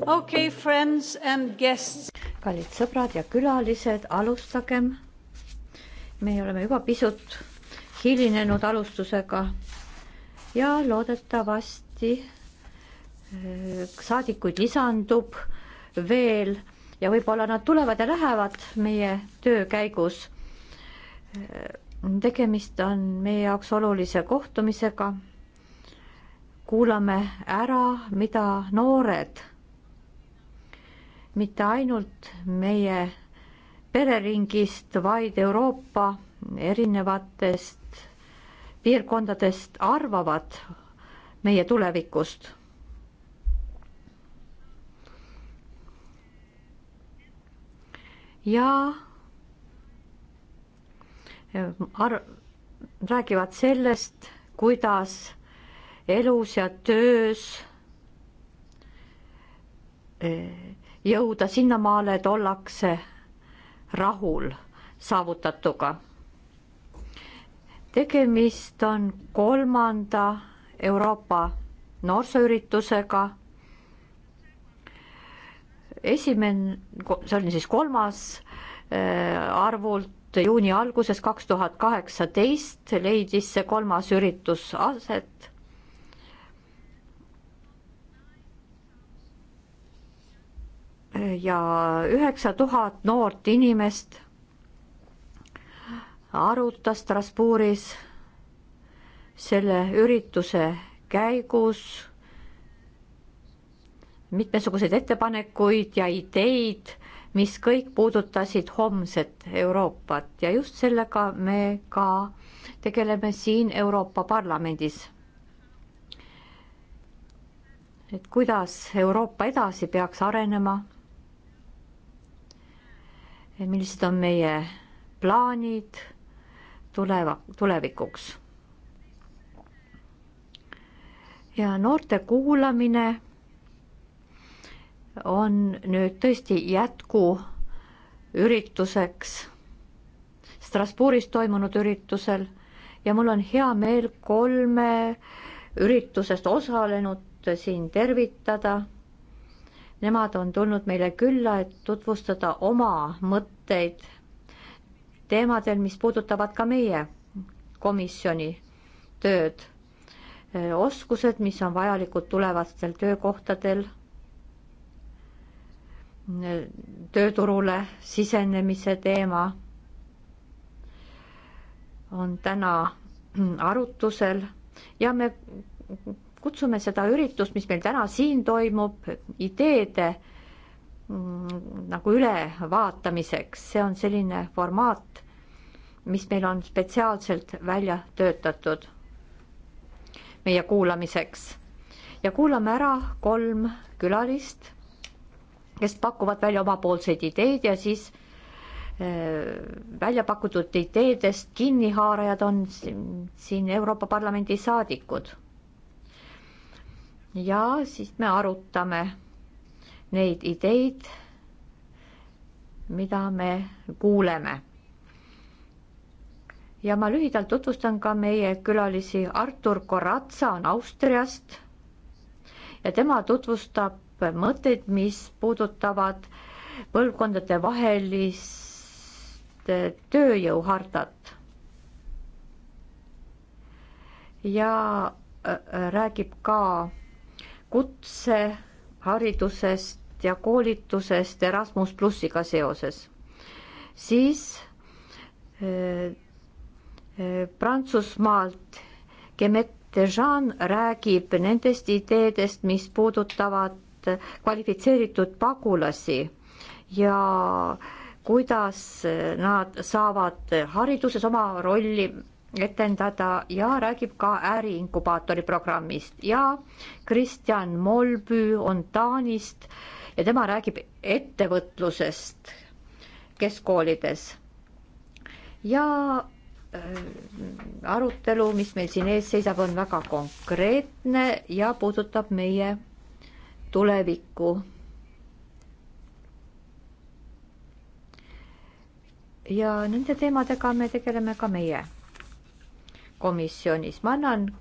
okei okay,, friends and guests. kallid sõbrad ja külalised, alustagem. me oleme juba pisut hilinenud alustusega ja loodetavasti eh, saadikuid lisandub veel ja võib-olla nad tulevad ja lähevad meie töö käigus. Eh, tegemist on meie jaoks olulise kohtumisega. kuulame ära, mida noored mitte ainult meie pereringist, vaid Euroopa erinevatest piirkondadest arvavad meie tulevikust. ja ar-, räägivad sellest, kuidas elus ja töös eh, jõuda sinnamaale, et ollakse rahul saavutatuga. tegemist on kolmanda Euroopa noorsooüritusega. esimene, see oli siis kolmas äh, arvult juuni alguses kaks tuhat kaheksateist leidis see kolmas üritus aset ja üheksa tuhat noort inimest arutas Strasbourgis selle ürituse käigus mitmesuguseid ettepanekuid ja ideid, mis kõik puudutasid homset Euroopat ja just sellega me ka tegeleme siin Euroopa Parlamendis. et kuidas Euroopa edasi peaks arenema millised on meie plaanid tuleva, tulevikuks. ja noorte kuulamine on nüüd tõesti jätkuürituseks Strasbourgis toimunud üritusel ja mul on hea meel kolme üritusest osalenud siin tervitada Nemad on tulnud meile külla, et tutvustada oma mõtteid teemadel, mis puudutavad ka meie komisjoni tööd. oskused, mis on vajalikud tulevastel töökohtadel, tööturule sisenemise teema on täna arutusel ja me kutsume seda üritust, mis meil täna siin toimub, ideede mm, nagu ülevaatamiseks, see on selline formaat, mis meil on spetsiaalselt välja töötatud meie kuulamiseks. ja kuulame ära kolm külalist, kes pakuvad välja omapoolseid ideid ja siis äh, välja pakutud ideedest kinnihaarajad on siin Euroopa Parlamendi saadikud ja siis me arutame neid ideid, mida me kuuleme. ja ma lühidalt tutvustan ka meie külalisi, Artur Koratsa on Austriast ja tema tutvustab mõtteid, mis puudutavad põlvkondade vahelist tööjõuhardat. ja äh, räägib ka kutseharidusest ja koolitusest Erasmus plussiga seoses, siis äh, äh, Prantsusmaalt Gemet Dejan räägib nendest ideedest, mis puudutavad kvalifitseeritud pagulasi ja kuidas nad saavad hariduses oma rolli etendada ja räägib ka äriinkubaatori programmist ja Kristjan Molbü on Taanist ja tema räägib ettevõtlusest keskkoolides. ja äh, arutelu, mis meil siin ees seisab, on väga konkreetne ja puudutab meie tulevikku. ja nende teemadega me tegeleme ka meie komisjonis. ma annan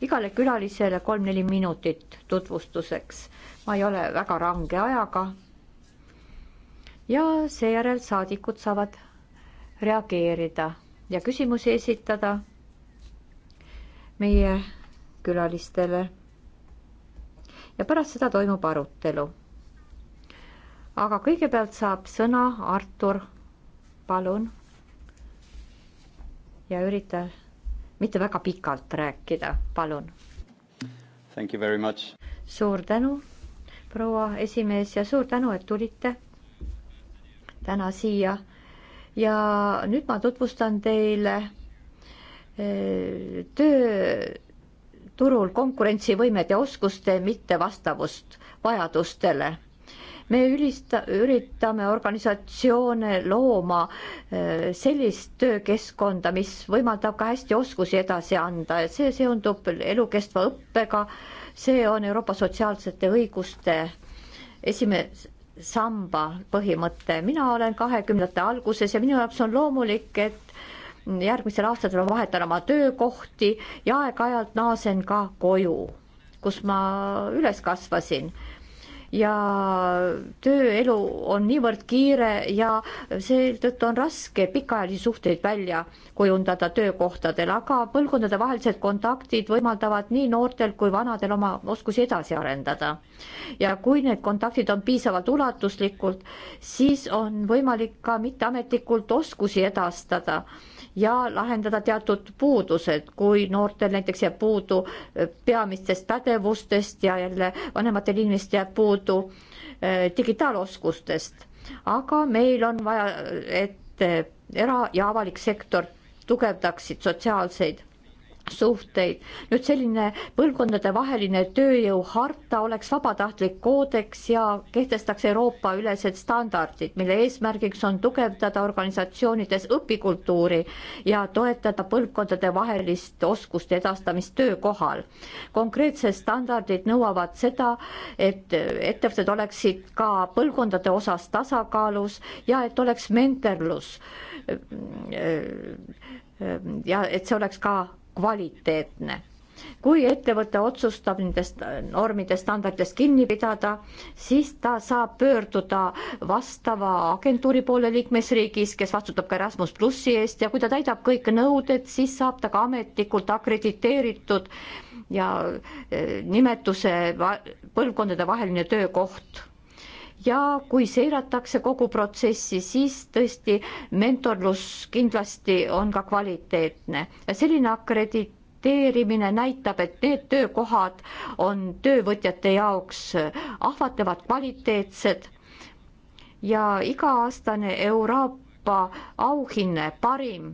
igale külalisele kolm-neli minutit tutvustuseks. ma ei ole väga range ajaga. ja seejärel saadikud saavad reageerida ja küsimusi esitada meie külalistele. ja pärast seda toimub arutelu. aga kõigepealt saab sõna Artur, palun. ja üritan mitte väga pikalt rääkida, palun. suur tänu, proua esimees ja suur tänu, et tulite täna siia. ja nüüd ma tutvustan teile eh, tööturul konkurentsivõimet ja oskuste mittevastavust vajadustele me ülista, üritame organisatsioone looma äh, sellist töökeskkonda, mis võimaldab ka hästi oskusi edasi anda ja see seondub elukestva õppega. see on Euroopa sotsiaalsete õiguste esimese samba põhimõte. mina olen kahekümnendate alguses ja minu jaoks on loomulik, et järgmisel aastatel ma vahetan oma töökohti ja aeg-ajalt naasen ka koju, kus ma üles kasvasin ja tööelu on niivõrd kiire ja seetõttu on raske pikaajalisi suhteid välja kujundada töökohtadel, aga põlvkondadevahelised kontaktid võimaldavad nii noortel kui vanadel oma oskusi edasi arendada. ja kui need kontaktid on piisavalt ulatuslikud, siis on võimalik ka mitteametlikult oskusi edastada ja lahendada teatud puudused, kui noortel näiteks jääb puudu äh, peamistest pädevustest ja jälle vanematel inimestel jääb puudu äh, digitaaloskustest. aga meil on vaja, et äh, era- ja avalik sektor tugevdaksid sotsiaalseid suhteid. nüüd selline põlvkondadevaheline tööjõuharta oleks vabatahtlik koodeks ja kehtestaks Euroopa-ülesed standardid, mille eesmärgiks on tugevdada organisatsioonides õpikultuuri ja toetada põlvkondadevahelist oskuste edastamist töökohal. konkreetsed standardid nõuavad seda, et ettevõtted oleksid ka põlvkondade osas tasakaalus ja et oleks mentorlus ja et see oleks ka kvaliteetne. kui ettevõte otsustab nendest normidest, standarditest kinni pidada, siis ta saab pöörduda vastava agentuuri poole liikmesriigis, kes vastutab ka Erasmus plussi eest ja kui ta täidab kõik nõuded, siis saab ta ka ametlikult akrediteeritud ja eh, nimetuse põlvkondade vaheline töökoht ja kui seiratakse kogu protsessi, siis tõesti mentorlus kindlasti on ka kvaliteetne ja selline akrediteerimine näitab, et need töökohad on töövõtjate jaoks ahvatlevad, kvaliteetsed ja iga-aastane Euroopa auhinne, parim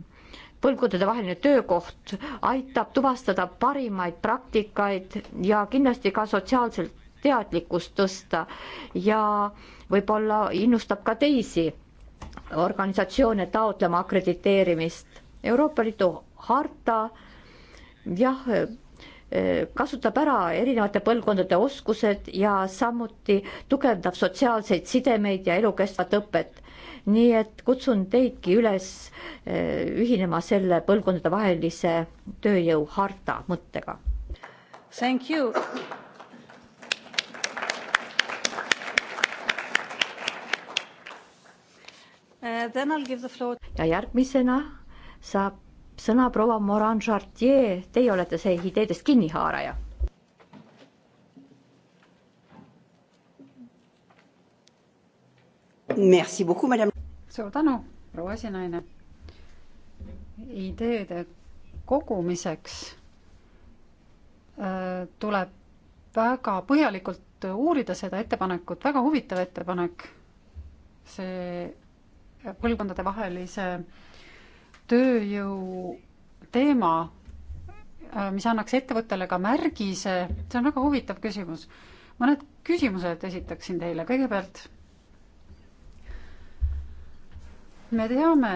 põlvkondadevaheline töökoht aitab tuvastada parimaid praktikaid ja kindlasti ka sotsiaalselt teadlikkust tõsta ja võib-olla innustab ka teisi organisatsioone taotlema akrediteerimist. Euroopa Liidu harta jah, kasutab ära erinevate põlvkondade oskused ja samuti tugevdab sotsiaalseid sidemeid ja elukestvat õpet. nii et kutsun teidki üles eh, ühinema selle põlvkondade vahelise tööjõu harta mõttega. Thank you Uh, ja järgmisena saab sõna proua Moran Chartier, teie olete see ideedest kinnihaaraja. suur tänu, proua esinaine. ideede kogumiseks äh, tuleb väga põhjalikult uurida seda ettepanekut, väga huvitav ettepanek. see põlvkondadevahelise tööjõu teema, mis annaks ettevõttele ka märgise, see on väga huvitav küsimus. mõned küsimused esitaksin teile, kõigepealt me teame,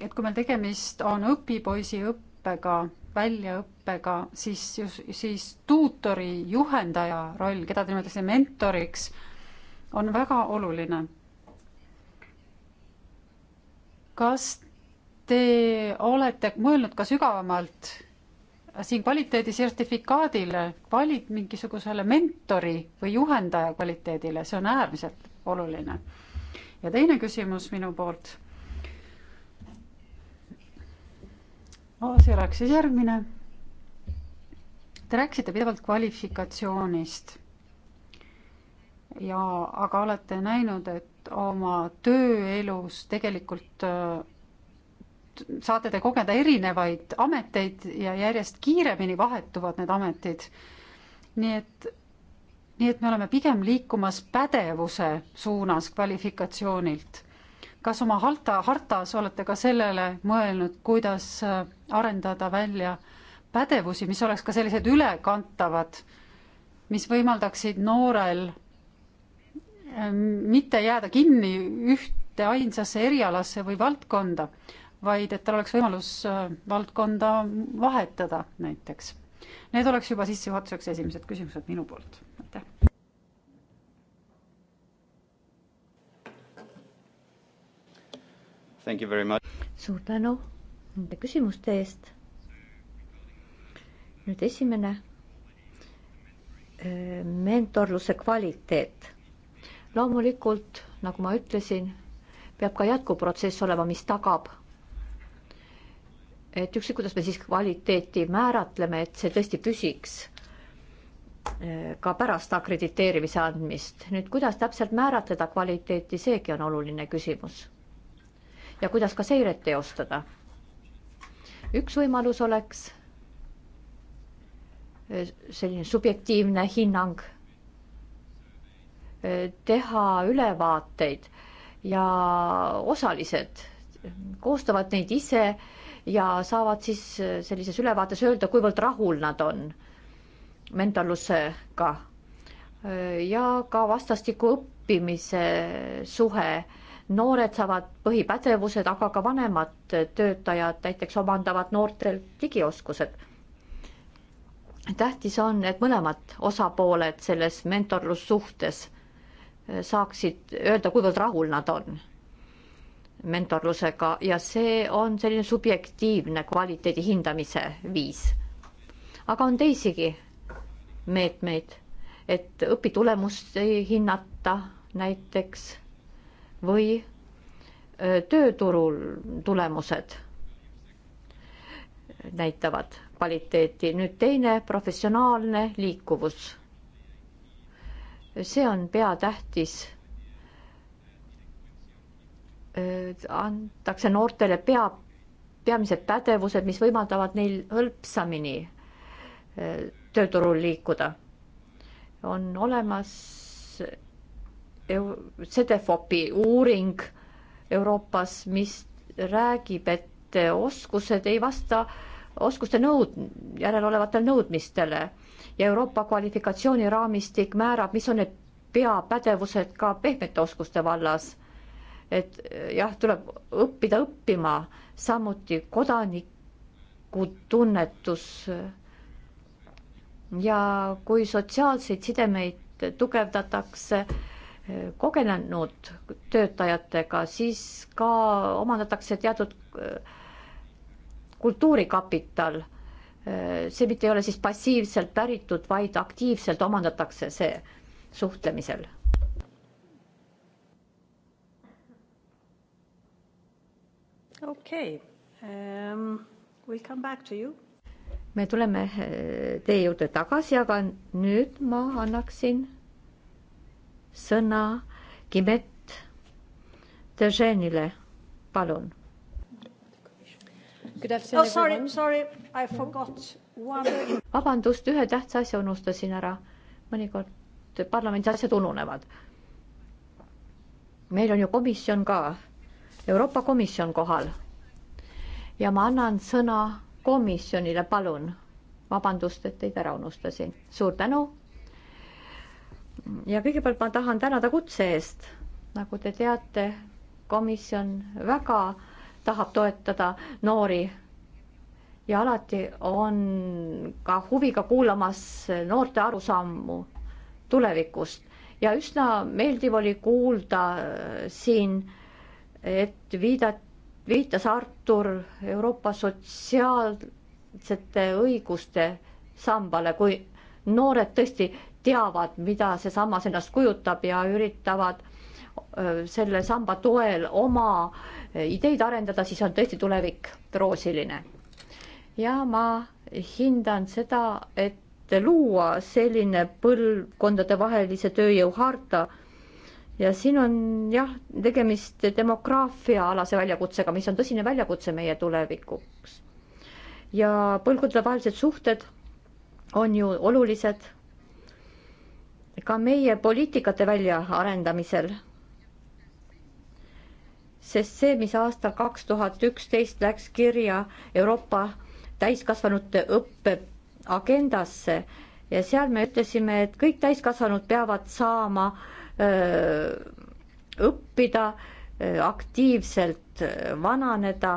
et kui meil tegemist on õpipoisi õppega, väljaõppega, siis, siis tuutori, juhendaja roll, keda te nimetatakse mentoriks, on väga oluline kas te olete mõelnud ka sügavamalt siin kvaliteedisertifikaadile, kvali-, mingisugusele mentori või juhendaja kvaliteedile, see on äärmiselt oluline. ja teine küsimus minu poolt no,. see oleks siis järgmine. Te rääkisite pidevalt kvalifikatsioonist ja, aga olete näinud, et oma tööelus tegelikult äh, saate te kogeda erinevaid ameteid ja järjest kiiremini vahetuvad need ametid. nii et, nii et me oleme pigem liikumas pädevuse suunas kvalifikatsioonilt. kas oma harta, hartas olete ka sellele mõelnud, kuidas äh, arendada välja pädevusi, mis oleks ka sellised ülekantavad, mis võimaldaksid noorel Ähm, mitte jääda kinni ühte ainsasse erialasse või valdkonda, vaid et tal oleks võimalus äh, valdkonda vahetada näiteks. Need oleks juba sissejuhatuseks esimesed küsimused minu poolt, aitäh. suur tänu nende küsimuste eest. nüüd esimene, äh, mentorluse kvaliteet loomulikult, nagu ma ütlesin, peab ka jätkuprotsess olema, mis tagab, et ükskõik, kuidas me siis kvaliteeti määratleme, et see tõesti püsiks eh, ka pärast akrediteerimise andmist. nüüd, kuidas täpselt määratleda kvaliteeti, seegi on oluline küsimus. ja kuidas ka seiret teostada. üks võimalus oleks eh, selline subjektiivne hinnang teha ülevaateid ja osalised koostavad neid ise ja saavad siis sellises ülevaates öelda, kuivõrd rahul nad on mentalusega ja ka vastastikku õppimise suhe. noored saavad põhipädevused, aga ka vanemad töötajad näiteks omandavad noortel digioskused. tähtis on, et mõlemad osapooled selles mentorlussuhtes saaksid öelda, kuivõrd rahul nad on mentorlusega ja see on selline subjektiivne kvaliteedi hindamise viis. aga on teisigi meetmeid, et õpitulemust ei hinnata näiteks või tööturul tulemused näitavad kvaliteeti. nüüd teine professionaalne liikuvus see on peatähtis. Äh, antakse noortele pea, peamised pädevused, mis võimaldavad neil hõlpsamini äh, tööturul liikuda. on olemas CDFOP-i uuring Euroopas, mis räägib, et oskused ei vasta oskuste nõud, järeleolevatele nõudmistele ja Euroopa kvalifikatsiooniraamistik määrab, mis on need peapädevused ka pehmete oskuste vallas. et eh, jah, tuleb õppida õppima, samuti kodanikutunnetus. Eh, ja kui sotsiaalseid sidemeid tugevdatakse eh, kogenenud töötajatega, siis ka omandatakse teatud kultuurikapital Äh, see mitte ei ole siis passiivselt päritud, vaid aktiivselt omandatakse see suhtlemisel. okei okay. um,, we'll come back to you. me tuleme äh, teie juurde tagasi, aga nüüd ma annaksin sõna Kimet Deženile, palun Good afternoon. Oh, sorry, sorry, I forgot one. vabandust, ühe tähtsa asja unustasin ära. mõnikord parlamendis asjad ununevad. meil on ju komisjon ka, Euroopa Komisjon kohal. ja ma annan sõna komisjonile, palun. vabandust, et teid ära unustasin. suur tänu. ja kõigepealt ma tahan tänada kutse eest. nagu te teate, komisjon väga tahab toetada noori. ja alati on ka huviga kuulamas noorte arusammu tulevikust ja üsna meeldiv oli kuulda äh, siin, et viidat-, viitas Artur Euroopa sotsiaalsete õiguste sambale, kui noored tõesti teavad, mida see sammas ennast kujutab ja üritavad äh, selle samba toel oma ideid arendada, siis on tõesti tulevik roosiline. ja ma hindan seda, et luua selline põlvkondadevahelise tööjõu harta ja siin on jah, tegemist demograafia-alase väljakutsega, mis on tõsine väljakutse meie tulevikuks. ja põlvkondadevahelised suhted on ju olulised ka meie poliitikate väljaarendamisel sest see, mis aastal kaks tuhat üksteist läks kirja Euroopa täiskasvanute õppeagendasse ja seal me ütlesime, et kõik täiskasvanud peavad saama öö, õppida, aktiivselt vananeda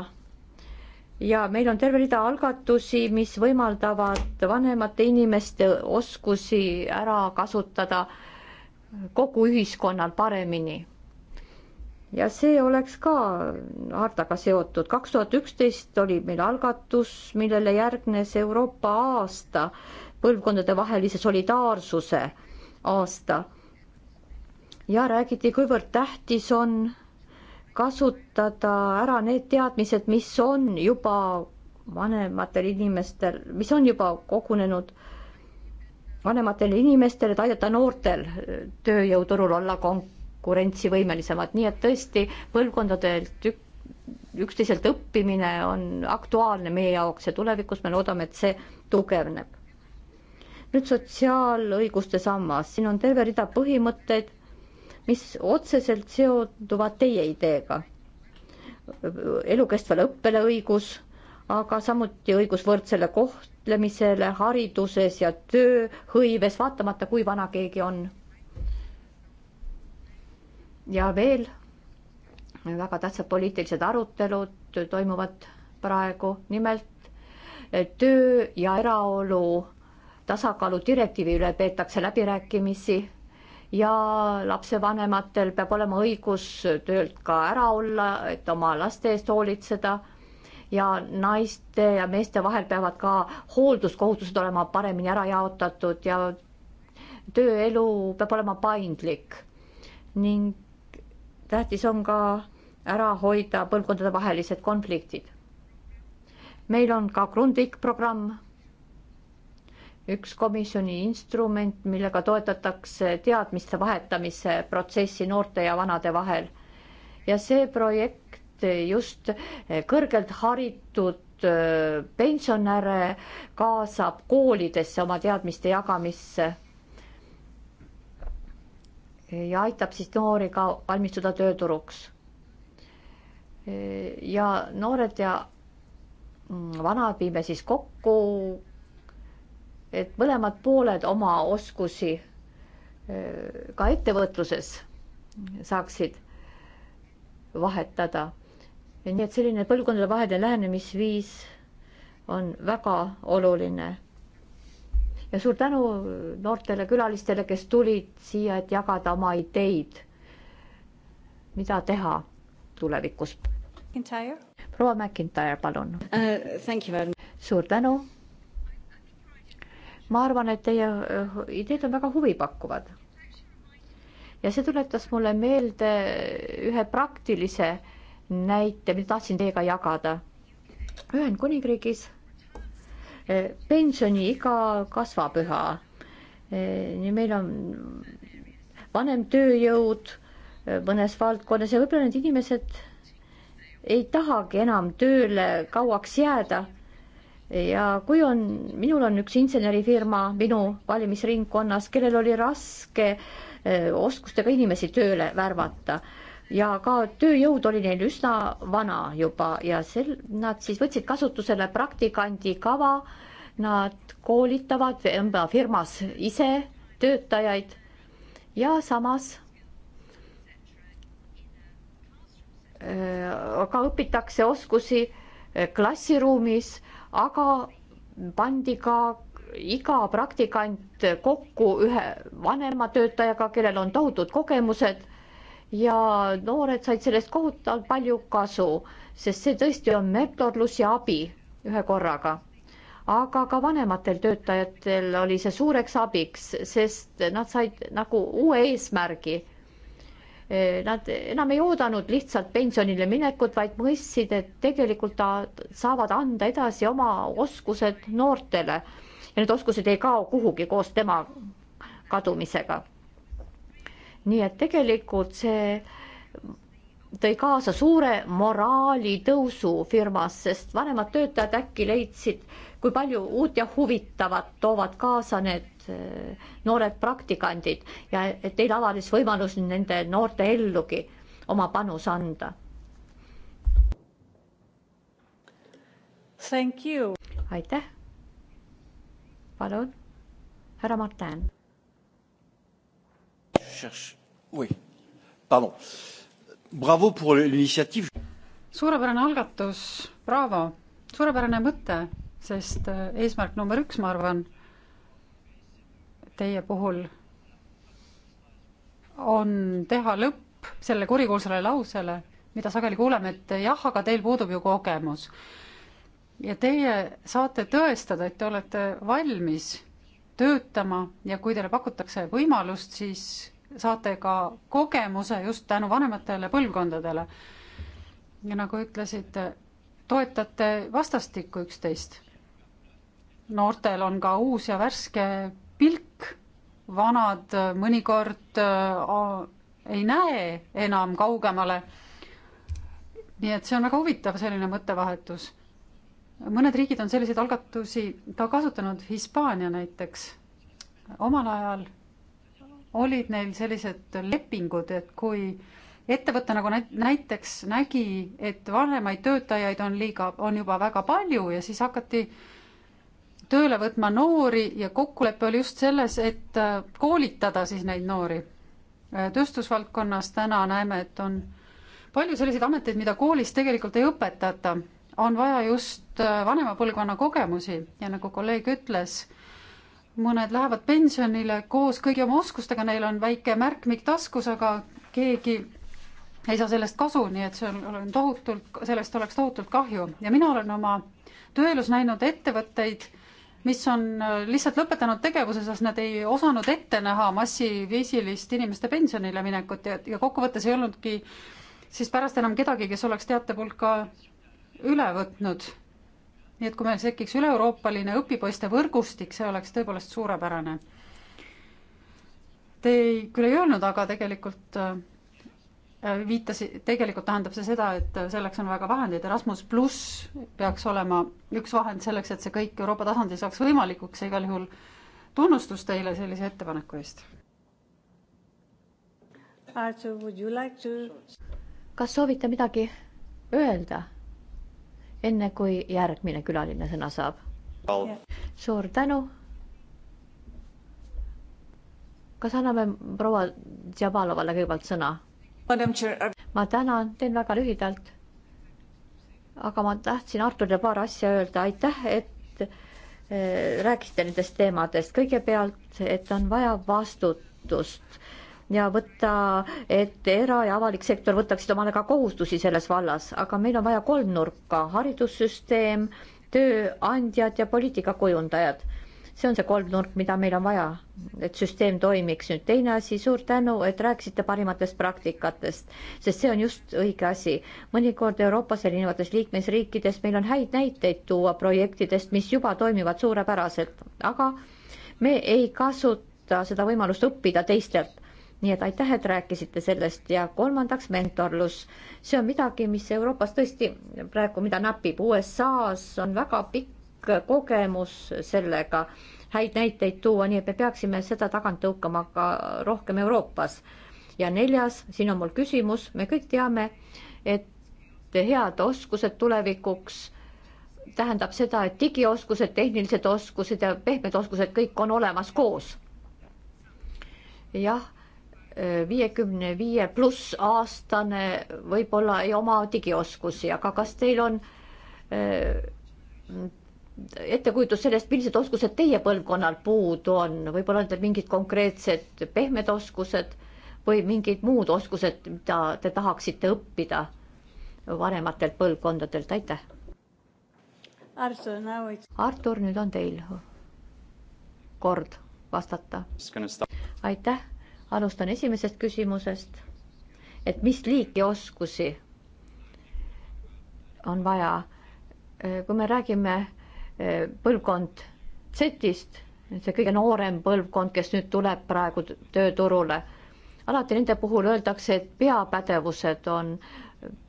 ja meil on terve rida algatusi, mis võimaldavad vanemate inimeste oskusi ära kasutada kogu ühiskonnal paremini ja see oleks ka hartaga seotud. kaks tuhat üksteist oli meil algatus, millele järgnes Euroopa aasta, põlvkondadevahelise solidaarsuse aasta. ja räägiti, kuivõrd tähtis on kasutada ära need teadmised, mis on juba vanematel inimestel, mis on juba kogunenud vanematel inimestel, et aidata noortel tööjõuturul olla konk-, konkurentsivõimelisemad, nii et tõesti põlvkondadelt ük-, üksteiselt õppimine on aktuaalne meie jaoks ja tulevikus me loodame, et see tugevneb. nüüd sotsiaalõiguste sammas, siin on terve rida põhimõtteid, mis otseselt seonduvad teie ideega. elukestvale õppele õigus, aga samuti õigus võrdsele kohtlemisele hariduses ja tööhõives, vaatamata kui vana keegi on ja veel väga tähtsad poliitilised arutelud toimuvad praegu, nimelt töö ja eraolu tasakaalu direktiivi üle peetakse läbirääkimisi ja lapsevanematel peab olema õigus töölt ka ära olla, et oma laste eest hoolitseda ja naiste ja meeste vahel peavad ka hoolduskohustused olema paremini ära jaotatud ja tööelu peab olema paindlik ning tähtis on ka ära hoida põlvkondadevahelised konfliktid. meil on ka Grundvik programm, üks komisjoni instrument, millega toetatakse teadmiste vahetamise protsessi noorte ja vanade vahel. ja see projekt just kõrgelt haritud äh, pensionäre kaasab koolidesse oma teadmiste jagamisse ja aitab siis noori ka valmistuda tööturuks. ja noored ja vanad viime siis kokku, et mõlemad pooled oma oskusi e, ka ettevõtluses saaksid vahetada. nii et selline põlvkondade vaheline lähenemisviis on väga oluline ja suur tänu noortele külalistele, kes tulid siia, et jagada oma ideid, mida teha tulevikus. proua McIntyre, palun uh,. suur tänu. ma arvan, et teie uh, ideed on väga huvipakkuvad. ja see tuletas mulle meelde ühe praktilise näite, mida tahtsin teiega jagada. Ühendkuningriigis Eh, pensioniiga kasvab üha. Eh, nii meil on vanem tööjõud eh, mõnes valdkonnas ja võib-olla need inimesed ei tahagi enam tööle kauaks jääda. ja kui on, minul on üks insenerifirma minu valimisringkonnas, kellel oli raske oskustega inimesi tööle värvata ja ka tööjõud oli neil üsna vana juba ja sel, nad siis võtsid kasutusele praktikandi kava. Nad koolitavad enda firmas ise töötajaid ja samas äh, ka õpitakse oskusi äh, klassiruumis, aga pandi ka iga praktikant kokku ühe vanema töötajaga, kellel on tohutud kogemused ja noored said sellest kohutavalt palju kasu, sest see tõesti on mentorlus ja abi ühe korraga. aga ka vanematel töötajatel oli see suureks abiks, sest nad said nagu uue eesmärgi. Nad enam ei oodanud lihtsalt pensionile minekut, vaid mõistsid, et tegelikult nad saavad anda edasi oma oskused noortele ja need oskused ei kao kuhugi koos tema kadumisega nii et tegelikult see tõi kaasa suure moraalitõusu firmas, sest vanemad töötajad äkki leidsid, kui palju uut ja huvitavat toovad kaasa need eh, noored praktikandid ja et teil avanes võimalus nende noorte ellugi oma panus anda. aitäh. palun, härra Martin cherche, oui, pardon. Bravo pour l'initiative. suurepärane algatus, bravo, suurepärane mõte, sest äh, eesmärk number üks, ma arvan, teie puhul on teha lõpp sellele kurikuulsale lausele, mida sageli kuuleme, et jah, aga teil puudub ju kogemus. ja teie saate tõestada, et te olete valmis töötama ja kui teile pakutakse võimalust, siis saate ka kogemuse just tänu vanematele põlvkondadele. ja nagu ütlesite, toetate vastastikku üksteist. noortel on ka uus ja värske pilk, vanad mõnikord äh, ei näe enam kaugemale. nii et see on väga huvitav selline mõttevahetus. mõned riigid on selliseid algatusi ka kasutanud, Hispaania näiteks omal ajal olid neil sellised lepingud, et kui ettevõte nagu näiteks nägi, et vanemaid töötajaid on liiga, on juba väga palju ja siis hakati tööle võtma noori ja kokkulepe oli just selles, et äh, koolitada siis neid noori. Äh, tööstusvaldkonnas täna näeme, et on palju selliseid ameteid, mida koolis tegelikult ei õpetata, on vaja just äh, vanema põlvkonna kogemusi ja nagu kolleeg ütles, mõned lähevad pensionile koos kõigi oma oskustega, neil on väike märkmik taskus, aga keegi ei saa sellest kasu, nii et see on, olen tohutult, sellest oleks tohutult kahju ja mina olen oma tööelus näinud ettevõtteid, mis on äh, lihtsalt lõpetanud tegevuse, sest nad ei osanud ette näha massiviisilist inimeste pensionile minekut ja, ja kokkuvõttes ei olnudki siis pärast enam kedagi, kes oleks teatepulka üle võtnud nii et kui meil tekiks üle-euroopaline õpipoiste võrgustik, see oleks tõepoolest suurepärane. Te ei, küll ei öelnud, aga tegelikult äh, viitasi, tegelikult tähendab see seda, et selleks on väga vahendeid, Erasmus pluss peaks olema üks vahend selleks, et see kõik Euroopa tasandil saaks võimalikuks ja igal juhul tunnustus teile sellise ettepaneku eest. Artur, would you like to? kas soovite midagi öelda? enne kui järgmine külaline sõna saab. suur tänu. kas anname proua Džabalovale kõigepealt sõna? ma tänan, teen väga lühidalt. aga ma tahtsin Arturile paar asja öelda, aitäh, et eh, rääkisite nendest teemadest. kõigepealt, et on vaja vastutust ja võtta, et era- ja avalik sektor võtaksid omale ka kohustusi selles vallas, aga meil on vaja kolmnurka, haridussüsteem, tööandjad ja poliitikakujundajad. see on see kolmnurk, mida meil on vaja, et süsteem toimiks. nüüd teine asi, suur tänu, et rääkisite parimatest praktikatest, sest see on just õige asi. mõnikord Euroopas erinevates liikmesriikides meil on häid näiteid tuua projektidest, mis juba toimivad suurepäraselt, aga me ei kasuta seda võimalust õppida teistelt nii et aitäh, et rääkisite sellest ja kolmandaks mentorlus. see on midagi, mis Euroopas tõesti praegu, mida napib. USA-s on väga pikk kogemus sellega häid näiteid tuua, nii et me peaksime seda tagant tõukama ka rohkem Euroopas. ja neljas, siin on mul küsimus, me kõik teame, et head oskused tulevikuks tähendab seda, et digioskused, tehnilised oskused ja pehmed oskused kõik on olemas koos. jah viiekümne viie pluss aastane võib-olla ei oma digioskusi, aga kas teil on äh, ettekujutus sellest, millised oskused teie põlvkonnal puudu on, võib-olla on teil mingid konkreetsed pehmed oskused või mingid muud oskused, mida te tahaksite õppida vanematelt põlvkondadelt, aitäh. Artur, Artur, nüüd on teil kord vastata. aitäh alustan esimesest küsimusest, et mis liiki oskusi on vaja. Äh, kui me räägime äh, põlvkond Z-ist, see kõige noorem põlvkond, kes nüüd tuleb praegu tööturule, alati nende puhul öeldakse, et peapädevused on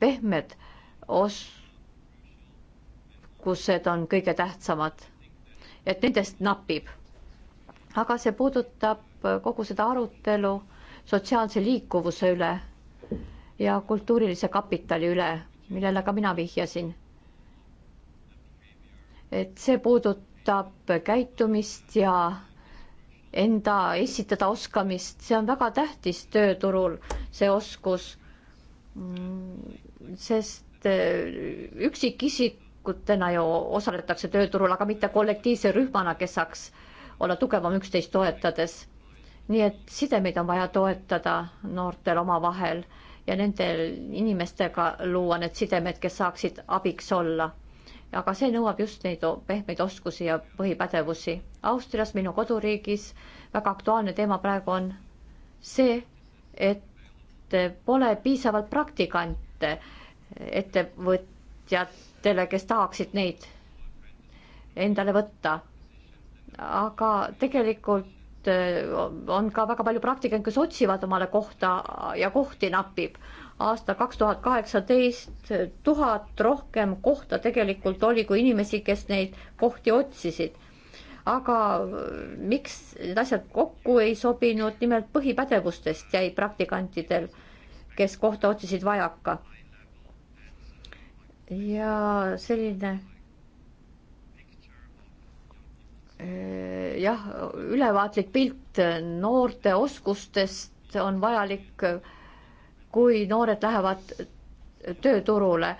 pehmed oskused on kõige tähtsamad. et nendest napib. aga see puudutab kogu seda arutelu sotsiaalse liikuvuse üle ja kultuurilise kapitali üle, millele ka mina vihjasin. et see puudutab käitumist ja enda esitada oskamist, see on väga tähtis tööturul, see oskus. sest äh, üksikisikutena ju osaletakse tööturul, aga mitte kollektiivse rühmana, kes saaks olla tugevam üksteist toetades nii et sidemeid on vaja toetada noortel omavahel ja nendel inimestega luua need sidemed, kes saaksid abiks olla. aga see nõuab just neid pehmeid oskusi ja põhipädevusi. Austrias, minu koduriigis, väga aktuaalne teema praegu on see, et pole piisavalt praktikante ettevõtjatele, kes tahaksid neid endale võtta. aga tegelikult et eh, on ka väga palju praktikaid, kes otsivad omale kohta ja kohti napib. aasta kaks tuhat kaheksateist tuhat rohkem kohta tegelikult oli, kui inimesi, kes neid kohti otsisid. aga eh, miks need asjad kokku ei sobinud, nimelt põhipädevustest jäi praktikantidel, kes kohta otsisid, vajaka. ja selline jah, ülevaatlik pilt noorte oskustest on vajalik, kui noored lähevad tööturule.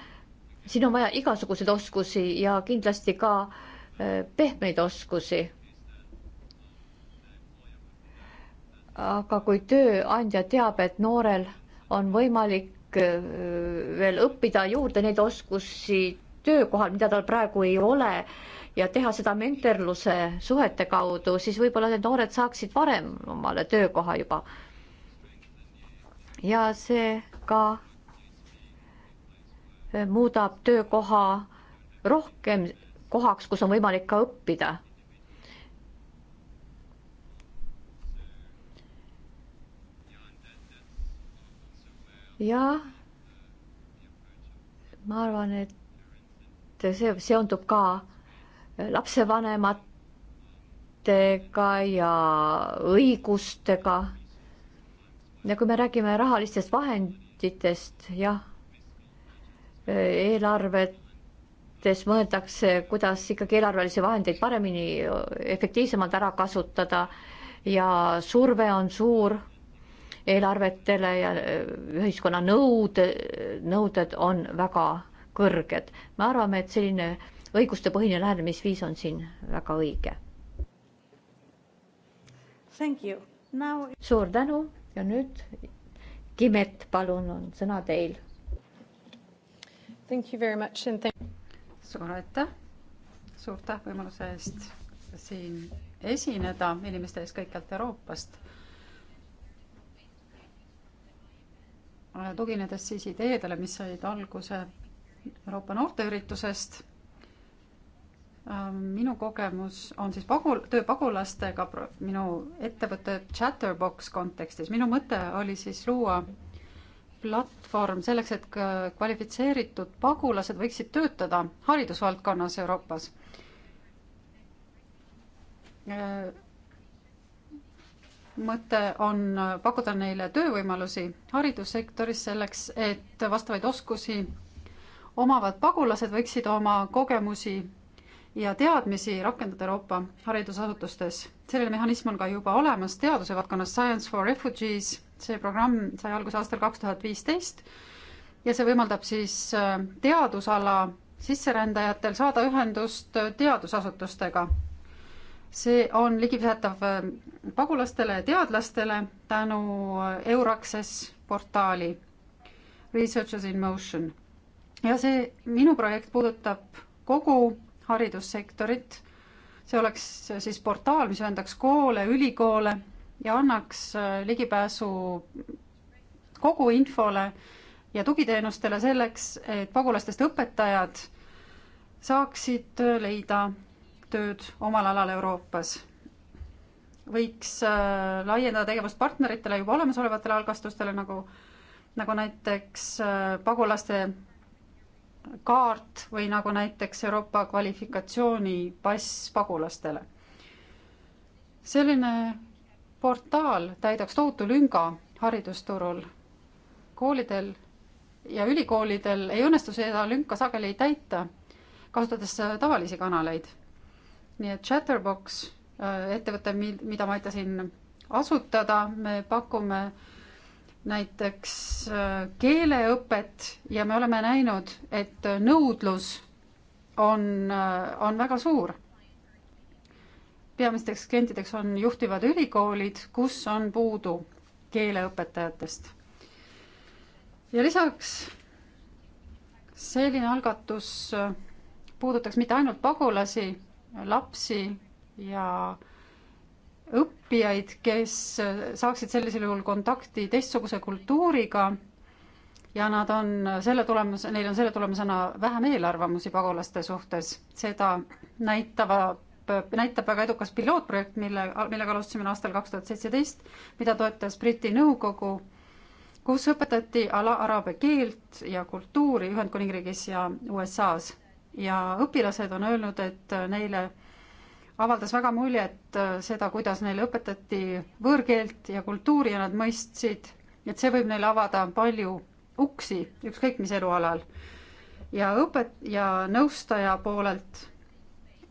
siin on vaja igasuguseid oskusi ja kindlasti ka eh, pehmeid oskusi. aga kui tööandja teab, et noorel on võimalik eh, veel õppida juurde neid oskusi töökohal, mida tal praegu ei ole, ja teha seda mentorluse suhete kaudu, siis võib-olla need noored saaksid varem omale töökoha juba. ja see ka eh, muudab töökoha rohkem kohaks, kus on võimalik ka õppida. ja ma arvan, et see seondub ka lapsevanematega ja õigustega. ja kui me räägime rahalistest vahenditest, jah, eelarvetes mõeldakse, kuidas ikkagi eelarvelisi vahendeid paremini, efektiivsemalt ära kasutada ja surve on suur eelarvetele ja äh, ühiskonna nõud, nõuded on väga kõrged. me arvame, et selline õigustepõhine lähenemisviis on siin väga õige. Now... suur tänu ja nüüd Kimet, palun, on sõna teil. suur aitäh, suur aitäh võimaluse eest siin esineda inimeste ees kõikjalt Euroopast tuginedes siis ideedele, mis said alguse Euroopa noorteüritusest Ähm, minu kogemus on siis pagul-, töö pagulastega minu ettevõtte Chatterbox kontekstis. minu mõte oli siis luua platvorm selleks, et kvalifitseeritud pagulased võiksid töötada haridusvaldkonnas Euroopas. Äh, mõte on pakkuda neile töövõimalusi haridussektoris selleks, et vastavaid oskusi omavad pagulased võiksid oma kogemusi ja teadmisi rakendada Euroopa haridusasutustes. selline mehhanism on ka juba olemas teaduse valdkonnas Science for Refugees, see programm sai alguse aastal kaks tuhat viisteist ja see võimaldab siis äh, teadusala sisserändajatel saada ühendust äh, teadusasutustega. see on ligipääsetav äh, pagulastele ja teadlastele tänu Euraccess portaali Researchers in Motion. ja see minu projekt puudutab kogu haridussektorit. see oleks siis portaal, mis ühendaks koole, ülikoole ja annaks äh, ligipääsu kogu infole ja tugiteenustele selleks, et pagulastest õpetajad saaksid äh, leida tööd omal alal Euroopas. võiks äh, laiendada tegevust partneritele juba olemasolevatele algastustele, nagu, nagu näiteks pagulaste kaart või nagu näiteks Euroopa kvalifikatsioonipass pagulastele. selline portaal täidaks tohutu lünga haridusturul. koolidel ja ülikoolidel ei õnnestu seda lünka sageli täita, kasutades tavalisi kanaleid. nii et Chatterbox, äh, ettevõte, mida ma aitasin asutada, me pakume äh, näiteks äh, keeleõpet ja me oleme näinud, et nõudlus on, äh, on väga suur. peamisteks klientideks on juhtivad ülikoolid, kus on puudu keeleõpetajatest. ja lisaks selline algatus äh, puudutaks mitte ainult pagulasi, lapsi ja äh, õppijaid, kes saaksid sellisel juhul kontakti teistsuguse kultuuriga ja nad on selle tulemus, neil on selle tulemusena vähem eelarvamusi pagulaste suhtes. seda näitavad näitab väga edukas pilootprojekt, mille, millega alustasime aastal kaks tuhat seitseteist, mida toetas Briti nõukogu, kus õpetati ala araabia keelt ja kultuuri Ühendkuningriigis ja USA-s. ja õpilased on öelnud, et neile avaldas väga muljet äh, seda, kuidas neile õpetati võõrkeelt ja kultuuri ja nad mõistsid, et see võib neile avada palju uksi ükskõik mis elualal. ja õpet- ja nõustaja poolelt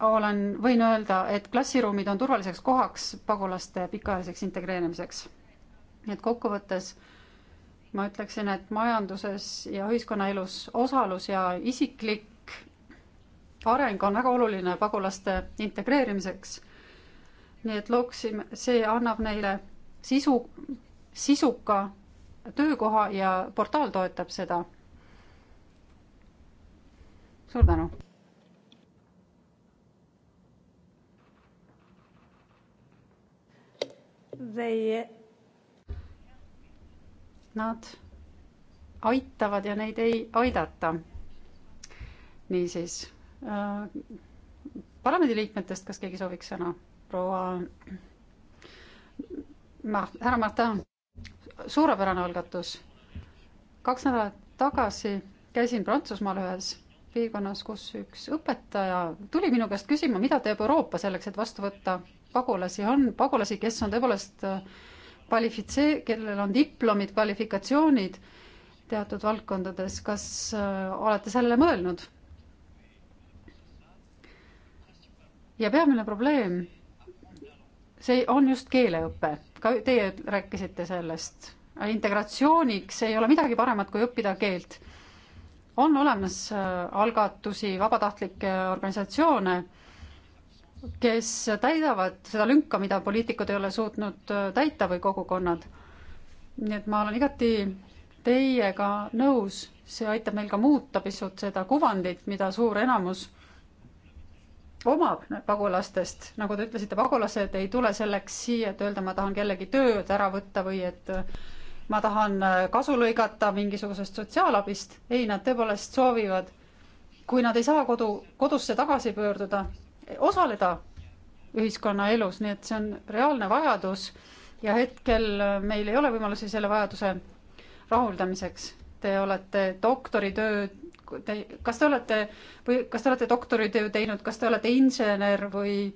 olen, võin öelda, et klassiruumid on turvaliseks kohaks pagulaste pikaajaliseks integreerimiseks. nii et kokkuvõttes ma ütleksin, et majanduses ja ühiskonnaelus osalus ja isiklik areng on väga oluline pagulaste integreerimiseks. nii et looksime, see annab neile sisu, sisuka töökoha ja portaal toetab seda. suur tänu. They... Nad aitavad ja neid ei aidata. niisiis parlamendiliikmetest, kas keegi sooviks sõna? proua Mart, härra Marta, suurepärane algatus. kaks nädalat tagasi käisin Prantsusmaal ühes piirkonnas, kus üks õpetaja tuli minu käest küsima, mida teeb Euroopa selleks, et vastu võtta pagulasi, on pagulasi, kes on tõepoolest äh, kvalifitsee-, kellel on diplomid, kvalifikatsioonid teatud valdkondades, kas äh, olete sellele mõelnud? ja peamine probleem, see on just keeleõpe, ka teie rääkisite sellest. integratsiooniks ei ole midagi paremat, kui õppida keelt. on olemas äh, algatusi, vabatahtlikke organisatsioone, kes täidavad seda lünka, mida poliitikud ei ole suutnud äh, täita või kogukonnad. nii et ma olen igati teiega nõus, see aitab meil ka muuta pisut seda kuvandit, mida suur enamus omab pagulastest, nagu te ütlesite, pagulased ei tule selleks siia, et öelda, ma tahan kellegi tööd ära võtta või et äh, ma tahan äh, kasu lõigata mingisugusest sotsiaalabist. ei, nad tõepoolest soovivad, kui nad ei saa kodu, kodusse tagasi pöörduda, osaleda ühiskonnaelus, nii et see on reaalne vajadus ja hetkel äh, meil ei ole võimalusi selle vajaduse rahuldamiseks. Te olete doktoritööd te, kas te olete või kas te olete doktoritöö teinud, kas te olete insener või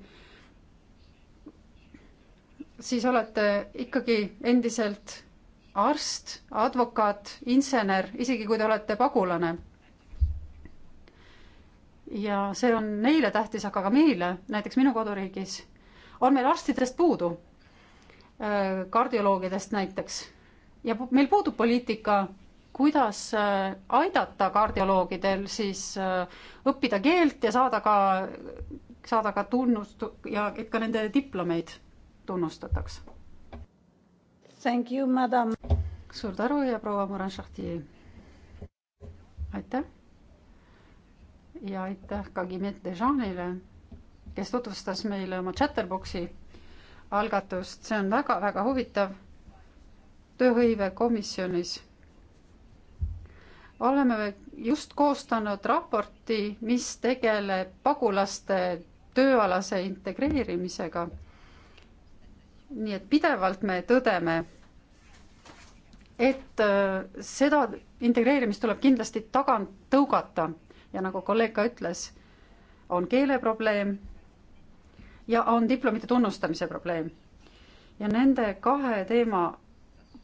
siis olete ikkagi endiselt arst, advokaat, insener, isegi kui te olete pagulane. ja see on neile tähtis, aga ka meile, näiteks minu koduriigis, on meil arstidest puudu, äh, kardioloogidest näiteks. ja meil puudub poliitika kuidas äh, aidata kardioloogidel siis äh, õppida keelt ja saada ka, saada ka tunnust ja et ka nende diplomeid tunnustataks? Thank you, madam. suur tänu ja proua Morin-Chartier. aitäh. ja aitäh ka Guimet Dejanile, kes tutvustas meile oma Chatterboxi algatust, see on väga-väga huvitav tööhõive komisjonis oleme just koostanud raporti, mis tegeleb pagulaste tööalase integreerimisega. nii et pidevalt me tõdeme, et äh, seda integreerimist tuleb kindlasti tagant tõugata ja nagu kolleeg ka ütles, on keeleprobleem ja on diplomite tunnustamise probleem. ja nende kahe teema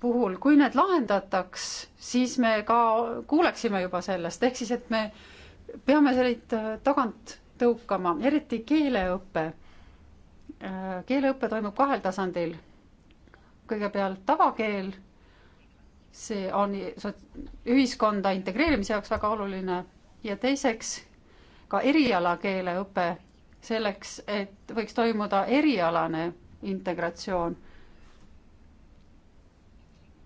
puhul, kui need lahendataks, siis me ka kuuleksime juba sellest, ehk siis, et me peame selliseid äh, tagant tõukama, eriti keeleõpe. Äh, keeleõpe toimub kahel tasandil. kõigepealt tavakeel, see on ühiskonda integreerimise jaoks väga oluline ja teiseks ka erialakeeleõpe, selleks et võiks toimuda erialane integratsioon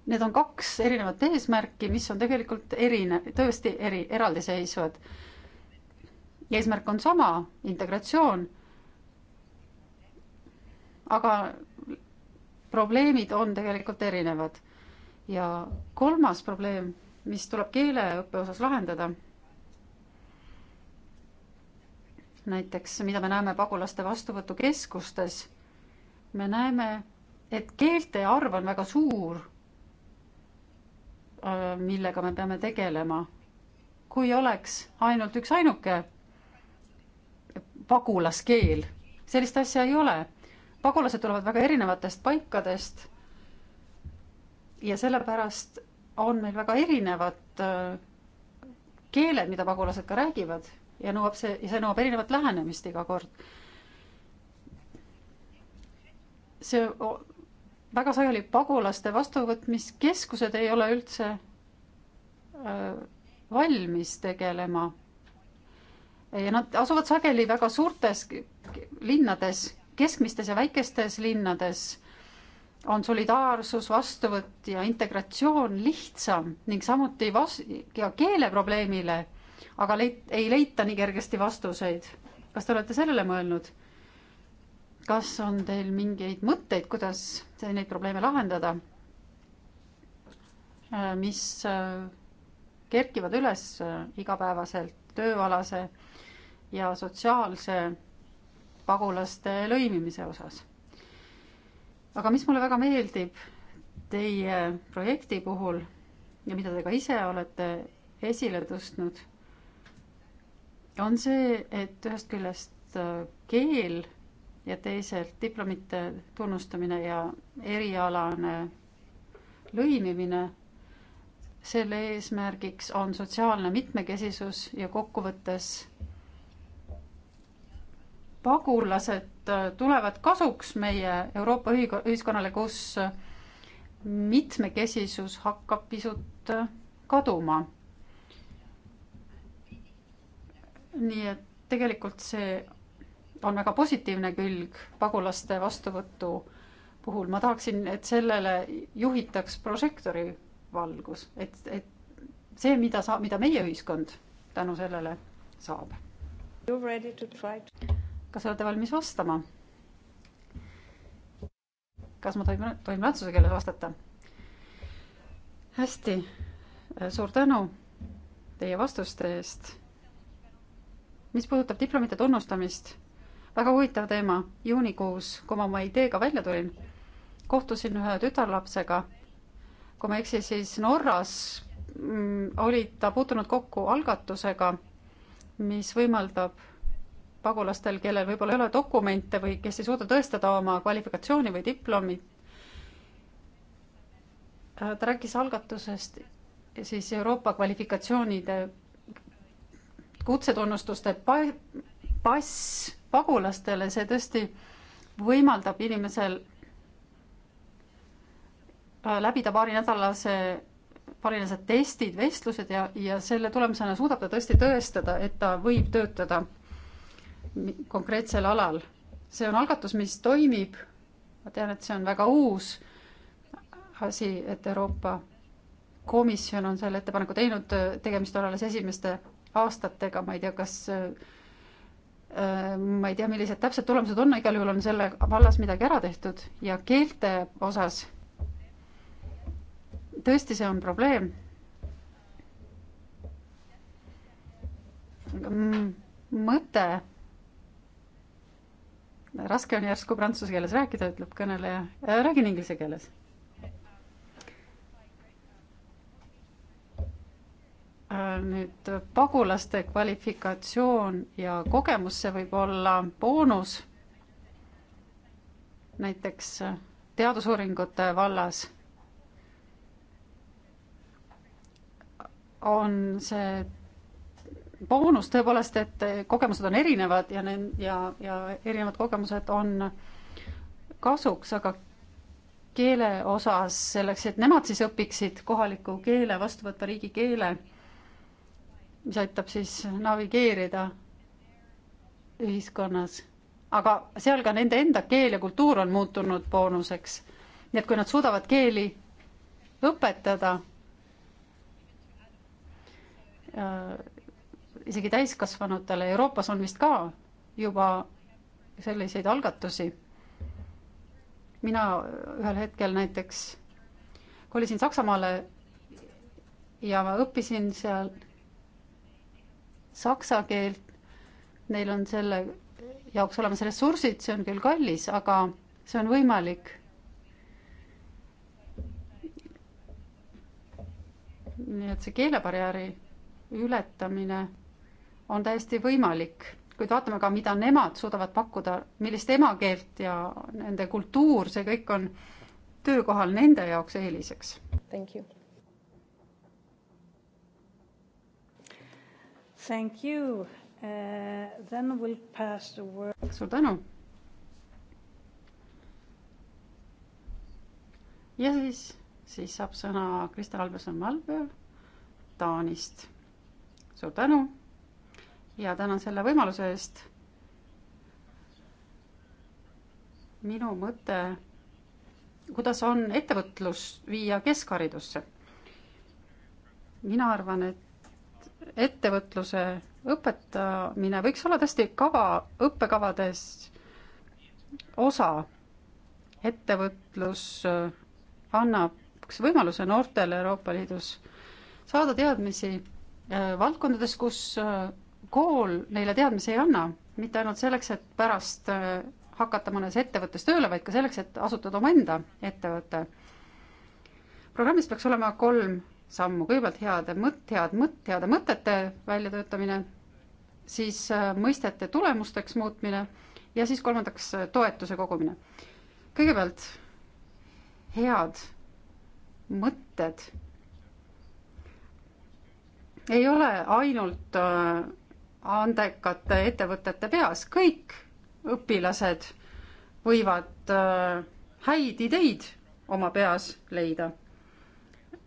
Need on kaks erinevat eesmärki, mis on tegelikult erine-, tõesti eri, eraldiseisvad. eesmärk on sama, integratsioon, aga probleemid on tegelikult erinevad. ja kolmas probleem, mis tuleb keeleõppe osas lahendada, näiteks mida me näeme pagulaste vastuvõtukeskustes, me näeme, et keelte arv on väga suur Äh, millega me peame tegelema. kui oleks ainult üksainuke pagulaskeel, sellist asja ei ole. pagulased tulevad väga erinevatest paikadest. ja sellepärast on meil väga erinevad äh, keeled, mida pagulased ka räägivad ja nõuab see, ja see nõuab erinevat lähenemist iga kord. see väga sageli pagulaste vastuvõtmiskeskused ei ole üldse valmis tegelema. ja nad asuvad sageli väga suurtes linnades, keskmistes ja väikestes linnades on solidaarsus, vastuvõtt ja integratsioon lihtsam ning samuti vas-, ja keeleprobleemile, aga leit-, ei leita nii kergesti vastuseid. kas te olete sellele mõelnud? kas on teil mingeid mõtteid, kuidas neid probleeme lahendada, äh, mis äh, kerkivad üles äh, igapäevaselt tööalase ja sotsiaalse pagulaste lõimimise osas? aga mis mulle väga meeldib teie projekti puhul ja mida te ka ise olete esile tõstnud, on see, et ühest küljest keel ja teisalt diplomite tunnustamine ja erialane lõimimine. selle eesmärgiks on sotsiaalne mitmekesisus ja kokkuvõttes pagulased äh, tulevad kasuks meie Euroopa ühiskonnale, kus mitmekesisus hakkab pisut äh, kaduma. nii et tegelikult see on väga positiivne külg pagulaste vastuvõtu puhul. ma tahaksin, et sellele juhitaks prožektori valgus, et, et see, mida saab, mida meie ühiskond tänu sellele saab. kas olete valmis vastama? kas ma tohin, tohin prantsuse keeles vastata? hästi, suur tänu teie vastuste eest. mis puudutab diplomite tunnustamist väga huvitav teema. juunikuus, kui ma oma ideega välja tulin, kohtusin ühe tütarlapsega. kui ma ei eksi, siis Norras mm, oli ta puutunud kokku algatusega, mis võimaldab pagulastel, kellel võib-olla ei ole dokumente või kes ei suuda tõestada oma kvalifikatsiooni või diplomit. Äh, ta rääkis algatusest siis Euroopa kvalifikatsioonide kutsetunnustuste pass pagulastele, see tõesti võimaldab inimesel äh, läbida paarinädalase, paarinädalased testid, vestlused ja, ja selle tulemusena suudab ta tõesti tõestada, et ta võib töötada konkreetsel alal. see on algatus, mis toimib, ma tean, et see on väga uus asi, et Euroopa Komisjon on selle ettepaneku teinud, tegemist on alles esimeste aastatega, ma ei tea, kas äh, Äh, ma ei tea, millised täpsed tulemused on, igal juhul on selle vallas midagi ära tehtud ja keelte osas tõesti, see on probleem. mõte, raske on järsku prantsuse keeles rääkida, ütleb kõneleja, äh, räägin inglise keeles Äh, nüüd äh, pagulaste kvalifikatsioon ja kogemus, see võib olla boonus näiteks äh, teadusuuringute vallas on see boonus tõepoolest, et kogemused on erinevad ja ne-, ja, ja erinevad kogemused on kasuks, aga keele osas selleks, et nemad siis õpiksid kohaliku keele, vastuvõtva riigi keele mis aitab siis navigeerida ühiskonnas. aga seal ka nende enda keel ja kultuur on muutunud boonuseks. nii et kui nad suudavad keeli õpetada äh, isegi täiskasvanutele, Euroopas on vist ka juba selliseid algatusi. mina ühel hetkel näiteks kolisin Saksamaale ja ma õppisin seal saksa keelt. Neil on selle jaoks olemas ressursid, see on küll kallis, aga see on võimalik. nii et see keelebarjääri ületamine on täiesti võimalik, kuid vaatame ka, mida nemad suudavad pakkuda, millist emakeelt ja nende kultuur, see kõik on töökohal nende jaoks eeliseks. Thank you. Thank you uh,. Then we'll pass the word. suur tänu. ja siis, siis saab sõna Krista Alberson-Malberg Taanist. suur tänu ja tänan selle võimaluse eest. minu mõte, kuidas on ettevõtlus viia keskharidusse? mina arvan, et ettevõtluse õpetamine võiks olla tõesti kava, õppekavades osa. ettevõtlus äh, annaks võimaluse noortele Euroopa Liidus saada teadmisi äh, valdkondades, kus äh, kool neile teadmisi ei anna, mitte ainult selleks, et pärast hakata mõnes ettevõttes tööle, vaid ka selleks, et asutada omaenda ettevõte. programmis peaks olema kolm sammu, kõigepealt heade mõtt, head mõtt, heade mõtete väljatöötamine, siis äh, mõistete tulemusteks muutmine ja siis kolmandaks äh, toetuse kogumine. kõigepealt head mõtted ei ole ainult äh, andekate ettevõtete peas, kõik õpilased võivad häid ideid oma peas leida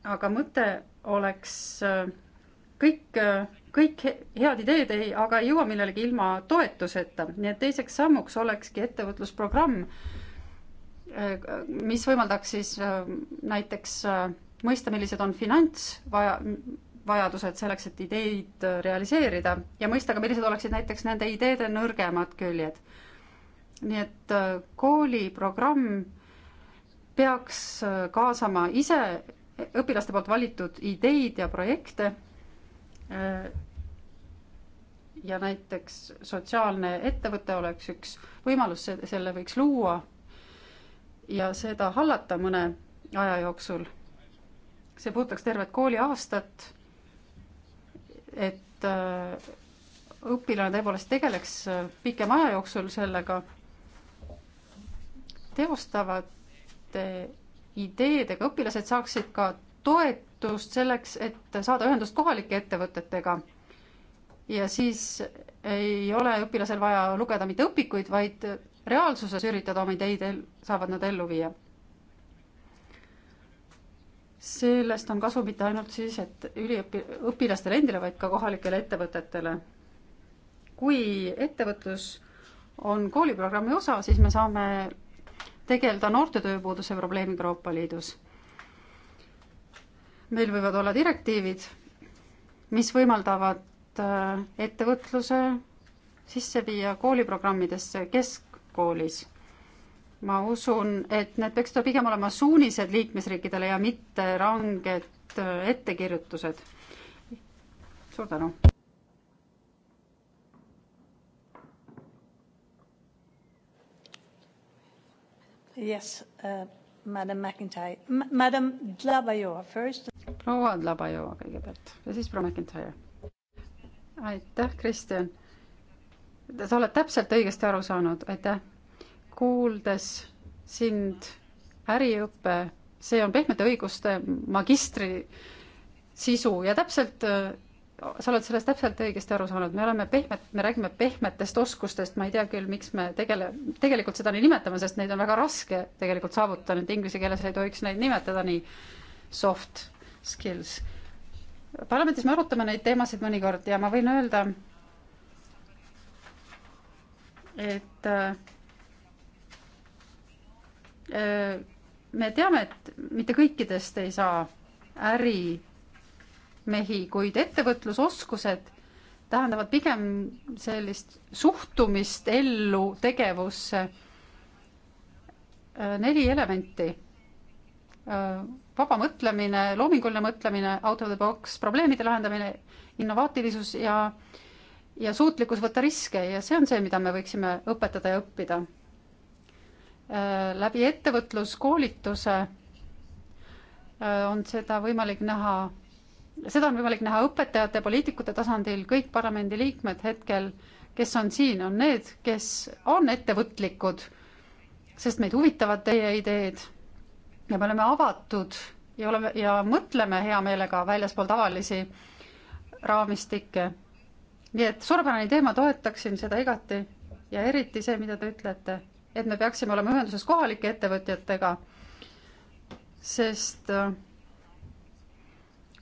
aga mõte oleks äh, kõik, äh, kõik head ideed ei, aga ei jõua millelegi ilma toetuseta, nii et teiseks sammuks olekski ettevõtlusprogramm, äh, mis võimaldaks siis näiteks mõista, millised on finantsvaja, vajadused selleks, et ideid realiseerida ja mõista ka, millised oleksid näiteks nende ideede nõrgemad küljed. nii et kooliprogramm peaks kaasama ise õpilaste poolt valitud ideid ja projekte. Äh, ja näiteks sotsiaalne ettevõte oleks üks võimalus, selle võiks luua ja seda hallata mõne aja jooksul. see puudutaks tervet kooliaastat, et äh, õpilane tõepoolest tegeleks äh, pikema aja jooksul sellega, teostavad ideedega, õpilased saaksid ka toetust selleks, et saada ühendust kohalike ettevõtetega. ja siis ei ole õpilasel vaja lugeda mitte õpikuid, vaid reaalsuses üritada oma ideid, saavad nad ellu viia. sellest on kasu mitte ainult siis, et üliõpi-, õpilastele endile, vaid ka kohalikele ettevõtetele. kui ettevõtlus on kooliprogrammi osa, siis me saame tegeleda noorte tööpuuduse probleemiga Euroopa Liidus. meil võivad olla direktiivid, mis võimaldavad äh, ettevõtluse sisse viia kooliprogrammidesse keskkoolis. ma usun, et need peaksid pigem olema suunised liikmesriikidele ja mitte ranged äh, ettekirjutused. suur tänu! Yes uh,, madam McIntyre, madam Dlabajova first. proua Dlabajova kõigepealt ja siis proua McIntyre. aitäh, Kristjan. sa oled täpselt õigesti aru saanud, aitäh. kuuldes sind, äriõpe, see on pehmete õiguste magistri sisu ja täpselt sa oled sellest täpselt õigesti aru saanud, me oleme pehmed, me räägime pehmetest oskustest, ma ei tea küll, miks me tegele-, tegelikult seda nii nimetame, sest neid on väga raske tegelikult saavutada, et inglise keeles ei tohiks neid nimetada nii, soft skills. parlamendis me arutame neid teemasid mõnikord ja ma võin öelda, et äh, äh me teame, et mitte kõikidest ei saa äri mehi, kuid ettevõtlusoskused tähendavad pigem sellist suhtumist ellu tegevusse. Äh, neli elementi. Äh, vaba mõtlemine, loominguline mõtlemine, out of the box, probleemide lahendamine, innovaatilisus ja, ja suutlikkus võtta riske ja see on see, mida me võiksime õpetada ja õppida. Äh, läbi ettevõtluskoolituse on seda võimalik näha seda on võimalik näha õpetajate, poliitikute tasandil, kõik parlamendiliikmed hetkel, kes on siin, on need, kes on ettevõtlikud, sest meid huvitavad teie ideed ja me oleme avatud ja oleme ja mõtleme hea meelega väljaspool tavalisi raamistikke. nii et suurepärane idee, ma toetaksin seda igati ja eriti see, mida te ütlete, et me peaksime olema ühenduses kohalike ettevõtjatega, sest äh,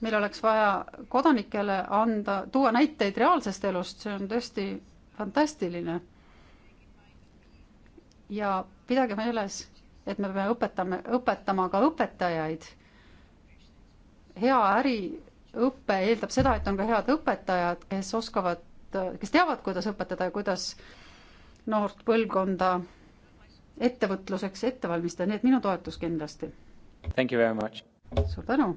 meil oleks vaja kodanikele anda, tuua näiteid reaalsest elust, see on tõesti fantastiline. ja pidage meeles, et me peame õpetama, õpetama ka õpetajaid. hea äriõpe eeldab seda, et on ka head õpetajad, kes oskavad, kes teavad, kuidas õpetada ja kuidas noort põlvkonda ettevõtluseks ette valmistada, nii et minu toetus kindlasti. suur tänu!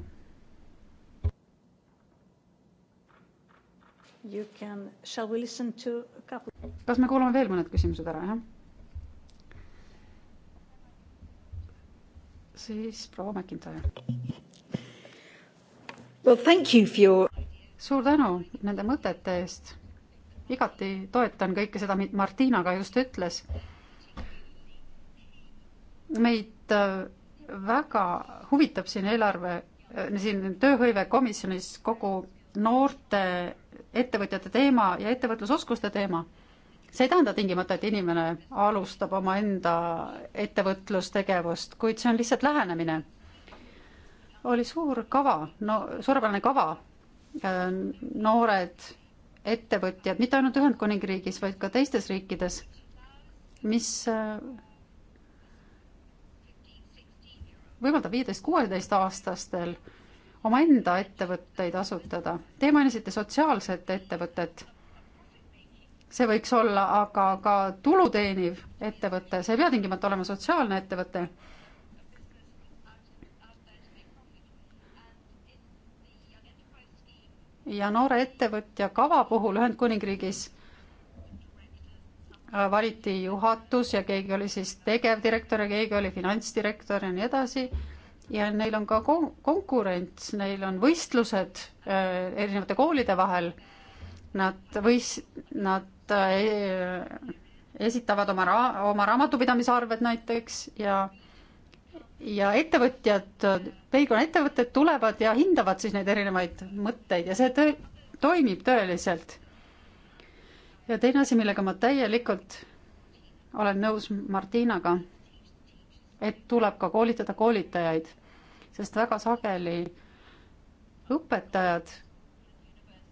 You can, shall we listen to a couple? kas me kuulame veel mõned küsimused ära, jah? siis proua McIntyre. Well, thank you for your. suur tänu nende mõtete eest. igati toetan kõike seda, mida Martina ka just ütles. meid äh, väga huvitab siin eelarve, äh, siin tööhõivekomisjonis kogu noorte ettevõtjate teema ja ettevõtlusoskuste teema. see ei tähenda tingimata, et inimene alustab omaenda ettevõtlustegevust, kuid see on lihtsalt lähenemine. oli suur kava, no suurepärane kava, äh, noored ettevõtjad, mitte ainult Ühendkuningriigis, vaid ka teistes riikides, mis äh, võimaldab viieteist-kuueteistaastastel omaenda ettevõtteid asutada. Te mainisite sotsiaalset ettevõtet. see võiks olla aga ka tulu teeniv ettevõte, see ei pea tingimata olema sotsiaalne ettevõte. ja noore ettevõtja kava puhul Ühendkuningriigis äh, valiti juhatus ja keegi oli siis tegevdirektor ja keegi oli finantsdirektor ja nii edasi ja neil on ka kon konkurents, neil on võistlused äh, erinevate koolide vahel. Nad võis, nad äh, esitavad oma ra-, oma raamatupidamisarved näiteks ja ja ettevõtjad, piirkonnaettevõtted tulevad ja hindavad siis neid erinevaid mõtteid ja see tõ-, toimib tõeliselt. ja teine asi, millega ma täielikult olen nõus Martinaga et tuleb ka koolitada koolitajaid, sest väga sageli õpetajad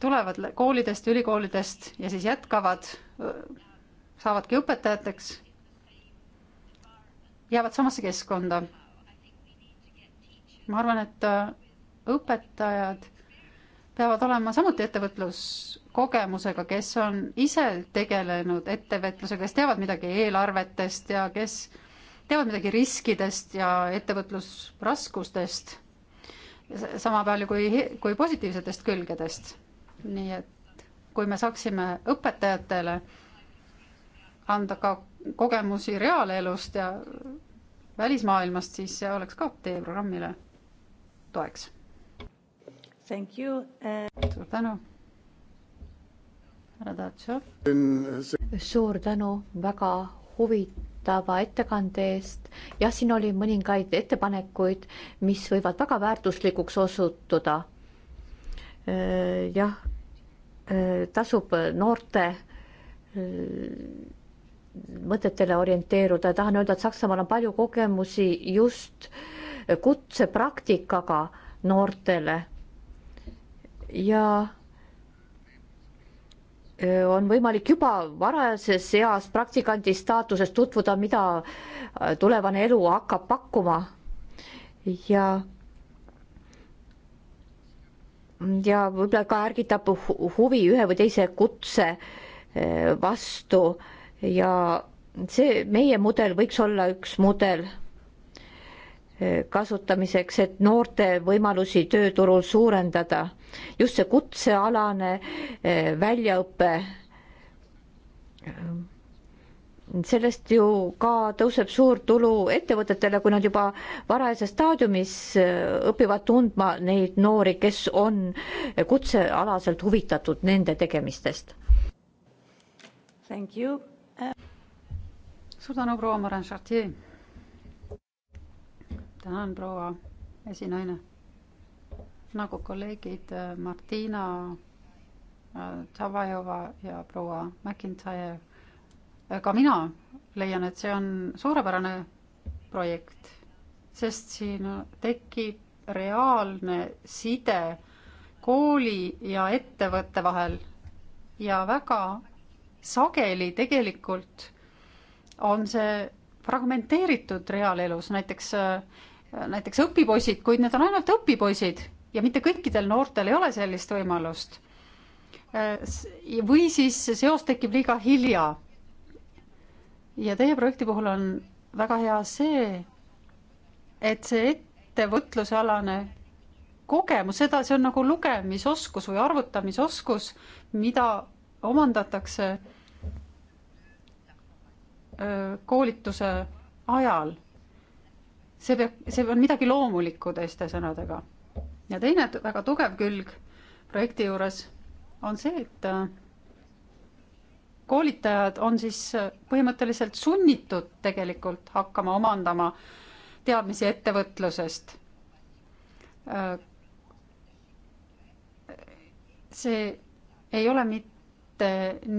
tulevad koolidest, ülikoolidest ja siis jätkavad, saavadki õpetajateks, jäävad samasse keskkonda. ma arvan, et äh, õpetajad peavad olema samuti ettevõtluskogemusega, kes on ise tegelenud ettevõtlusega, kes teavad midagi eelarvetest ja kes teavad midagi riskidest ja ettevõtlusraskustest, sama palju kui, kui positiivsetest külgedest. nii et kui me saaksime õpetajatele anda ka kogemusi reaalelust ja välismaailmast, siis see oleks ka teie programmile toeks. Thank you uh.... suur tänu. härra Tatšov. Eh, suur tänu, väga huvitav vastava ettekande eest. jah, siin oli mõningaid ettepanekuid, mis võivad väga väärtuslikuks osutuda. Äh, jah, äh, tasub noorte äh, mõtetele orienteeruda ja tahan öelda, et Saksamaal on palju kogemusi just kutsepraktikaga noortele ja Äh, on võimalik juba varajases eas praktikandi staatuses tutvuda, mida äh, tulevane elu hakkab pakkuma. ja ja võib-olla ka ärgitab huvi ühe või teise kutse äh, vastu ja see meie mudel võiks olla üks mudel kasutamiseks, et noorte võimalusi tööturul suurendada. just see kutsealane eh, väljaõpe. Eh, sellest ju ka tõuseb suur tulu ettevõtetele, kui nad juba varajases staadiumis eh, õpivad tundma neid noori, kes on kutsealaselt huvitatud nende tegemistest. Thank you uh.... suur tänu, proua Maren Chartier tänan, proua esinaine. nagu kolleegid äh, Martina Tšavajova äh, ja proua McIntyre, äh, ka mina leian, et see on suurepärane projekt, sest siin tekib reaalne side kooli ja ettevõtte vahel ja väga sageli tegelikult on see fragmenteeritud reaalelus, näiteks näiteks õpipoisid, kuid need on ainult õpipoisid ja mitte kõikidel noortel ei ole sellist võimalust. Äh, või siis seos tekib liiga hilja. ja teie projekti puhul on väga hea see, et see ettevõtlusealane kogemus, seda, see on nagu lugemisoskus või arvutamisoskus, mida omandatakse äh, koolituse ajal see peab, see on midagi loomulikku teiste sõnadega. ja teine väga tugev külg projekti juures on see, et äh, koolitajad on siis äh, põhimõtteliselt sunnitud tegelikult hakkama omandama teadmisi ettevõtlusest. Äh, see ei ole mitte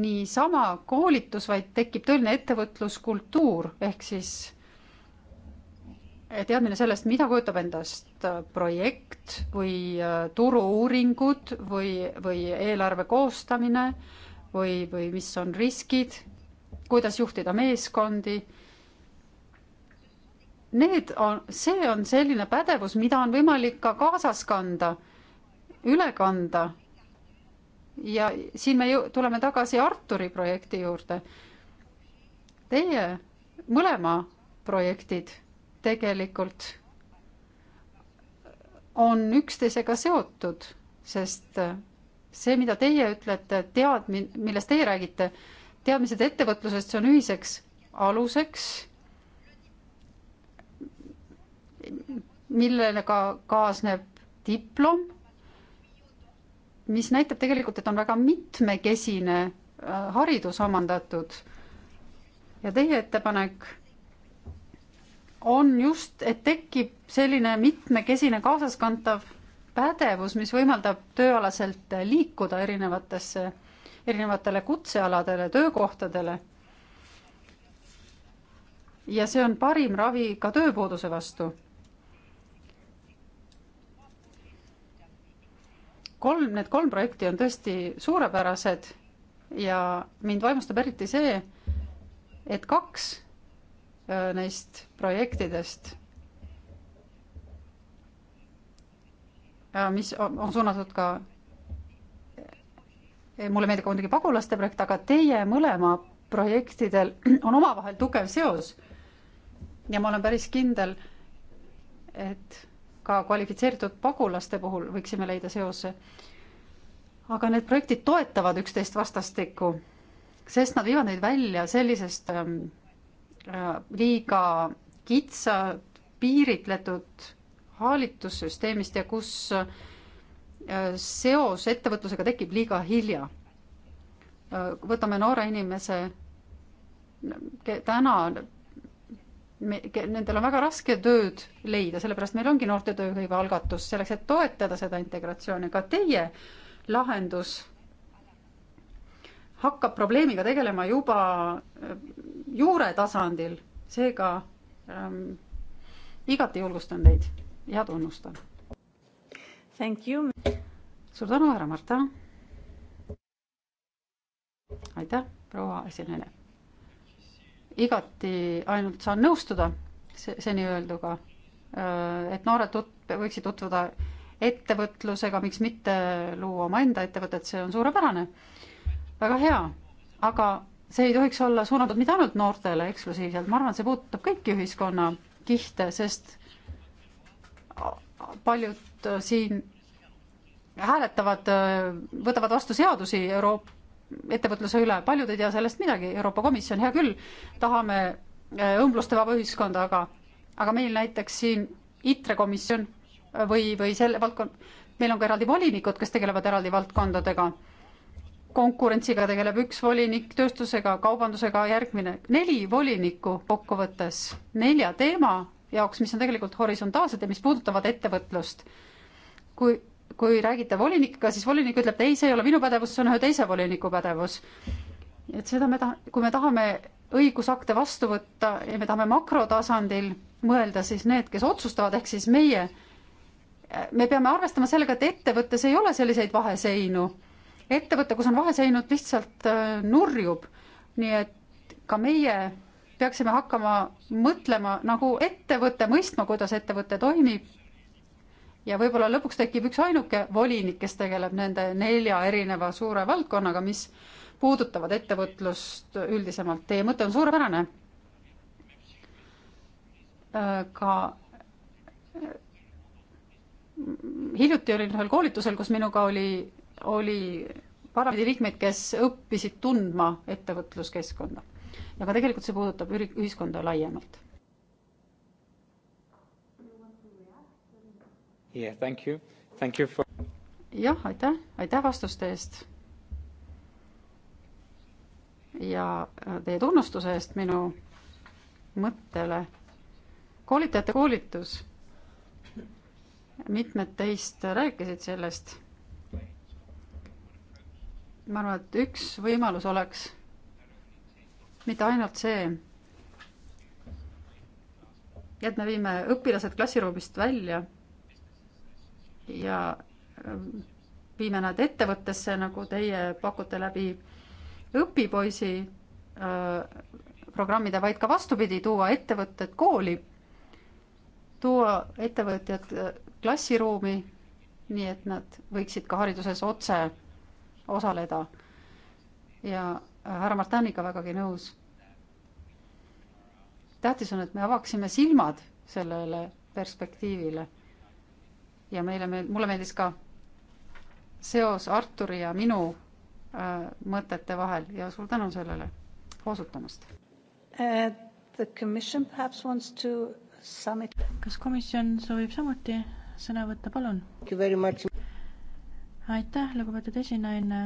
niisama koolitus, vaid tekib tõeline ettevõtluskultuur ehk siis teadmine sellest, mida kujutab endast äh, projekt või äh, turu-uuringud või, või eelarve koostamine või, või mis on riskid, kuidas juhtida meeskondi. Need on, see on selline pädevus, mida on võimalik ka kaasas kanda, üle kanda. ja siin me ju, tuleme tagasi Arturi projekti juurde. Teie mõlema projektid tegelikult on üksteisega seotud, sest äh, see, mida teie ütlete, teadmi-, millest teie räägite, teadmised ettevõtlusest, see on ühiseks aluseks, millele ka kaasneb diplom, mis näitab tegelikult, et on väga mitmekesine äh, haridus omandatud. ja teie ettepanek on just, et tekib selline mitmekesine kaasaskantav pädevus, mis võimaldab tööalaselt liikuda erinevatesse, erinevatele kutsealadele, töökohtadele. ja see on parim ravi ka tööpuuduse vastu. kolm, need kolm projekti on tõesti suurepärased ja mind vaimustab eriti see, et kaks Äh, neist projektidest, mis on suunatud ka, eh, mulle meeldib ka muidugi pagulaste projekt, aga teie mõlema projektidel on omavahel tugev seos. ja ma olen päris kindel, et ka kvalifitseeritud pagulaste puhul võiksime leida seose. aga need projektid toetavad üksteist vastastikku, sest nad viivad neid välja sellisest ähm, Äh, liiga kitsad, piiritletud haalitussüsteemist ja kus äh, seos ettevõtlusega tekib liiga hilja. Äh, võtame noore inimese, täna me, nendel on väga raske tööd leida, sellepärast meil ongi noorte tööhõive algatus selleks, et toetada seda integratsiooni, ka teie lahendus hakkab probleemiga tegelema juba äh, juure tasandil, seega ähm, igati julgustan teid ja tunnustan. suur tänu, härra Marta. aitäh, proua esineja. igati ainult saan nõustuda seni öelduga, äh, et noored tut-, võiksid tutvuda ettevõtlusega, miks mitte luua omaenda ettevõtet, see on suurepärane väga hea, aga see ei tohiks olla suunatud mitte ainult noortele eksklusiivselt, ma arvan, et see puudutab kõiki ühiskonnakihte, sest paljud siin hääletavad, võtavad vastu seadusi Euroop-, ettevõtluse üle, paljud ei tea sellest midagi, Euroopa Komisjon, hea küll, tahame äh, õmblustevaba ühiskonda, aga aga meil näiteks siin ITRE komisjon või, või selle valdkond, meil on ka eraldi volinikud, kes tegelevad eraldi valdkondadega konkurentsiga tegeleb üks volinik, tööstusega, kaubandusega järgmine, neli volinikku kokkuvõttes nelja teema jaoks, mis on tegelikult horisontaalsed ja mis puudutavad ettevõtlust. kui, kui räägite volinikuga, siis volinik ütleb, et ei, see ei ole minu pädevus, see on ühe teise voliniku pädevus. et seda me taha-, kui me tahame õigusakte vastu võtta ja me tahame makrotasandil mõelda, siis need, kes otsustavad, ehk siis meie, me peame arvestama sellega, et ettevõttes ei ole selliseid vaheseinu ettevõte, kus on vaheseinad, lihtsalt äh, nurjub. nii et ka meie peaksime hakkama mõtlema nagu ettevõte, mõistma, kuidas ettevõte toimib. ja võib-olla lõpuks tekib üksainuke volinik, kes tegeleb nende nelja erineva suure valdkonnaga, mis puudutavad ettevõtlust üldisemalt. Teie mõte on suurepärane. Äh, ka äh, hiljuti olin ühel koolitusel, kus minuga oli oli parlamendiliikmeid, kes õppisid tundma ettevõtluskeskkonda. ja ka tegelikult see puudutab üri-, ühiskonda laiemalt. jah, aitäh, aitäh vastuste eest. ja äh, teie tunnustuse eest minu mõttele. koolitajate koolitus, mitmed teist rääkisid sellest ma arvan, et üks võimalus oleks mitte ainult see, et me viime õpilased klassiruumist välja ja ähm, viime nad ettevõttesse, nagu teie pakute läbi õpipoisi äh, programmide, vaid ka vastupidi, tuua ettevõtted kooli, tuua ettevõtjad äh, klassiruumi, nii et nad võiksid ka hariduses otse osaleda. ja äh, härra Martaniga vägagi nõus. tähtis on, et me avaksime silmad sellele perspektiivile. ja meile, mulle meeldis ka seos Arturi ja minu äh, mõtete vahel ja suur tänu sellele osutamast uh,. The commission perhaps wants to summit. kas komisjon soovib samuti sõna võtta, palun? aitäh, lugupeetud esinaine.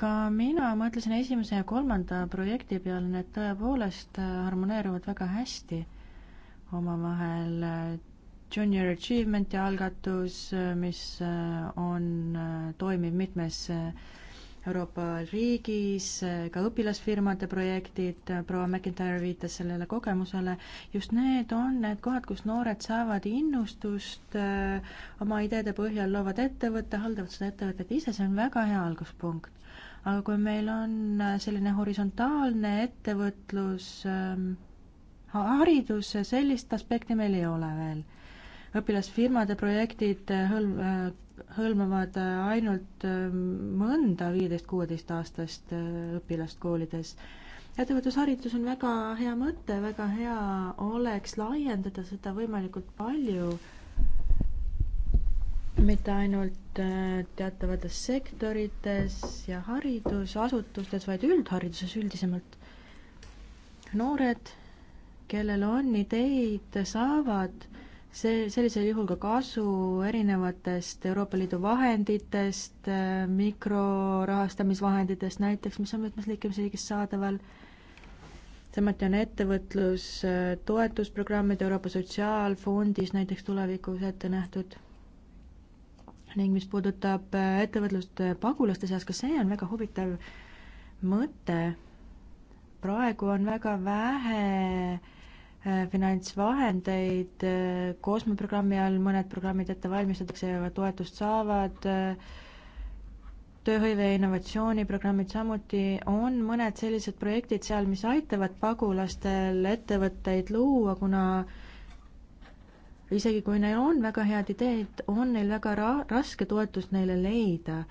ka mina mõtlesin esimese ja kolmanda projekti peale, need tõepoolest äh, harmoneeruvad väga hästi omavahel. Äh, junior Achievement'i algatus, äh, mis on, toimib mitmes Euroopa riigis, ka õpilasfirmade projektid, proua McIntyre viitas sellele kogemusele, just need on need kohad, kus noored saavad innustust öö, äh, oma ideede põhjal, loovad ettevõtte, haldavad seda ettevõtet ise, see on väga hea alguspunkt. aga kui meil on äh, selline horisontaalne ettevõtlus, ähm, haridus, sellist aspekti meil ei ole veel õpilasfirmade projektid äh, hõlm-, äh, hõlmavad äh, ainult mõnda viieteist, kuueteist aastast õpilast koolides. ettevõtlusharidus on väga hea mõte, väga hea oleks laiendada seda võimalikult palju, mitte ainult teatavates sektorites ja haridusasutustes, vaid üldhariduses üldisemalt. noored, kellel on ideid, saavad see, sellisel juhul ka kasu erinevatest Euroopa Liidu vahenditest, mikrorahastamisvahenditest näiteks, mis on mitmes liikmesriigis saadaval, samuti on ettevõtlus toetusprogrammid Euroopa Sotsiaalfondis näiteks tulevikus ette nähtud ning mis puudutab ettevõtlust pagulaste seas, ka see on väga huvitav mõte. praegu on väga vähe Äh, finantsvahendeid äh, kosmoprogrammi all, mõned programmid ette valmistatakse ja toetust saavad, äh, tööhõive ja innovatsiooniprogrammid samuti, on mõned sellised projektid seal, mis aitavad pagulastel ettevõtteid luua, kuna isegi kui neil on väga head ideed, on neil väga ra-, raske toetust neile leida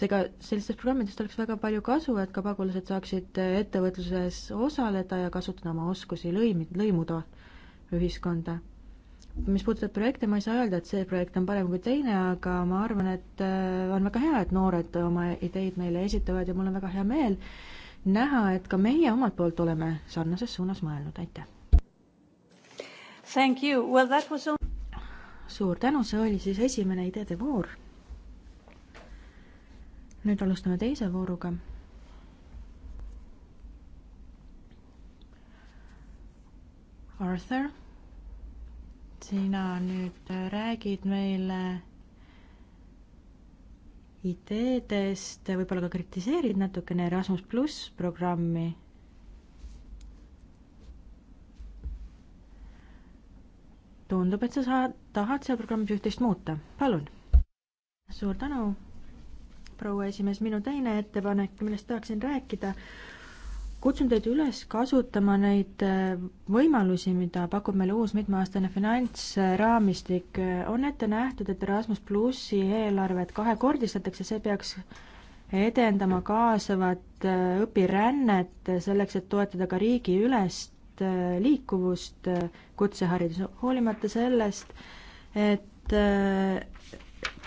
seega sellistest programmidest oleks väga palju kasu, et ka pagulased saaksid äh, ettevõtluses osaleda ja kasutada oma oskusi lõim-, lõimuda ühiskonda. mis puudutab projekte, ma ei saa öelda, et see projekt on parem kui teine, aga ma arvan, et äh, on väga hea, et noored oma ideid meile esitavad ja mul on väga hea meel näha, et ka meie omalt poolt oleme sarnases suunas mõelnud, aitäh! Thank you, well that was all suur tänu, see oli siis esimene ideede voor nüüd alustame teise vooruga. Arthur, sina nüüd räägid meile ideedest, võib-olla ka kritiseerid natukene Erasmus pluss programmi. tundub, et sa saad, tahad seal programmis üht-teist muuta, palun. suur tänu proua esimees, minu teine ettepanek, millest tahaksin rääkida, kutsun teid üles kasutama neid äh, võimalusi, mida pakub meile uus mitmeaastane finantsraamistik. on ette nähtud, et Erasmus plussi eelarvet kahekordistatakse, see peaks edendama kaasavat äh, õpirännet selleks, et toetada ka riigiülest äh, liikuvust kutseharidus, hoolimata sellest, et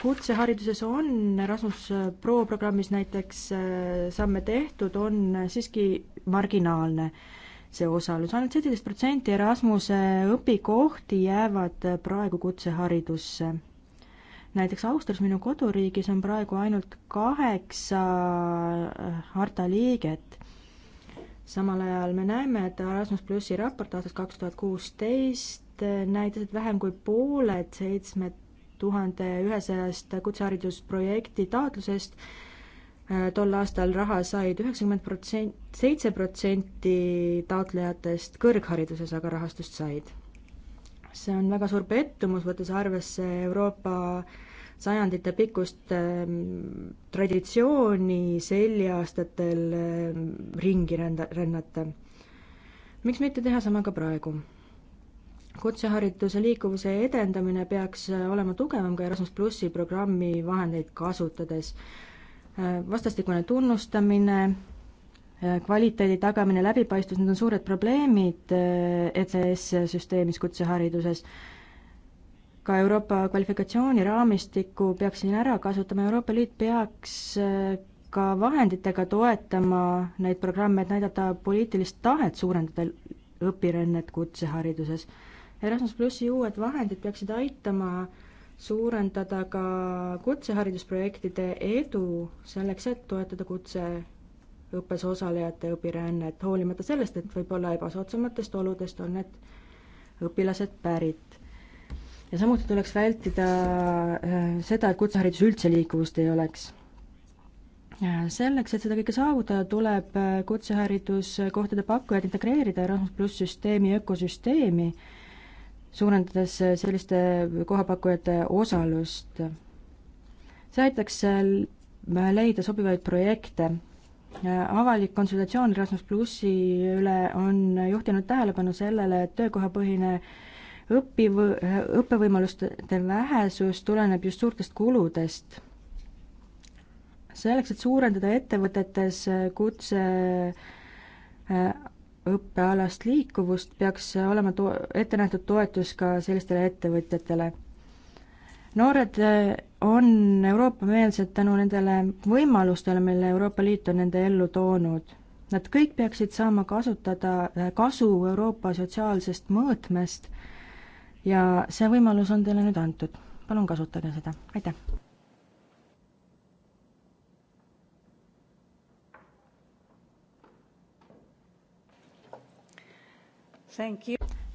kutsehariduses on Rasmus Pro programmis näiteks äh, samme tehtud, on siiski marginaalne see osalus ainult, ainult seitseteist protsenti Erasmuse õpikohti jäävad praegu kutseharidusse. näiteks Austrias, minu koduriigis, on praegu ainult kaheksa äh, harta liiget. samal ajal me näeme, et Erasmus plussi raport aastast kaks tuhat kuusteist äh, näitas, et vähem kui pooled seitsmed tuhande ühesajast kutseharidusprojekti taotlusest. Äh, tol aastal raha said üheksakümmend protsenti, seitse protsenti taotlejatest kõrghariduses aga rahastust said. see on väga suur pettumus, võttes arvesse Euroopa sajandite pikkust äh, traditsiooni seljaaastatel äh, ringi rända, rännata. miks mitte teha sama ka praegu? kutsehariduse liikuvuse edendamine peaks äh, olema tugevam ka Erasmus plussi programmi vahendeid kasutades. Äh, vastastikune tunnustamine, äh, kvaliteedi tagamine, läbipaistvus, need on suured probleemid ECS-süsteemis kutsehariduses ka Euroopa kvalifikatsiooniraamistikku peaks siin ära kasutama, Euroopa Liit peaks ka vahenditega toetama neid programme, et näidata poliitilist tahet suurendada õpirännet kutsehariduses. Erasmus plussi uued vahendid peaksid aitama suurendada ka kutseharidusprojektide edu selleks, et toetada kutseõppes osalejate õpirännet, hoolimata sellest, et võib-olla ebasoodsamatest oludest on need õpilased pärit. ja samuti tuleks vältida äh, seda, et kutseharidus üldse liikuvust ei oleks äh, selleks, et seda kõike saavutada, tuleb äh, kutsehariduskohtade pakkujad integreerida Erasmus pluss süsteemi ökosüsteemi suurendades äh, selliste kohapakkujate osalust. see aitaks äh, leida sobivaid projekte. Äh, avalik konsultatsioon Erasmus plussi üle on juhtinud tähelepanu sellele, et töökohapõhine õpiv-, õppevõimaluste vähesus tuleneb just suurtest kuludest. selleks, et suurendada ettevõtetes kutse õppealast liikuvust, peaks olema to-, ette nähtud toetus ka sellistele ettevõtjatele. noored eh, on Euroopa-meelsed tänu nendele võimalustele, mille Euroopa Liit on nende ellu toonud. Nad kõik peaksid saama kasutada eh, kasu Euroopa sotsiaalsest mõõtmest ja see võimalus on teile nüüd antud. palun kasutage seda, aitäh!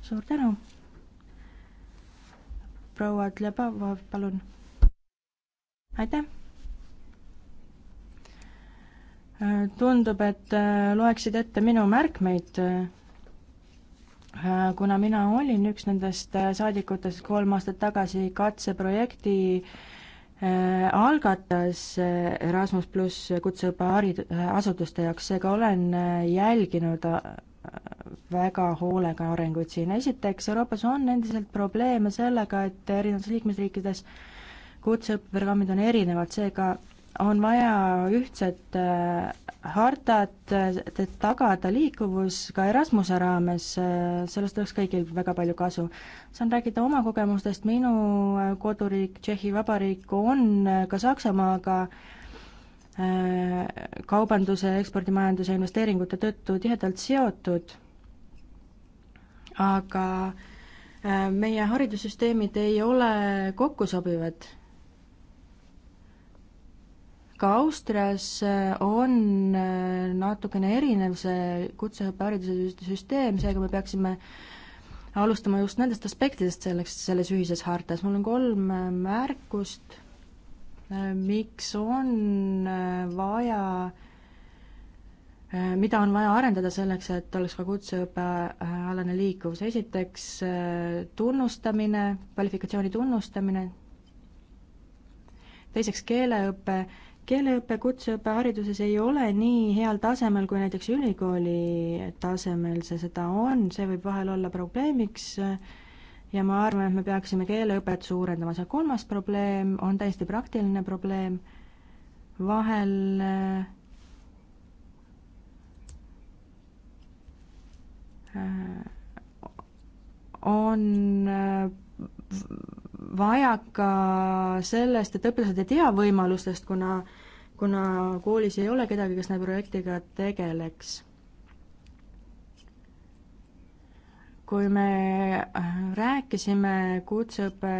suur tänu. proua Tlebava, palun. aitäh tundub, et äh, loeksid ette minu märkmeid, äh, kuna mina olin üks nendest äh, saadikutest kolm aastat tagasi katseprojekti algatas Erasmus pluss kutseõppe harid-, asutuste jaoks, seega olen jälginud väga hoolega arenguid siin. esiteks, Euroopas on endiselt probleeme sellega, et erinevates liikmesriikides kutseõppeprogrammid on erinevad, seega on vaja ühtset äh, hartat, et tagada liikuvus ka Erasmuse raames, äh, sellest oleks kõigil väga palju kasu. saan rääkida oma kogemustest, minu äh, koduriik Tšehhi Vabariik on ka Saksamaaga äh, Äh, kaubanduse, ekspordimajanduse, investeeringute tõttu tihedalt seotud, aga äh, meie haridussüsteemid ei ole kokkusobivad. ka Austrias äh, on natukene erinev see kutseõppehariduse süsteem, seega me peaksime alustama just nendest aspektidest selleks, selles ühises hartas. mul on kolm märkust miks on äh, vaja, äh, mida on vaja arendada selleks, et oleks ka kutseõppealane äh, liikuvus. esiteks tunnustamine, kvalifikatsiooni tunnustamine, teiseks keeleõpe, keeleõpe kutseõppe hariduses ei ole nii heal tasemel kui näiteks ülikooli tasemel see seda on, see võib vahel olla probleemiks äh, ja ma arvan, et me peaksime keeleõpet suurendama, see kolmas probleem on täiesti praktiline probleem, vahel äh, on äh, vajaka sellest, et õpilased ei tea võimalustest, kuna kuna koolis ei ole kedagi, kes selle projektiga tegeleks kui me äh, rääkisime kutseõppe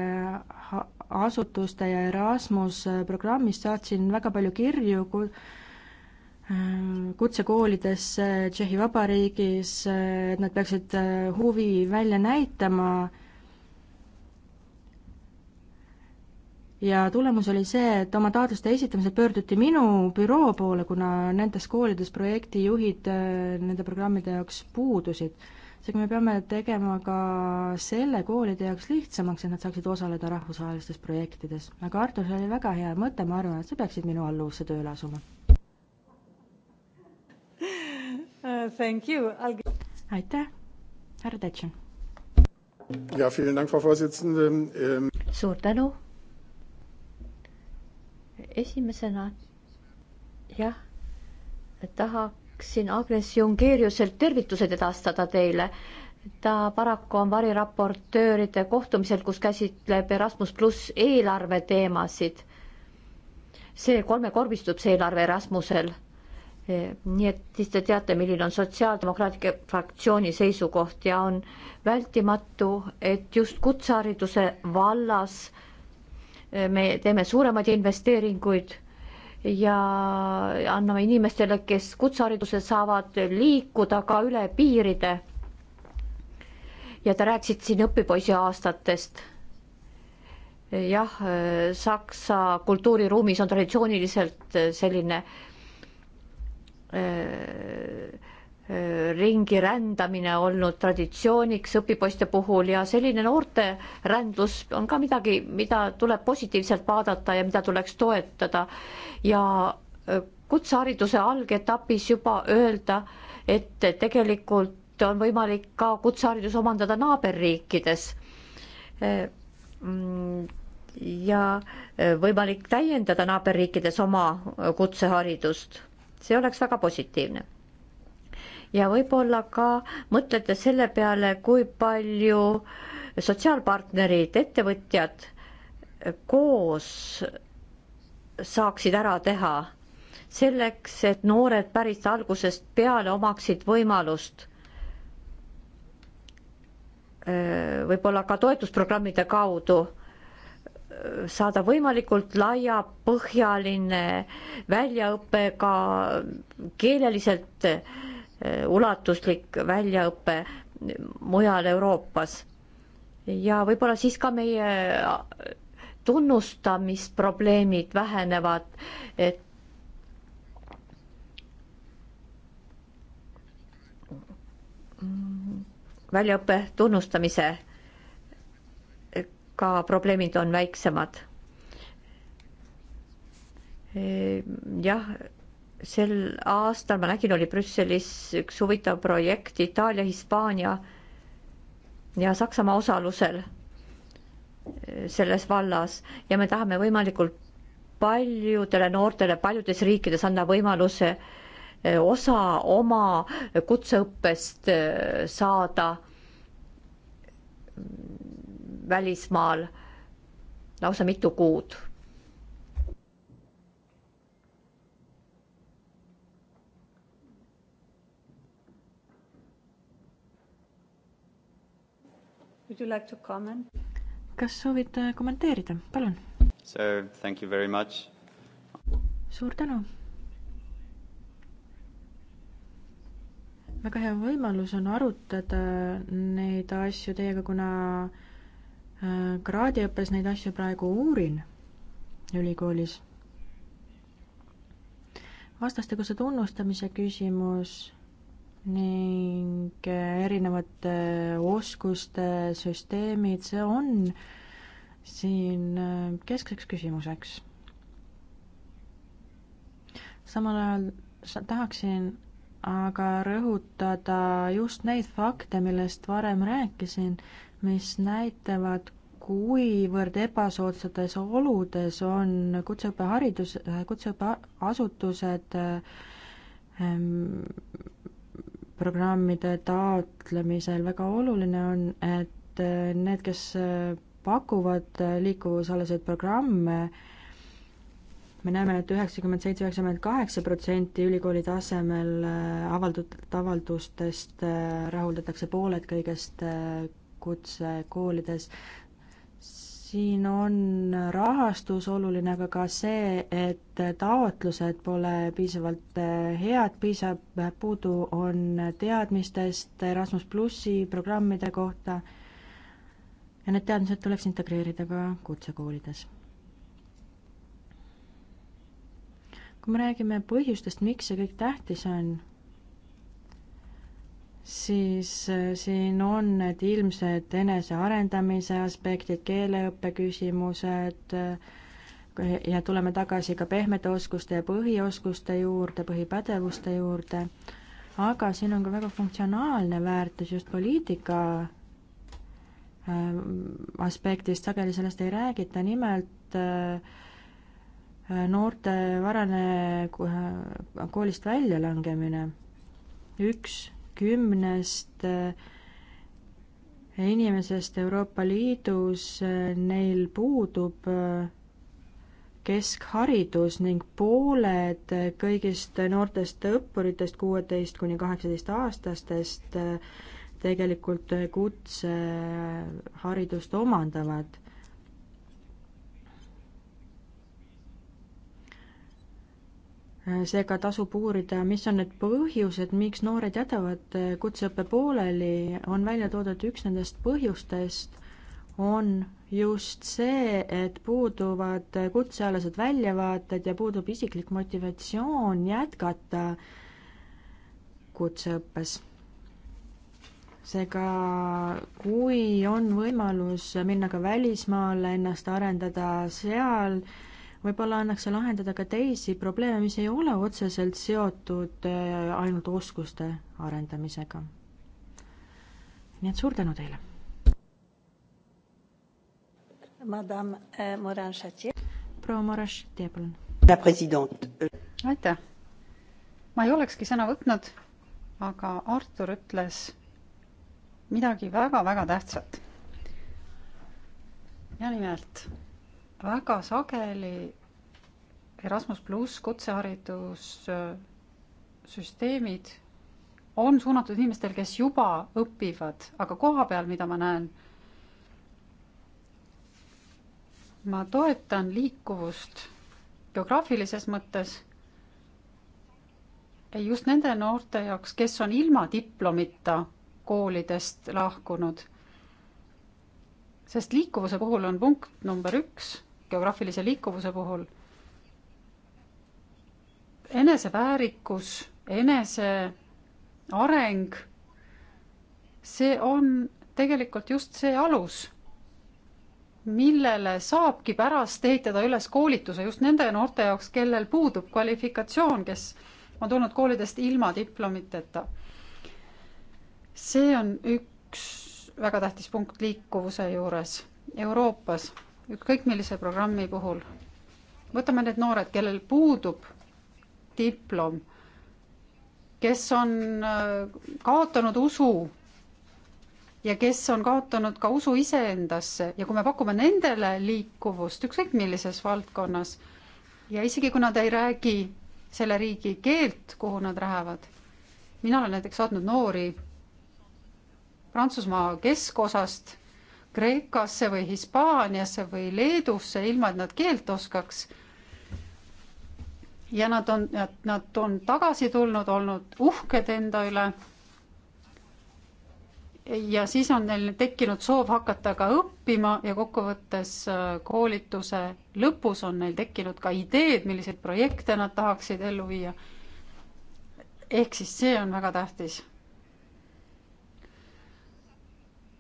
asutuste ja Erasmus äh, programmist, saatsin väga palju kirju ku-, äh, kutsekoolidesse Tšehhi Vabariigis, et nad peaksid huvi välja näitama ja tulemus oli see, et oma taotluste esitamisel pöörduti minu büroo poole, kuna nendes koolides projektijuhid nende programmide jaoks puudusid seega me peame tegema ka selle koolide jaoks lihtsamaks, et nad saaksid osaleda rahvusvahelistes projektides. aga Artur, see oli väga hea mõte, ma arvan, et sa peaksid minu alluvusse tööle asuma uh,. Thank you, I'll get... aitäh, härra Tetšen. ja, vielen Dank, Frau Vorsitzende ähm.... suur tänu. esimesena jah, tahab tahaksin Agnes Jungeriuselt tervitused edastada teile. ta paraku on variraportööride kohtumisel, kus käsitleb Erasmus pluss eelarve teemasid. see kolmekordistub, see eelarve Erasmusel. E, nii et siis te teate, milline on Sotsiaaldemokraatliku fraktsiooni seisukoht ja on vältimatu, et just kutsehariduse vallas e, me teeme suuremaid investeeringuid ja anname inimestele, kes kutsehariduse saavad, liikuda ka üle piiride. ja te rääkisite siin õpipoisi aastatest. jah, Saksa kultuuriruumis on traditsiooniliselt selline äh, ringi rändamine olnud traditsiooniks õpipoiste puhul ja selline noorte rändlus on ka midagi, mida tuleb positiivselt vaadata ja mida tuleks toetada. ja äh, kutsehariduse algetapis juba öelda, et tegelikult on võimalik ka kutseharidus omandada naaberriikides. Äh, mm, ja äh, võimalik täiendada naaberriikides oma kutseharidust, see oleks väga positiivne ja võib-olla ka mõtlete selle peale, kui palju sotsiaalpartnerid, ettevõtjad koos saaksid ära teha selleks, et noored päris algusest peale omaksid võimalust äh, võib-olla ka toetusprogrammide kaudu äh, saada võimalikult laiapõhjaline väljaõpe ka keeleliselt ulatuslik väljaõpe mujal Euroopas. ja võib-olla siis ka meie tunnustamisprobleemid vähenevad, et väljaõppe tunnustamisega probleemid on väiksemad. jah sel aastal ma nägin, oli Brüsselis üks huvitav projekt Itaalia, Hispaania ja Saksamaa osalusel eh, selles vallas ja me tahame võimalikult paljudele noortele paljudes riikides anda võimaluse eh, osa oma kutseõppest eh, saada välismaal lausa mitu kuud Would you like to comment? kas soovite kommenteerida, palun? Sir, thank you very much. suur tänu. väga hea võimalus on arutada neid asju teiega, kuna äh, kraadiõppes neid asju praegu uurin ülikoolis. vastastikuse tunnustamise küsimus ning äh, erinevate äh, oskuste süsteemid, see on siin äh, keskseks küsimuseks. samal ajal tahaksin aga rõhutada just neid fakte, millest varem rääkisin, mis näitavad, kuivõrd ebasoodsates oludes on kutseõppeharidus, kutseõppeasutused ähm, programmide taotlemisel väga oluline on, et äh, need, kes äh, pakuvad äh, liikuvusalaseid programme, me näeme et, et üheksakümmend seitse, üheksakümmend kaheksa protsenti ülikooli tasemel avaldatud avaldustest rahuldatakse pooled kõigest kutsekoolides siin on rahastus oluline, aga ka see, et taotlused pole piisavalt eh, head, piisab, puudu on teadmistest Erasmus plussi programmide kohta ja need teadmised tuleks integreerida ka kutsekoolides. kui me räägime põhjustest, miks see kõik tähtis on, siis äh, siin on need ilmsed enesearendamise aspektid, keeleõppe küsimused äh, ja tuleme tagasi ka pehmete oskuste ja põhioskuste juurde, põhipädevuste juurde, aga siin on ka väga funktsionaalne väärtus just poliitika äh, aspektist, sageli sellest ei räägita, nimelt noorte varane koolist väljalangemine. üks kümnest eh, inimesest Euroopa Liidus, eh, neil puudub eh, keskharidus ning pooled kõigist noortest õppuritest, kuueteist kuni kaheksateistaastastest, tegelikult kutseharidust omandavad. seega tasub uurida, mis on need põhjused, miks noored jätavad eh, kutseõppe pooleli, on välja toodud üks nendest põhjustest, on just see, et puuduvad kutsealased väljavaated ja puudub isiklik motivatsioon jätkata kutseõppes. seega, kui on võimalus minna ka välismaale, ennast arendada seal, võib-olla annaks see lahendada ka teisi probleeme, mis ei ole otseselt seotud äh, ainult oskuste arendamisega. nii et suur tänu teile! Äh, proua Morašitje, palun! aitäh! ma ei olekski sõna võtnud, aga Artur ütles midagi väga-väga tähtsat. ja nimelt väga sageli Erasmus pluss kutseharidussüsteemid on suunatud inimestele, kes juba õpivad, aga koha peal, mida ma näen, ma toetan liikuvust geograafilises mõttes just nende noorte jaoks, kes on ilma diplomita koolidest lahkunud. sest liikuvuse puhul on punkt number üks geograafilise liikuvuse puhul eneseväärikus, eneseareng, see on tegelikult just see alus, millele saabki pärast ehitada üles koolituse just nende noorte jaoks, kellel puudub kvalifikatsioon, kes on tulnud koolidest ilma diplomiteta. see on üks väga tähtis punkt liikuvuse juures Euroopas ükskõik millise programmi puhul. võtame need noored, kellel puudub diplom, kes on äh, kaotanud usu ja kes on kaotanud ka usu iseendasse ja kui me pakume nendele liikuvust ükskõik millises valdkonnas ja isegi kui nad ei räägi selle riigi keelt, kuhu nad lähevad, mina olen näiteks saatnud noori Prantsusmaa keskosast Kreekasse või Hispaaniasse või Leedusse, ilma et nad keelt oskaks. ja nad on, nad on tagasi tulnud, olnud uhked enda üle. ja siis on neil tekkinud soov hakata ka õppima ja kokkuvõttes äh, koolituse lõpus on neil tekkinud ka ideed, milliseid projekte nad tahaksid ellu viia. ehk siis see on väga tähtis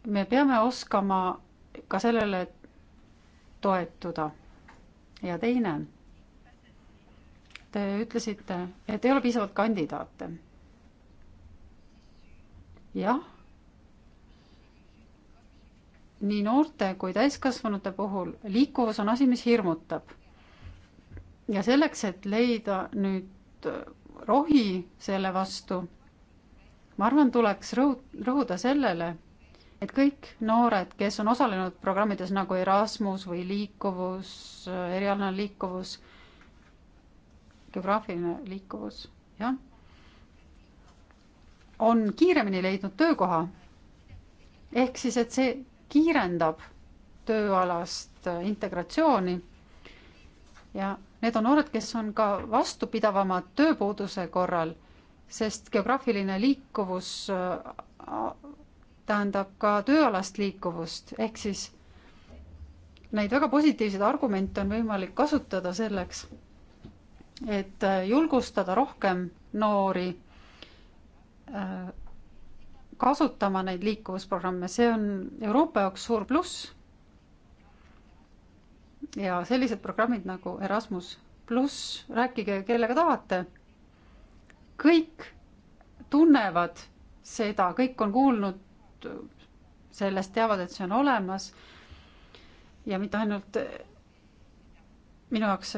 me peame oskama ka sellele toetuda. ja teine. Te ütlesite, et ei ole piisavalt kandidaate. jah. nii noorte kui täiskasvanute puhul liikuvus on asi, mis hirmutab. ja selleks, et leida nüüd rohi selle vastu, ma arvan, tuleks rõhu-, rõhuda sellele, et kõik noored, kes on osalenud programmides nagu Erasmus või liikuvus, erialane liikuvus, geograafiline liikuvus, jah, on kiiremini leidnud töökoha. ehk siis, et see kiirendab tööalast integratsiooni. ja need on noored, kes on ka vastupidavamad tööpuuduse korral, sest geograafiline liikuvus tähendab ka tööalast liikuvust, ehk siis neid väga positiivseid argumente on võimalik kasutada selleks, et äh, julgustada rohkem noori äh, kasutama neid liikuvusprogramme, see on Euroopa jaoks suur pluss. ja sellised programmid nagu Erasmus pluss, rääkige kellega tahate. kõik tunnevad seda, kõik on kuulnud paljud sellest teavad, et see on olemas. ja mitte ainult minu jaoks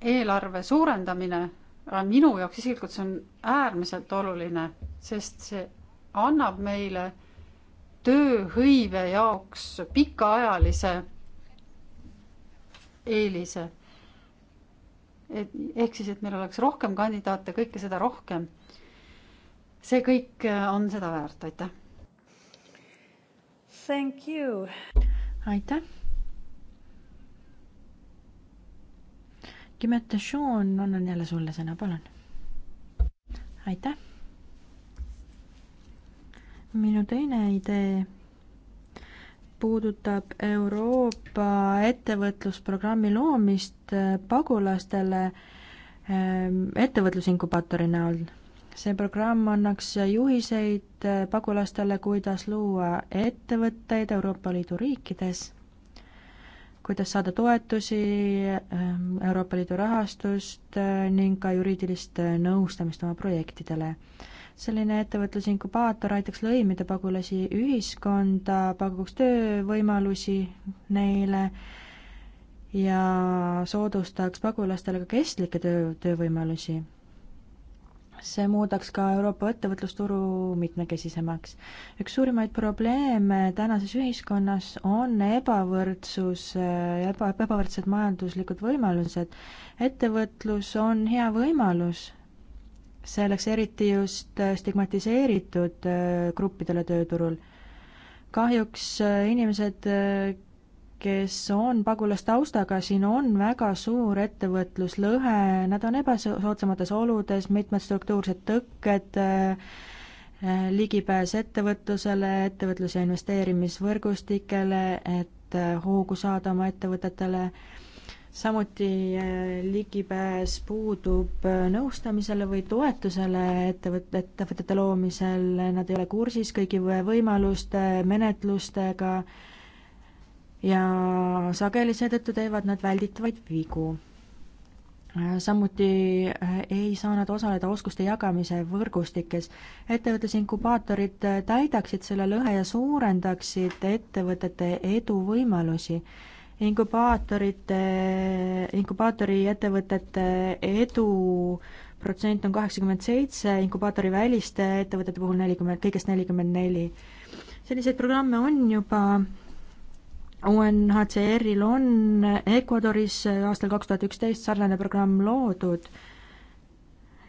eelarve suurendamine, aga minu jaoks isiklikult see on äärmiselt oluline, sest see annab meile tööhõive jaoks pikaajalise eelise. et ehk siis, et meil oleks rohkem kandidaate, kõike seda rohkem see kõik äh, on seda väärt, aitäh. Thank you. aitäh. Dimetashoon, annan jälle sulle sõna, palun. aitäh. minu teine idee puudutab Euroopa ettevõtlusprogrammi loomist äh, pagulastele ähm, ettevõtlusinkubaatori näol see programm annaks juhiseid eh, pagulastele, kuidas luua ettevõtteid Euroopa Liidu riikides, kuidas saada toetusi, eh, Euroopa Liidu rahastust eh, ning ka juriidilist nõustamist oma projektidele. selline ettevõtlusinkubaator aitaks lõimida pagulasi ühiskonda, pakuks töövõimalusi neile ja soodustaks pagulastele ka kestlikke töö, töövõimalusi see muudaks ka Euroopa ettevõtlusturu mitmekesisemaks. üks suurimaid probleeme tänases ühiskonnas on ebavõrdsus, eba, ebavõrdsed majanduslikud võimalused. ettevõtlus on hea võimalus selleks eriti just stigmatiseeritud äh, gruppidele tööturul. kahjuks äh, inimesed äh, kes on pagulastaustaga, siin on väga suur ettevõtluslõhe, nad on ebasoodsamates oludes, mitmed struktuursed tõkked, äh, ligipääs ettevõtlusele, ettevõtlus- ja investeerimisvõrgustikele, et äh, hoogu saada oma ettevõtetele, samuti äh, ligipääs puudub nõustamisele või toetusele ettevõt-, ettevõtete loomisel, nad ei ole kursis kõigi võimaluste, menetlustega, ja sageli seetõttu teevad nad välditavaid vigu. Äh, samuti äh, ei saa nad osaleda oskuste jagamise võrgustikes. ettevõttes inkubaatorid äh, täidaksid selle lõhe ja suurendaksid ettevõtete eduvõimalusi inkubaatorite, inkubaatori ettevõtete edu protsent on kaheksakümmend seitse, inkubaatori väliste ettevõtete puhul nelikümmend, kõigest nelikümmend neli. selliseid programme on juba UNHCR-il on Ecuadoris aastal kaks tuhat üksteist sarnane programm loodud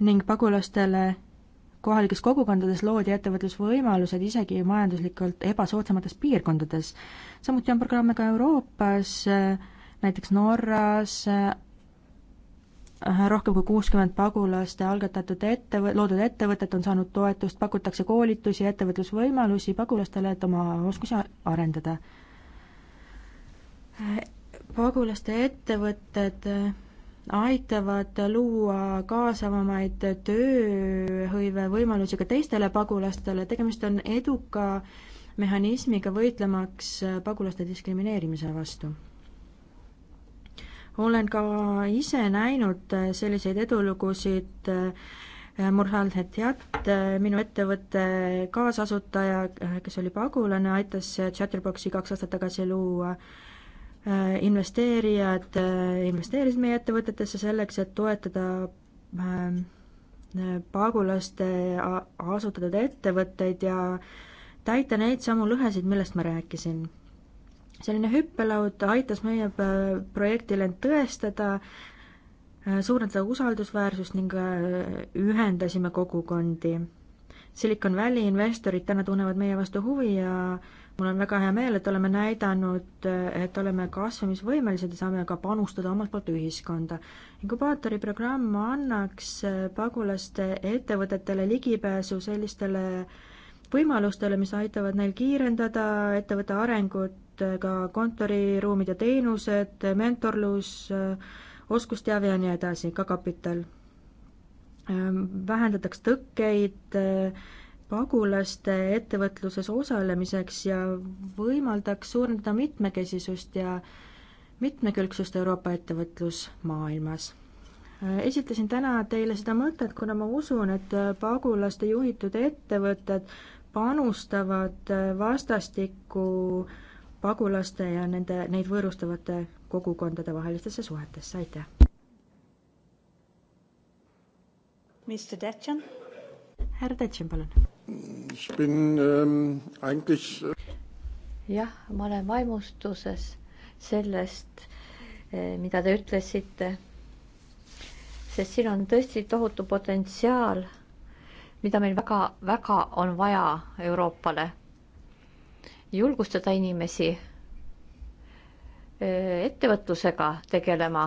ning pagulastele kohalikes kogukondades loodi ettevõtlusvõimalused isegi majanduslikult ebasoodsamates piirkondades. samuti on programme ka Euroopas, näiteks Norras, äh, rohkem kui kuuskümmend pagulaste algatatud ettevõ-, loodud ettevõtet on saanud toetust, pakutakse koolitusi, ettevõtlusvõimalusi pagulastele, et oma oskusi arendada pagulaste ettevõtted aitavad luua kaasavamaid tööhõivevõimalusi ka teistele pagulastele, tegemist on eduka mehhanismiga võitlemaks pagulaste diskrimineerimise vastu. olen ka ise näinud selliseid edulugusid eh, Murhal Hetiat, eh, minu ettevõtte kaasasutaja, eh, kes oli pagulane, aitas Chatterboxi kaks aastat tagasi luua Äh, investeerijad äh, investeerisid meie ettevõtetesse selleks, et toetada ähm, äh, pagulaste asutatud ettevõtteid ja täita neid samu lõhesid, millest ma rääkisin. selline hüppelaud aitas meie projektil end tõestada, suurendada usaldusväärsust ning ühendasime kogukondi. Silicon Valley investorid täna tunnevad meie vastu huvi ja äh, mul on väga hea meel, et oleme näidanud, et oleme kasvamisvõimelised ja saame ka panustada omalt poolt ühiskonda. inkubaatori programm annaks pagulaste ettevõtetele ligipääsu sellistele võimalustele, mis aitavad neil kiirendada ettevõtte arengut, ka kontoriruumid ja teenused, mentorlus, oskusteave ja nii edasi, ka kapital. vähendatakse tõkkeid pagulaste ettevõtluses osalemiseks ja võimaldaks suurendada mitmekesisust ja mitmekülgsust Euroopa ettevõtlusmaailmas. esitasin täna teile seda mõtet, kuna ma usun, et pagulaste juhitud ettevõtted panustavad vastastikku pagulaste ja nende, neid võõrustavate kogukondade vahelistesse suhetesse, aitäh! härra Tetšen, palun! Ich bin ähm, eigentlich äh jah, ma olen vaimustuses sellest, äh, mida te ütlesite. sest siin on tõesti tohutu potentsiaal, mida meil väga-väga on vaja Euroopale. julgustada inimesi äh, ettevõtlusega tegelema.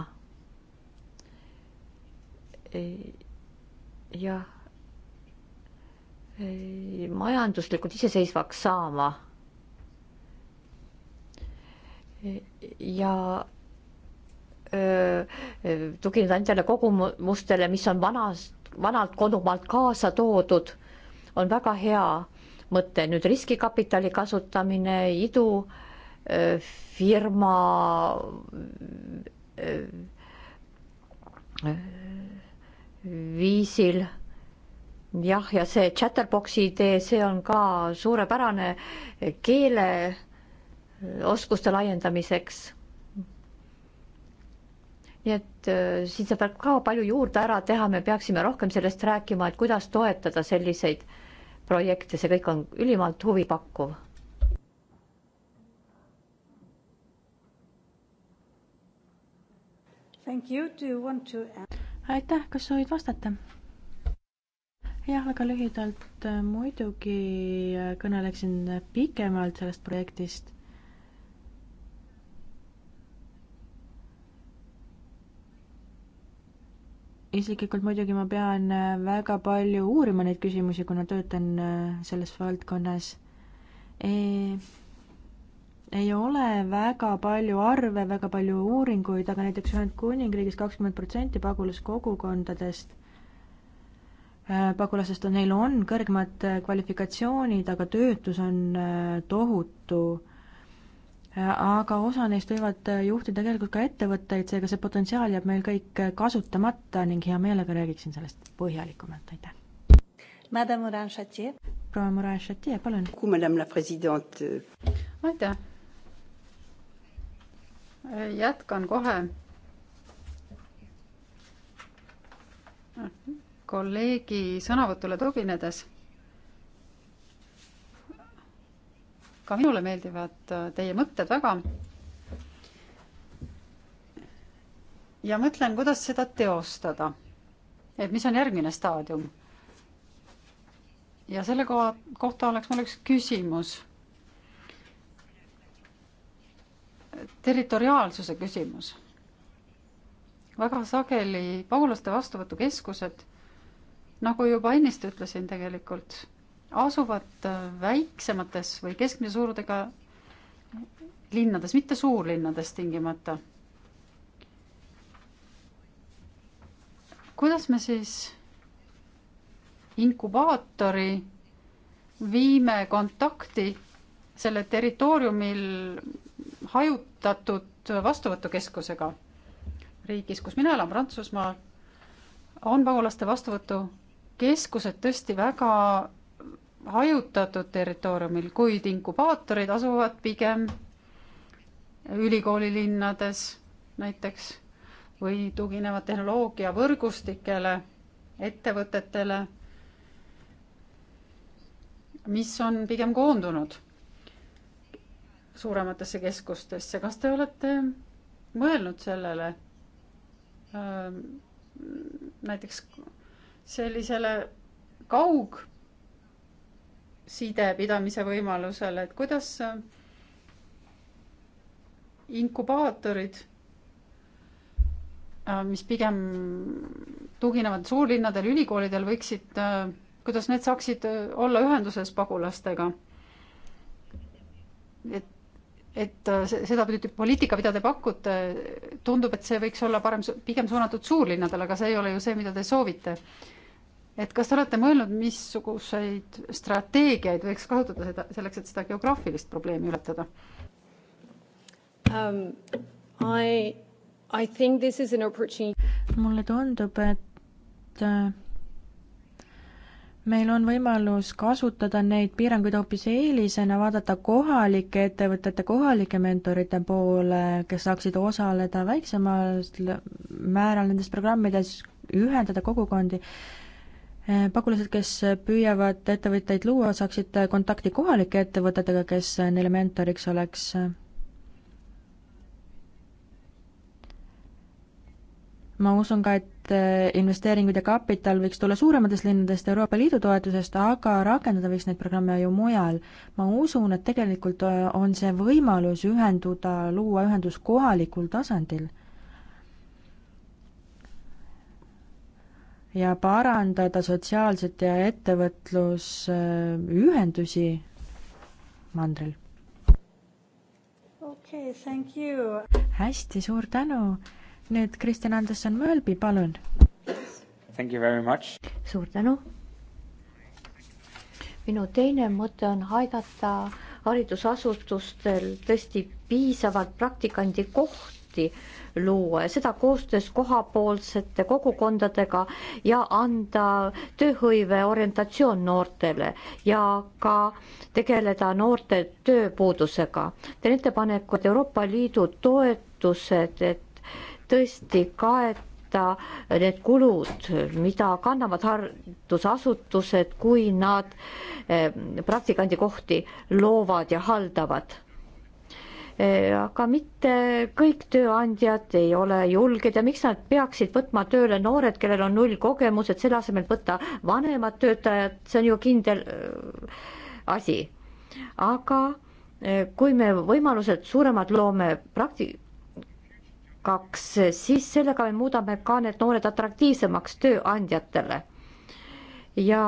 jah majanduslikult iseseisvaks saama. ja tugineda nendele kogumustele, mis on vanast, vanalt kodumaalt kaasa toodud, on väga hea mõte. nüüd riskikapitali kasutamine, idufirma viisil jah, ja see chatterbox'i idee, see on ka suurepärane keele oskuste laiendamiseks. nii et äh, siin saab ka palju juurde ära teha, me peaksime rohkem sellest rääkima, et kuidas toetada selliseid projekte, see kõik on ülimalt huvipakkuv. To... aitäh, kas soovid vastata? jah, väga lühidalt muidugi kõneleksin pikemalt sellest projektist. isiklikult muidugi ma pean väga palju uurima neid küsimusi, kuna töötan selles valdkonnas e ei ole väga palju arve, väga palju uuringuid, aga näiteks Ühendkuningriigis kakskümmend protsenti pagulaskogukondadest Äh, pagulasest on, neil on kõrgemad äh, kvalifikatsioonid, aga töötus on äh, tohutu. aga osa neist võivad juhtida tegelikult ka ettevõtteid, seega see potentsiaal jääb meil kõik kasutamata ning hea meelega räägiksin sellest põhjalikumalt, aitäh. Madame Morin-Chatier. proua Morin-Chatier, palun. aitäh. jätkan kohe kolleegi sõnavõtule tuginedes, ka minule meeldivad äh, teie mõtted väga. ja mõtlen, kuidas seda teostada. et mis on järgmine staadium. ja selle koha, kohta oleks mul üks küsimus. territoriaalsuse küsimus väga sageli pagulaste vastuvõtukeskused nagu juba ennist ütlesin tegelikult, asuvad äh, väiksemates või keskmise suurusega linnades, mitte suurlinnades tingimata. kuidas me siis inkubaatori viime kontakti selle territooriumil hajutatud vastuvõtukeskusega riigis, kus mina elan, Prantsusmaal, on pagulaste vastuvõtu keskused tõesti väga hajutatud territooriumil, kuid inkubaatorid asuvad pigem ülikoolilinnades näiteks või tuginevad tehnoloogiavõrgustikele, ettevõtetele, mis on pigem koondunud suurematesse keskustesse. kas te olete mõelnud sellele näiteks sellisele kaugside pidamise võimalusele, et kuidas äh, inkubaatorid, äh, mis pigem tuginevad suurlinnadel, ülikoolidel, võiksid, äh, kuidas need saaksid olla ühenduses pagulastega? et, et seda tüüpi poliitika, mida te pakute, tundub, et see võiks olla parem, pigem suunatud suurlinnadele, aga see ei ole ju see, mida te soovite et kas te olete mõelnud, missuguseid strateegiaid võiks kasutada seda, selleks, et seda geograafilist probleemi ületada um,? I, I think this is an opportunity. mulle tundub, et äh, meil on võimalus kasutada neid piiranguid hoopis eelisena, vaadata kohalike ettevõtete, kohalike mentorite poole, kes saaksid osaleda väiksemal määral nendes programmides, ühendada kogukondi Äh, pagulased, kes püüavad ettevõtteid luua, saaksid äh, kontakti kohalike ettevõtetega, kes äh, neile mentoriks oleks. ma usun ka, et investeeringud ja kapital võiks tulla suurematest linnadest Euroopa Liidu toetusest, aga rakendada võiks neid programme ju mujal. ma usun, et tegelikult on see võimalus ühenduda, luua ühendus kohalikul tasandil ja parandada sotsiaalset ja ettevõtlusühendusi mandril. okei okay,, thank you! hästi, suur tänu! nüüd Kristjan Anderson Mölbi, palun! Thank you very much! suur tänu! minu teine mõte on aidata haridusasutustel tõesti piisavalt praktikandi kohti äh, luua ja seda koostöös kohapoolsete kogukondadega ja anda tööhõive orientatsioon noortele ja ka tegeleda noorte tööpuudusega. teen ettepaneku, et Euroopa Liidu toetused, et tõesti kaet-, katta need kulud, mida kannavad haridusasutused, kui nad eh, praktikandi kohti loovad ja haldavad aga mitte kõik tööandjad ei ole julged ja miks nad peaksid võtma tööle noored, kellel on null kogemused, selle asemel võtta vanemad töötajad, see on ju kindel äh, asi. aga äh, kui me võimalused suuremad loome praktikaks, siis sellega me muudame ka need noored atraktiivsemaks tööandjatele. ja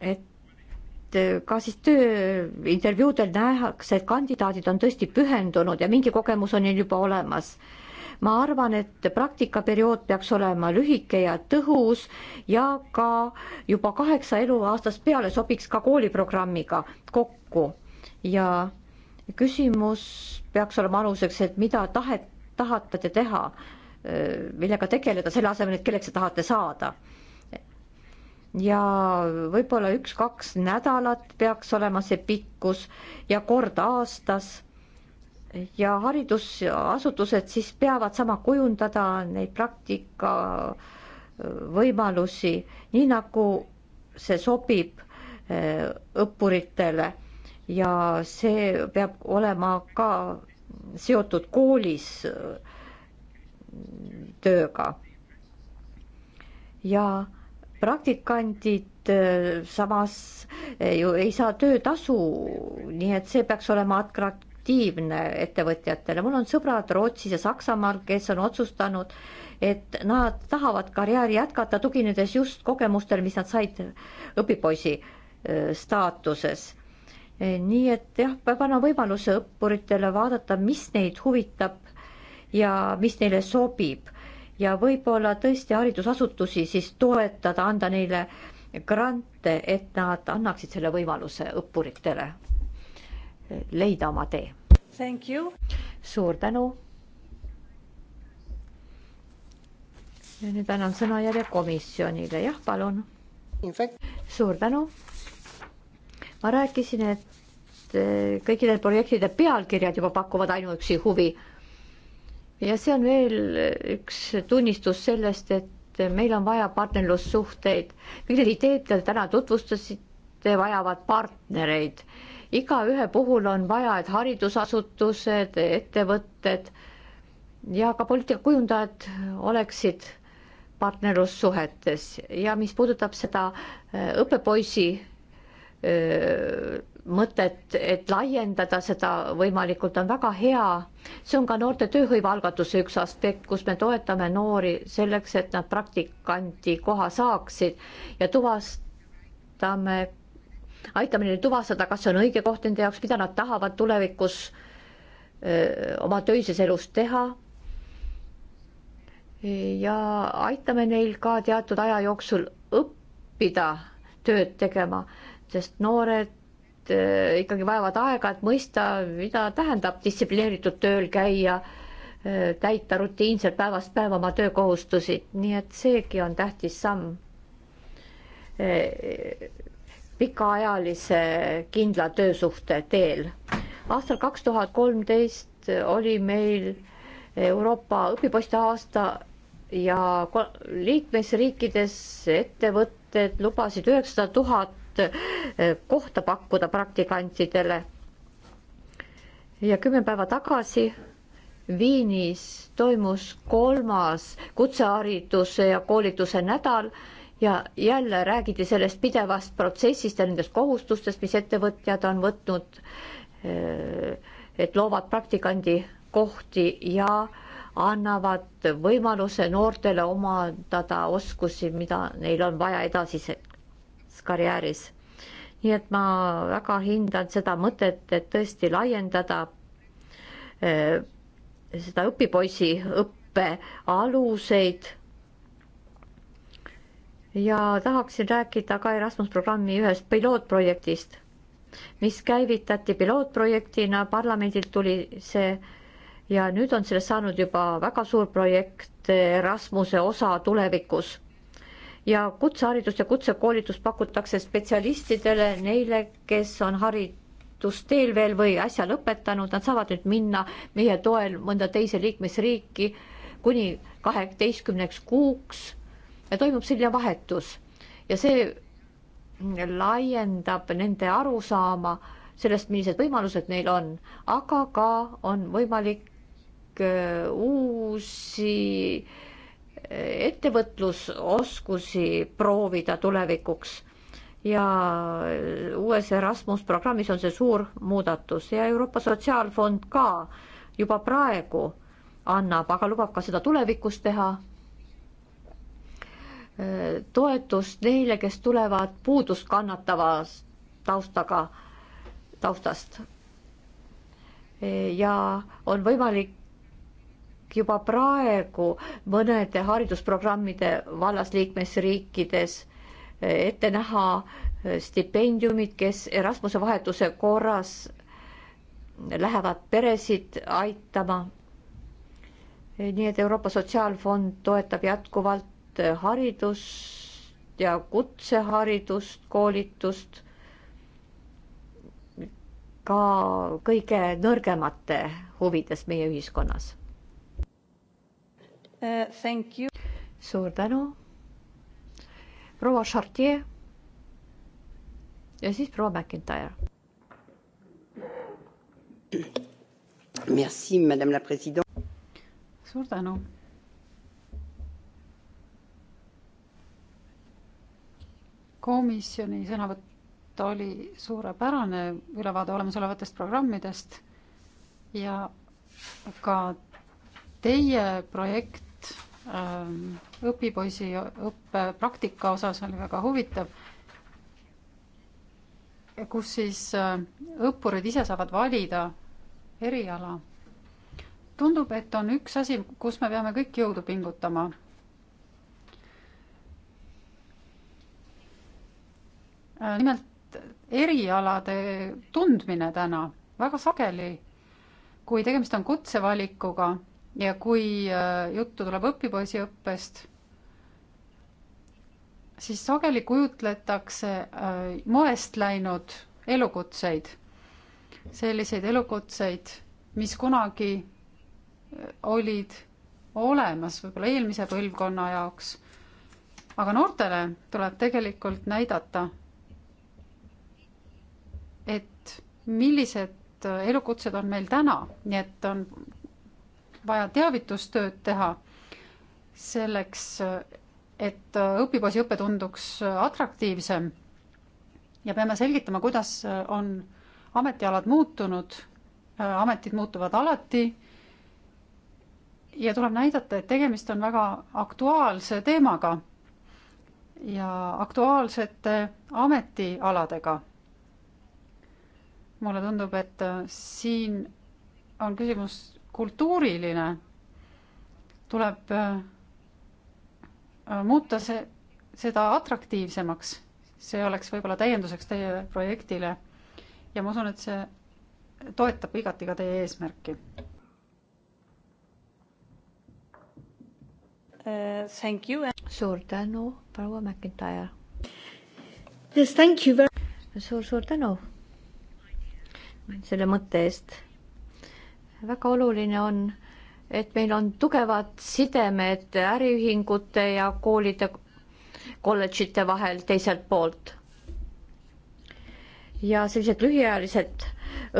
et Äh, ka siis tööintervjuudel nähakse, et kandidaadid on tõesti pühendunud ja mingi kogemus on neil juba olemas. ma arvan, et praktikaperiood peaks olema lühike ja tõhus ja ka juba kaheksa eluaastast peale sobiks ka kooliprogrammiga kokku ja küsimus peaks olema aluseks, et mida tahet, tahate te teha, äh, millega tegeleda, selle asemel, et kelleks te tahate saada ja võib-olla üks-kaks nädalat peaks olema see pikkus ja kord aastas. ja haridusasutused siis peavad sama kujundada neid praktika äh, võimalusi, nii nagu see sobib äh, õppuritele ja see peab olema ka seotud koolis äh, tööga. ja praktikandid äh, samas äh, ju ei saa töötasu, nii et see peaks olema atraktiivne ettevõtjatele. mul on sõbrad Rootsis ja Saksamaal, kes on otsustanud, et nad tahavad karjääri jätkata, tuginedes just kogemustele, mis nad said õpipoisi äh, staatuses nii et jah, peab andma võimaluse õppuritele vaadata, mis neid huvitab ja mis neile sobib ja võib-olla tõesti haridusasutusi siis toetada, anda neile grante, et nad annaksid selle võimaluse õppuritele leida oma tee. suur tänu. ja nüüd annan sõnajärje komisjonile, jah, palun. suur tänu. ma rääkisin, et eh, kõikide projektide pealkirjad juba pakuvad ainuüksi huvi ja see on veel üks tunnistus sellest, et meil on vaja partnerlussuhteid. kõik need ideed, mida te täna tutvustasite, vajavad partnereid. igaühe puhul on vaja, et haridusasutused, ettevõtted ja ka poliitikakujundajad oleksid partnerlussuhetes ja mis puudutab seda äh, õppepoisi öö, äh, mõtet, et laiendada seda võimalikult, on väga hea. see on ka noorte tööhõive algatuse üks aspekt, kus me toetame noori selleks, et nad praktikandi koha saaksid ja tuvastame, aitame neil tuvastada, kas see on õige koht nende jaoks, mida nad tahavad tulevikus öö, oma töises elus teha ja aitame neil ka teatud aja jooksul õppida tööd tegema, sest noored Äh, ikkagi vajavad aega, et mõista, mida tähendab distsiplineeritud tööl käia, äh, täita rutiinselt päevast päeva oma töökohustusi, nii et seegi on tähtis samm äh, pikaajalise kindla töösuhte teel. aastal kaks tuhat kolmteist oli meil Euroopa õpipoiste aasta ja liikmesriikides ettevõtted lubasid üheksasada tuhat uut eh, kohta pakkuda praktikantidele. ja kümme päeva tagasi Viinis toimus kolmas kutsehariduse ja koolituse nädal ja jälle räägiti sellest pidevast protsessist ja nendest kohustustest, mis ettevõtjad on võtnud, eh, et loovad praktikandi kohti ja annavad võimaluse noortele omandada oskusi, mida neil on vaja edasiseks karjääris. nii et ma väga hindan seda mõtet, et tõesti laiendada eh, seda õpipoisi õppe aluseid. ja tahaksin rääkida ka Erasmus programmi ühest pilootprojektist, mis käivitati pilootprojektina, parlamendilt tuli see ja nüüd on sellest saanud juba väga suur projekt Erasmuse osa tulevikus ja kutseharidust ja kutsekoolitust pakutakse spetsialistidele, neile, kes on haridusteel veel või äsja lõpetanud, nad saavad nüüd minna meie toel mõnda teise liikmesriiki kuni kaheteistkümneks kuuks ja toimub selline vahetus ja see laiendab nende arusaama sellest, millised võimalused neil on, aga ka on võimalik äh, uusi ettevõtlusoskusi proovida tulevikuks. ja uues Erasmus programmis on see suur muudatus ja Euroopa Sotsiaalfond ka juba praegu annab, aga lubab ka seda tulevikus teha. toetust neile, kes tulevad puudust kannatava taustaga, taustast. ja on võimalik et juba praegu mõnede haridusprogrammide vallas liikmesriikides ette näha stipendiumid, kes Erasmuse vahetuse korras lähevad peresid aitama. nii et Euroopa Sotsiaalfond toetab jätkuvalt haridust ja kutseharidust, koolitust ka kõige nõrgemate huvides meie ühiskonnas suur tänu. proua Chartier ja siis proua McIntyre. Merci, madame la president. suur tänu. komisjoni sõnavõtt oli suurepärane ülevaade olemasolevatest programmidest ja ka teie projekt Äh, õpipoisi õppe praktika osas oli väga huvitav, kus siis äh, õppurid ise saavad valida eriala. tundub, et on üks asi, kus me peame kõik jõudu pingutama. Äh, nimelt erialade tundmine täna väga sageli, kui tegemist on kutsevalikuga ja kui äh, juttu tuleb õpipoisiõppest, siis sageli kujutletakse äh, moest läinud elukutseid, selliseid elukutseid, mis kunagi äh, olid olemas võib-olla eelmise põlvkonna jaoks, aga noortele tuleb tegelikult näidata, et millised elukutsed on meil täna, nii et on vaja teavitustööd teha selleks, et õpipoisi õpe tunduks atraktiivsem ja peame selgitama, kuidas on ametialad muutunud, ametid muutuvad alati ja tuleb näidata, et tegemist on väga aktuaalse teemaga ja aktuaalsete ametialadega. mulle tundub, et siin on küsimus kultuuriline, tuleb äh, äh, muuta see, seda atraktiivsemaks. see oleks võib-olla täienduseks teie projektile ja ma usun, et see toetab igati ka teie eesmärki. Uh, thank you. suur tänu, proua McIntyre. Yes, thank you very. suur-suur tänu selle mõtte eest väga oluline on, et meil on tugevad sidemed äriühingute ja koolide, kolledžite vahel teiselt poolt. ja sellised lühiajalised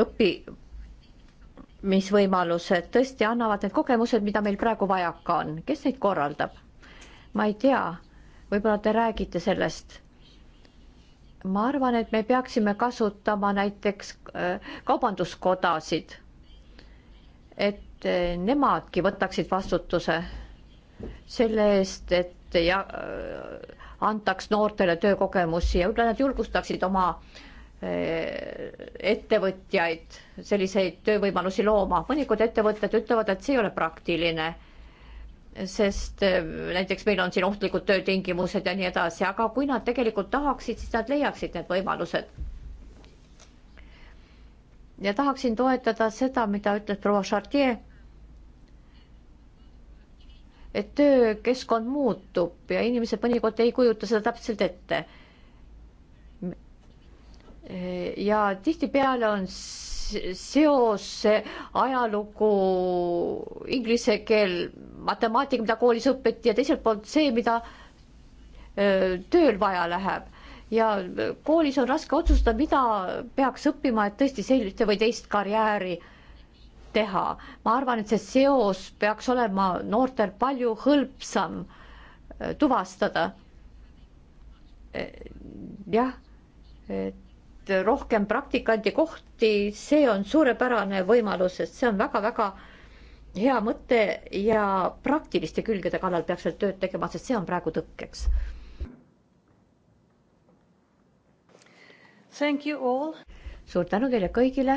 õppimisvõimalused tõesti annavad need kogemused, mida meil praegu vajaka on. kes neid korraldab? ma ei tea, võib-olla te räägite sellest ma arvan, et me peaksime kasutama näiteks äh, kaubanduskodasid et eh, nemadki võtaksid vastutuse selle eest, et ja, eh, antaks noortele töökogemusi ja võib-olla nad julgustaksid oma eh, ettevõtjaid selliseid töövõimalusi looma. mõnikord ettevõtted ütlevad, et see ei ole praktiline, sest näiteks meil on siin ohtlikud töötingimused ja nii edasi, aga kui nad tegelikult tahaksid, siis nad leiaksid need võimalused ja tahaksin toetada seda, mida ütles proua Chartier. et töökeskkond muutub ja inimesed mõnikord ei kujuta seda täpselt ette. ja tihtipeale on seos ajalugu, inglise keel, matemaatika, mida koolis õpiti ja teiselt poolt see, mida tööl vaja läheb ja koolis on raske otsustada, mida peaks õppima, et tõesti sellist või teist karjääri teha. ma arvan, et see seos peaks olema noortel palju hõlpsam äh, tuvastada. Äh, jah, et rohkem praktikandi kohti, see on suurepärane võimalus, et see on väga-väga hea mõte ja praktiliste külgede kallal peaks veel tööd tegema, sest see on praegu tõkkeks suur tänu teile kõigile,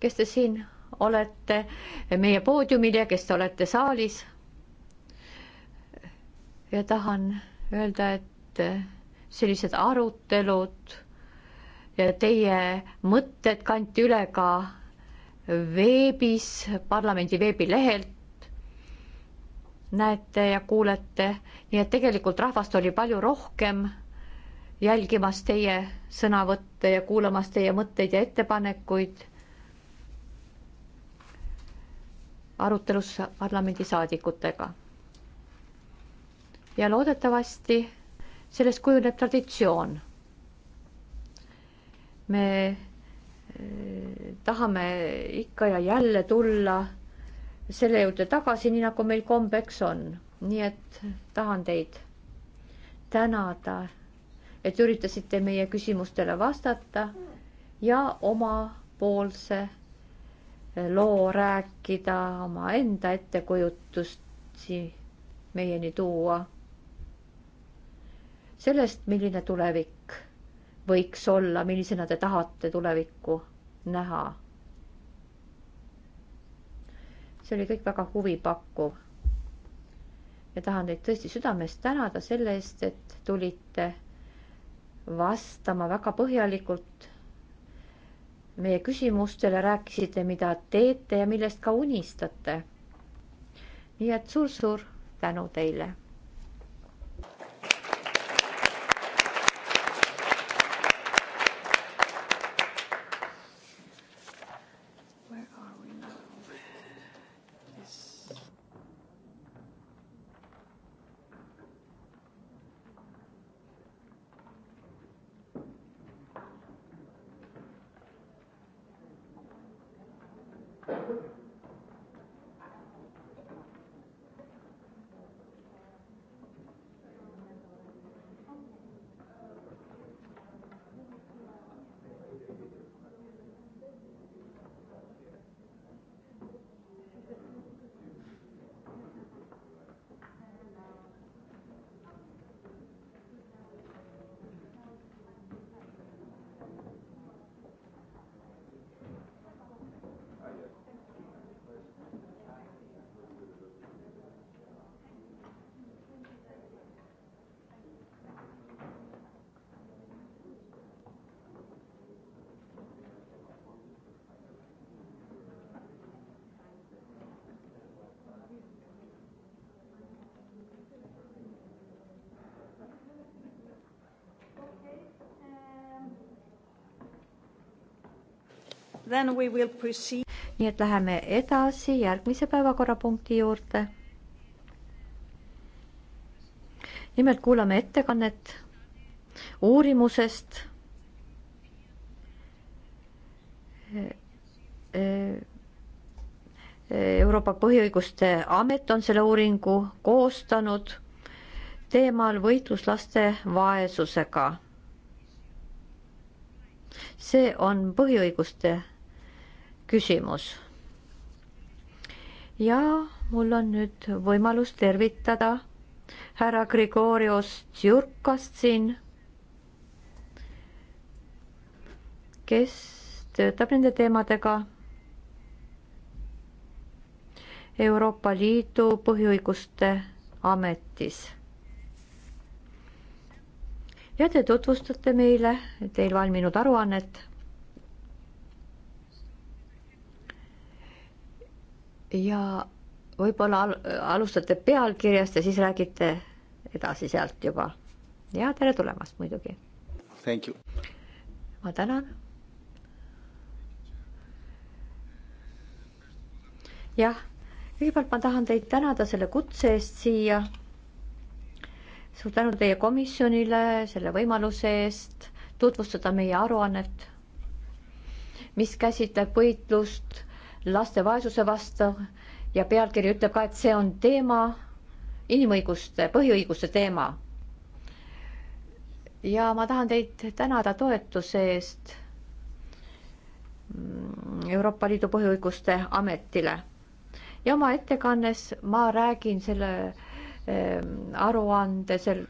kes te siin olete meie poodiumil ja kes te olete saalis. ja tahan öelda, et sellised arutelud ja teie mõtted kanti üle ka veebis, parlamendi veebilehelt. näete ja kuulete, nii et tegelikult rahvast oli palju rohkem jälgimas teie sõnavõtte ja kuulamas teie mõtteid ja ettepanekuid arutelus parlamendisaadikutega. ja loodetavasti sellest kujuneb traditsioon. me eh, tahame ikka ja jälle tulla selle juurde tagasi, nii nagu meil kombeks on, nii et tahan teid tänada et üritasite meie küsimustele vastata ja omapoolse eh, loo rääkida, omaenda ettekujutusi meieni tuua. sellest, milline tulevik võiks olla, millisena te tahate tulevikku näha. see oli kõik väga huvipakkuv ja tahan teid tõesti südamest tänada selle eest, et tulite vastama väga põhjalikult meie küsimustele, rääkisite, mida teete ja millest ka unistate. nii et suur-suur tänu teile nii et läheme edasi järgmise päevakorrapunkti juurde. nimelt kuulame ettekannet uurimusest Euroopa Põhiõiguste Amet on selle uuringu koostanud teemal võitlus laste vaesusega. see on põhiõiguste küsimus. ja mul on nüüd võimalus tervitada härra Grigorios Tjurkast siin, kes töötab nende teemadega Euroopa Liidu põhiõiguste ametis. ja te tutvustate meile teil valminud aruannet ja võib-olla al alustate pealkirjast ja siis räägite edasi sealt juba. ja tere tulemast muidugi. ma tänan. jah, kõigepealt ma tahan teid tänada selle kutse eest siia. suur tänu teie komisjonile selle võimaluse eest tutvustada meie aruannet, mis käsitleb võitlust laste vaesuse vastu ja pealkiri ütleb ka, et see on teema, inimõiguste, põhiõiguste teema. ja ma tahan teid tänada toetuse eest Euroopa Liidu põhiõiguste ametile. ja oma ettekannes ma räägin selle äh, aruande, sel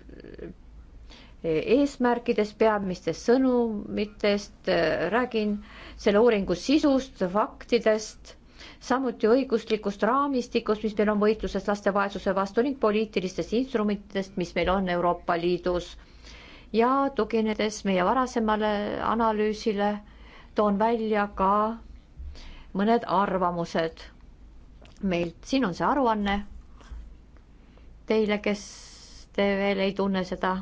eesmärkidest, peamistest sõnumitest, räägin selle uuringu sisust, faktidest, samuti õiguslikust raamistikust, mis meil on võitluses laste vaesuse vastu ning poliitilistest instrumentidest, mis meil on Euroopa Liidus. ja tuginedes meie varasemale analüüsile, toon välja ka mõned arvamused meilt. siin on see aruanne teile, kes te veel ei tunne seda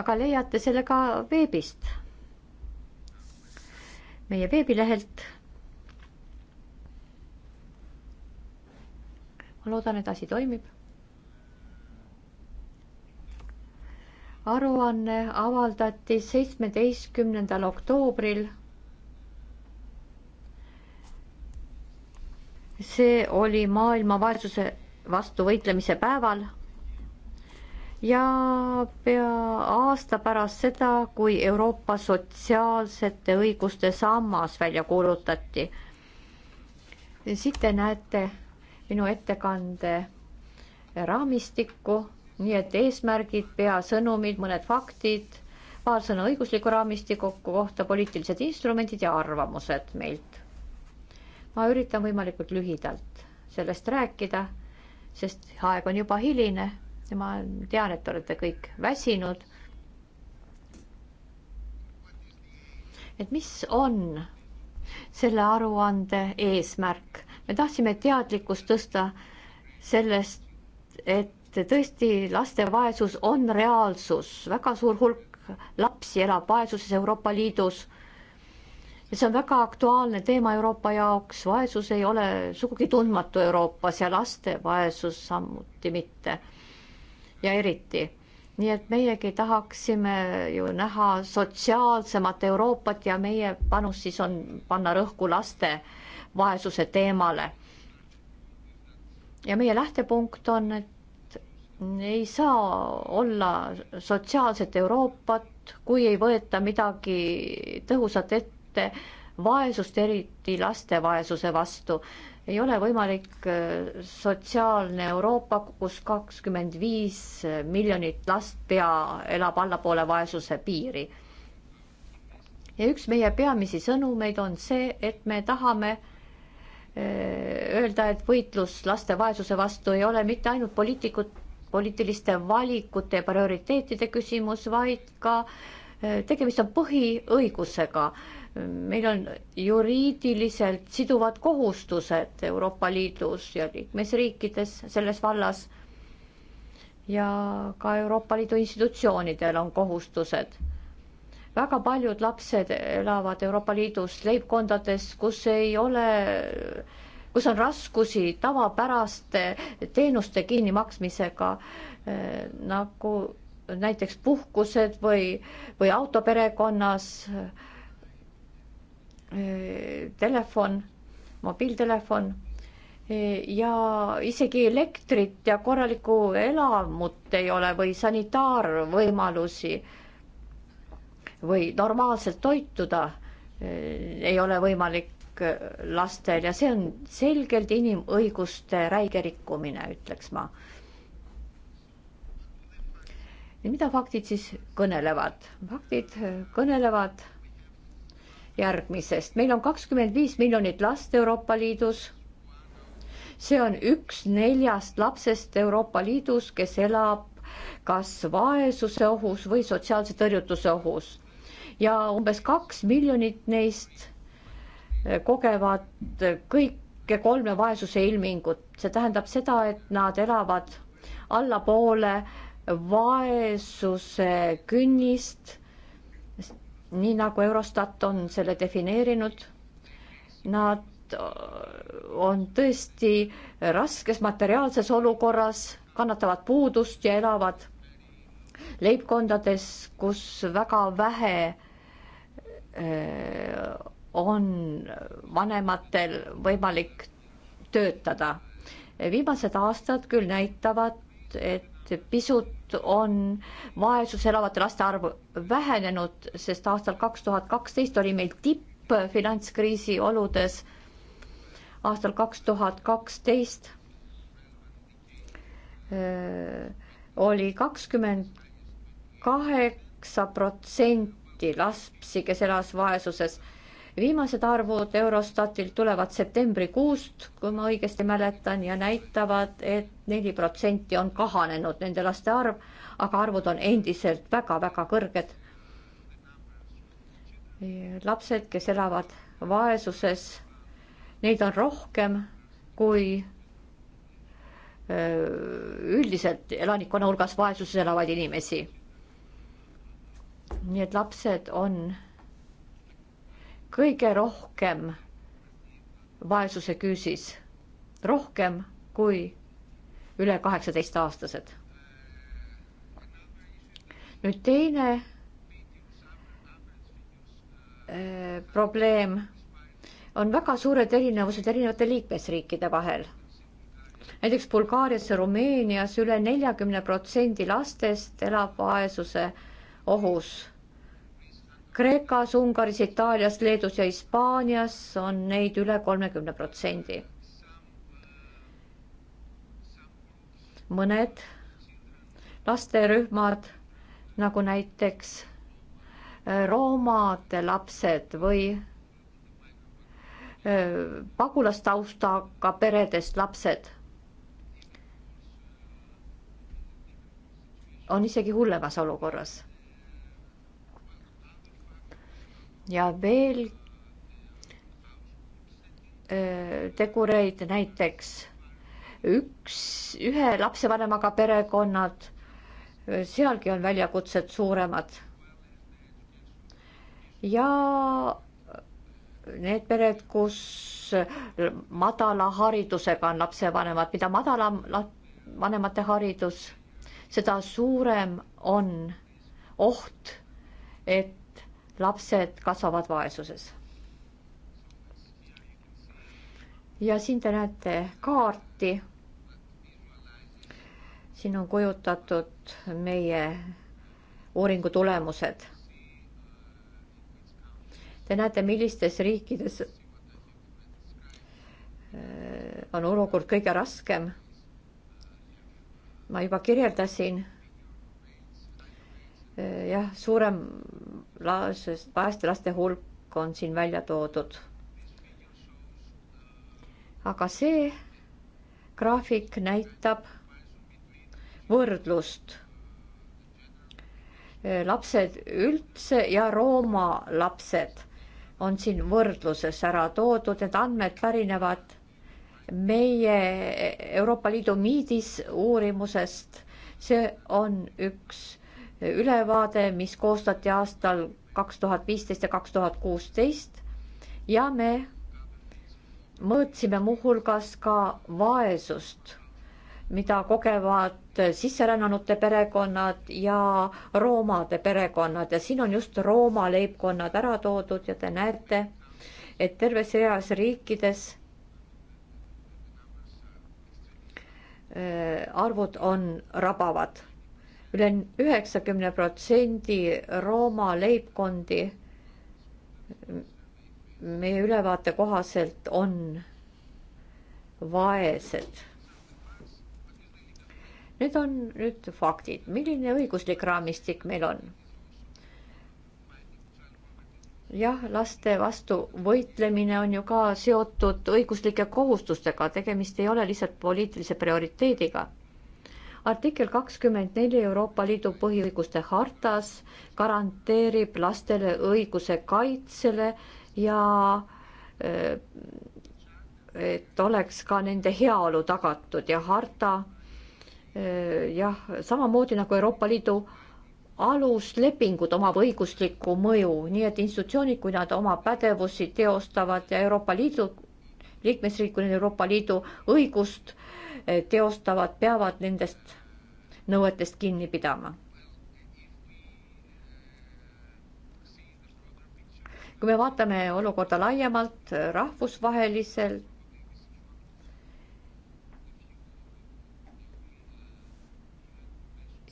aga leiate selle ka veebist, meie veebilehelt. ma loodan, et asi toimib. aruanne avaldati seitsmeteistkümnendal oktoobril see oli maailma vaesuse vastu võitlemise päeval ja pea aasta pärast seda, kui Euroopa sotsiaalsete õiguste sammas välja kuulutati. siit te näete minu ettekande raamistikku, nii et eesmärgid, peasõnumid, mõned faktid, paar sõna õigusliku raamistiku kohta, poliitilised instrumendid ja arvamused meilt. ma üritan võimalikult lühidalt sellest rääkida, sest aeg on juba hiline ja ma tean, et te olete kõik väsinud. et mis on selle aruande eesmärk? me tahtsime teadlikkust tõsta sellest, et tõesti laste vaesus on reaalsus, väga suur hulk lapsi elab vaesuses Euroopa Liidus ja see on väga aktuaalne teema Euroopa jaoks, vaesus ei ole sugugi tundmatu Euroopas ja laste vaesus samuti mitte ja eriti. nii et meiegi tahaksime ju näha sotsiaalsemat Euroopat ja meie panus siis on panna rõhku laste vaesuse teemale. ja meie lähtepunkt on, et ei saa olla sotsiaalset Euroopat, kui ei võeta midagi tõhusat ette vaesust, eriti laste vaesuse vastu ei ole võimalik äh, sotsiaalne Euroopa, kus kakskümmend viis äh, miljonit last pea elab allapoole vaesuse piiri. ja üks meie peamisi sõnumeid on see, et me tahame äh, öelda, et võitlus laste vaesuse vastu ei ole mitte ainult poliitikud, poliitiliste valikute ja prioriteetide küsimus, vaid ka tegemist on põhiõigusega meil on juriidiliselt siduvad kohustused Euroopa Liidus ja liikmesriikides selles vallas. ja ka Euroopa Liidu institutsioonidel on kohustused. väga paljud lapsed elavad Euroopa Liidus leibkondades, kus ei ole, kus on raskusi tavapäraste teenuste kinnimaksmisega eh, nagu näiteks puhkused või, või autoperekonnas äh, Äh, telefon, mobiiltelefon äh, ja isegi elektrit ja korralikku elamut ei ole või sanitaarvõimalusi või normaalselt toituda äh, ei ole võimalik lastel ja see on selgelt inimõiguste räige rikkumine, ütleks ma. mida faktid siis kõnelevad? faktid kõnelevad järgmisest. meil on kakskümmend viis miljonit last Euroopa Liidus. see on üks neljast lapsest Euroopa Liidus, kes elab kas vaesuse ohus või sotsiaalse tõrjutuse ohus ja umbes kaks miljonit neist kogevad kõike kolme vaesuse ilmingut. see tähendab seda, et nad elavad allapoole vaesuse künnist nii nagu Eurostat on selle defineerinud. Nad on tõesti raskes materiaalses olukorras, kannatavad puudust ja elavad leibkondades, kus väga vähe eh, on vanematel võimalik töötada. viimased aastad küll näitavad, et pisut on vaesuses elavate laste arv vähenenud, sest aastal kaks tuhat kaksteist oli meil tipp finantskriisi oludes. aastal kaks tuhat kaksteist oli kakskümmend kaheksa protsenti lapsi, kes elas vaesuses viimased arvud Eurostatilt tulevad septembrikuust, kui ma õigesti mäletan, ja näitavad et, et neli protsenti on kahanenud nende laste arv, aga arvud on endiselt väga-väga kõrged. lapsed, kes elavad vaesuses, neid on rohkem kui üldiselt elanikkonna hulgas vaesuses elavaid inimesi. nii et lapsed on kõige rohkem vaesuse küüsis, rohkem kui üle kaheksateist aastased. nüüd teine äh, probleem on väga suured erinevused erinevate liikmesriikide vahel. näiteks Bulgaarias ja Rumeenias üle neljakümne protsendi lastest elab vaesuse ohus Kreekas, Ungaris, Itaalias, Leedus ja Hispaanias on neid üle kolmekümne protsendi. mõned lasterühmad nagu näiteks äh, roomade lapsed või äh, pagulastaustaga peredest lapsed on isegi hullemas olukorras ja veel tegureid, näiteks üks, ühe lapsevanemaga perekonnad, sealgi on väljakutsed suuremad. ja need pered, kus madala haridusega on lapsevanemad, mida madalam vanemate haridus, seda suurem on oht, et lapsed kasvavad vaesuses. ja siin te näete kaarti. siin on kujutatud meie uuringu tulemused. Te näete, millistes riikides äh, on olukord kõige raskem. ma juba kirjeldasin Eh, jah, suurem lasest, päästelaste hulk on siin välja toodud. aga see graafik näitab võrdlust. Eh, lapsed üldse ja Rooma lapsed on siin võrdluses ära toodud, need andmed pärinevad meie Euroopa Liidu MIDis uurimusest. see on üks ülevaade, mis koostati aastal kaks tuhat viisteist ja kaks tuhat kuusteist ja me mõõtsime muuhulgas ka vaesust, mida kogevad sisserännanute perekonnad ja roomade perekonnad ja siin on just Rooma leibkonnad ära toodud ja te näete, et terves reas riikides äh, arvud on rabavad üle üheksakümne protsendi Rooma leibkondi meie ülevaate kohaselt on vaesed. Need on nüüd faktid, milline õiguslik raamistik meil on? jah, laste vastu võitlemine on ju ka seotud õiguslike kohustustega, tegemist ei ole lihtsalt poliitilise prioriteediga artikkel kakskümmend neli Euroopa Liidu põhiõiguste hartas garanteerib lastele õiguse kaitsele ja eh, et oleks ka nende heaolu tagatud ja harta eh, jah, samamoodi nagu Euroopa Liidu aluslepingud omab õiguslikku mõju, nii et institutsioonid, kui nad oma pädevusi teostavad ja Euroopa Liidu liikmesriik, kui nad Euroopa Liidu õigust Eh, teostavad, peavad nendest nõuetest kinni pidama. kui me vaatame olukorda laiemalt, rahvusvaheliselt,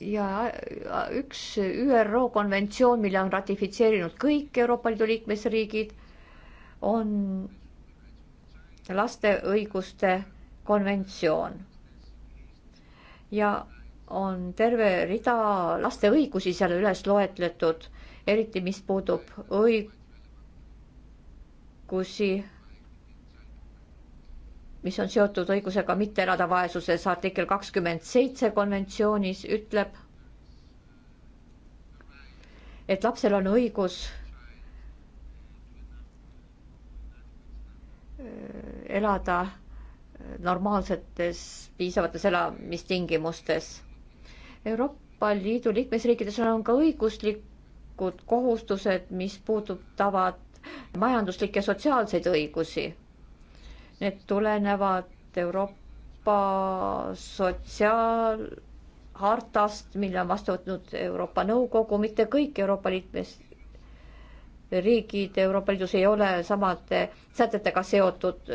ja üks ÜRO konventsioon, mille on ratifitseerinud kõik Euroopa Liidu liikmesriigid, on laste õiguste konventsioon. ja on terve rida laste õigusi seal üles loetletud, eriti mis puudub õigusi, mis on seotud õigusega mitte elada vaesuses, artikkel kakskümmend seitse konventsioonis ütleb, et lapsel on õigus äh, elada normaalsetes piisavates elamistingimustes. Euroopa Liidu liikmesriikides on ka õiguslikud kohustused, mis puudutavad majanduslikke ja sotsiaalseid õigusi. Need tulenevad Euroopa sotsiaalhartast, mille on vastu võtnud Euroopa Nõukogu, mitte kõik Euroopa liikmes, riigid Euroopa Liidus ei ole samade sätetega seotud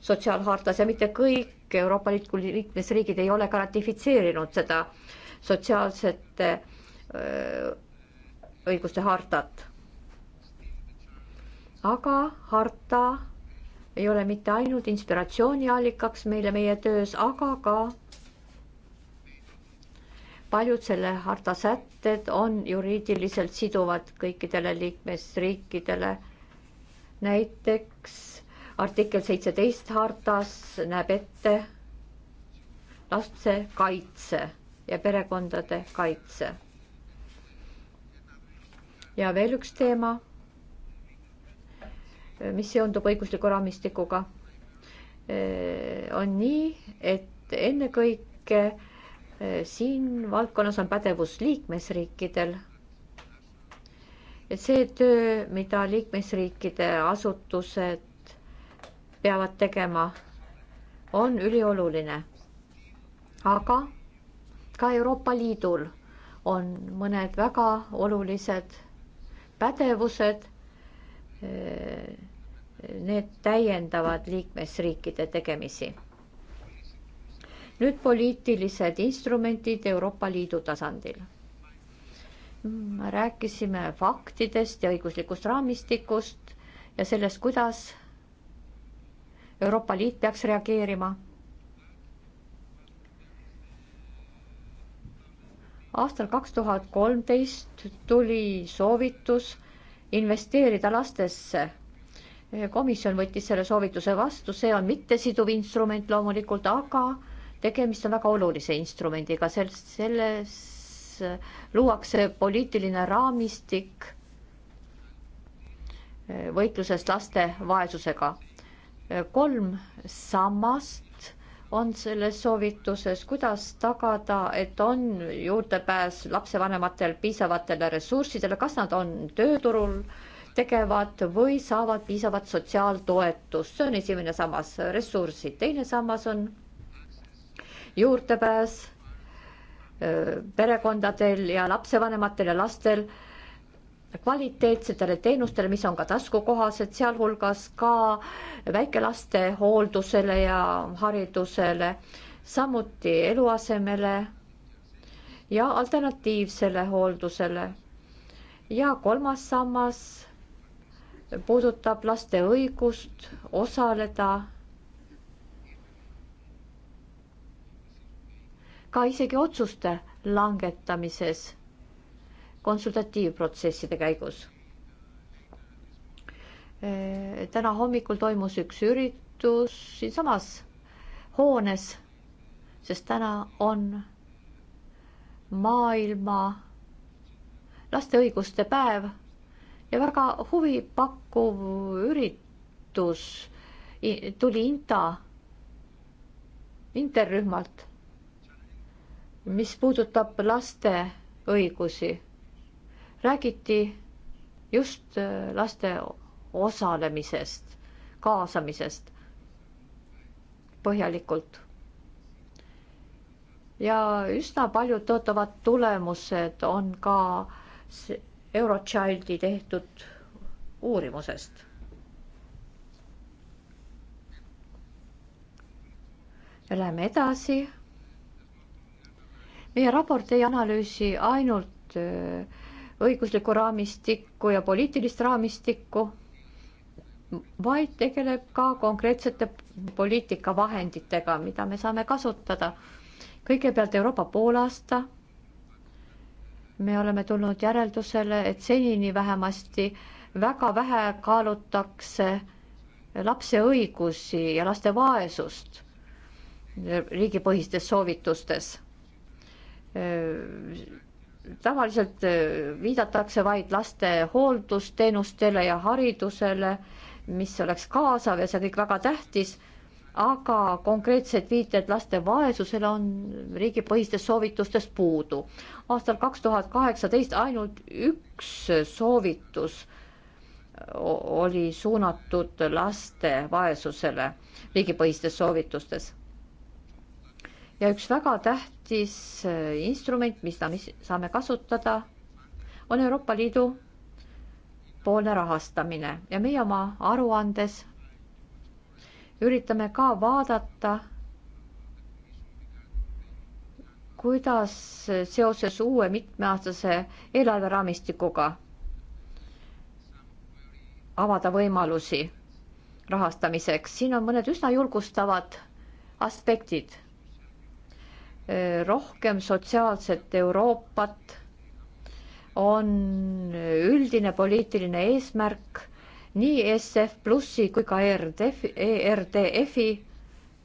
sotsiaalhartas ja mitte kõik Euroopa Liidu liikmesriigid ei ole ka ratifitseerinud seda sotsiaalsete õiguste hartat. aga harta ei ole mitte ainult inspiratsiooniallikaks meile meie töös, aga ka paljud selle harta sätted on juriidiliselt siduvad kõikidele liikmesriikidele. näiteks artikkel seitseteist hartas näeb ette laste kaitse ja perekondade kaitse. ja veel üks teema, mis seondub õigusliku raamistikuga, on nii, et ennekõike Äh, siin valdkonnas on pädevus liikmesriikidel. see töö, mida liikmesriikide asutused peavad tegema, on ülioluline. aga ka Euroopa Liidul on mõned väga olulised pädevused. Äh, need täiendavad liikmesriikide tegemisi nüüd poliitilised instrumentid Euroopa Liidu tasandil. rääkisime faktidest ja õiguslikust raamistikust ja sellest, kuidas Euroopa Liit peaks reageerima. aastal kaks tuhat kolmteist tuli soovitus investeerida lastesse komisjon võttis selle soovituse vastu, see on mittesiduv instrument loomulikult, aga tegemist on väga olulise instrumendiga, sel-, selles luuakse poliitiline raamistik eh, võitluses laste vaesusega. Eh, kolm sammast on selles soovituses, kuidas tagada, et on juurdepääs lapsevanematel piisavatele ressurssidele, kas nad on tööturul, tegevad või saavad piisavat sotsiaaltoetust, see on esimene sammas, ressursid, teine sammas on juurdepääs perekondadel ja lapsevanematel ja lastel kvaliteetsetele teenustele, mis on ka taskukohased, sealhulgas ka väikelaste hooldusele ja haridusele, samuti eluasemele ja alternatiivsele hooldusele. ja kolmas sammas puudutab laste õigust osaleda ka isegi otsuste langetamises konsultatiivprotsesside käigus. täna hommikul toimus üks üritus siinsamas hoones, sest täna on maailma laste õiguste päev ja väga huvipakkuv üritus tuli INTA interrühmalt mis puudutab laste õigusi, räägiti just äh, laste osalemisest, kaasamisest põhjalikult. ja üsna paljud tõotavad tulemused on ka Eurochildi tehtud uurimusest. ja läheme edasi meie raport ei analüüsi ainult äh, õiguslikku raamistikku ja poliitilist raamistikku, vaid tegeleb ka konkreetsete poliitikavahenditega, mida me saame kasutada. kõigepealt Euroopa poolaasta. me oleme tulnud järeldusele, et senini vähemasti väga vähe kaalutakse lapse õigusi ja laste vaesust riigipõhistes soovitustes Äh, tavaliselt äh, viidatakse vaid laste hooldusteenustele ja haridusele, mis oleks kaasav ja see kõik väga tähtis, aga konkreetsed viited laste vaesusele on riigipõhistest soovitustest puudu. aastal kaks tuhat kaheksateist ainult üks soovitus oli suunatud laste vaesusele riigipõhistes soovitustes. ja üks väga tähtis tähtis äh, instrument, mida me saame kasutada, on Euroopa Liidu poolne rahastamine ja meie oma aruandes üritame ka vaadata, kuidas seoses uue mitmeaastase eelarveraamistikuga avada võimalusi rahastamiseks. siin on mõned üsna julgustavad aspektid Eh, rohkem sotsiaalset Euroopat, on üldine poliitiline eesmärk nii SF Plussi kui ka ERDF, ERDF-i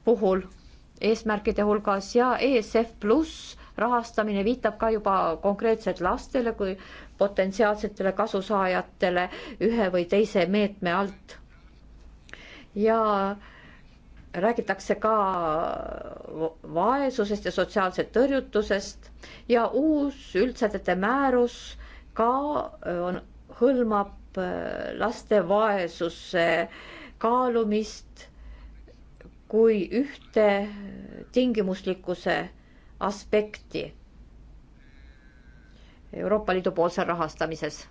puhul eesmärkide hulgas ja ESF Pluss rahastamine viitab ka juba konkreetselt lastele kui potentsiaalsetele kasusaajatele ühe või teise meetme alt. ja äh, räägitakse ka vaesusest ja sotsiaalsest tõrjutusest ja uus üldsätete määrus ka äh, on, hõlmab äh, laste vaesuse kaalumist kui ühte tingimuslikkuse aspekti Euroopa Liidu poolsel rahastamises.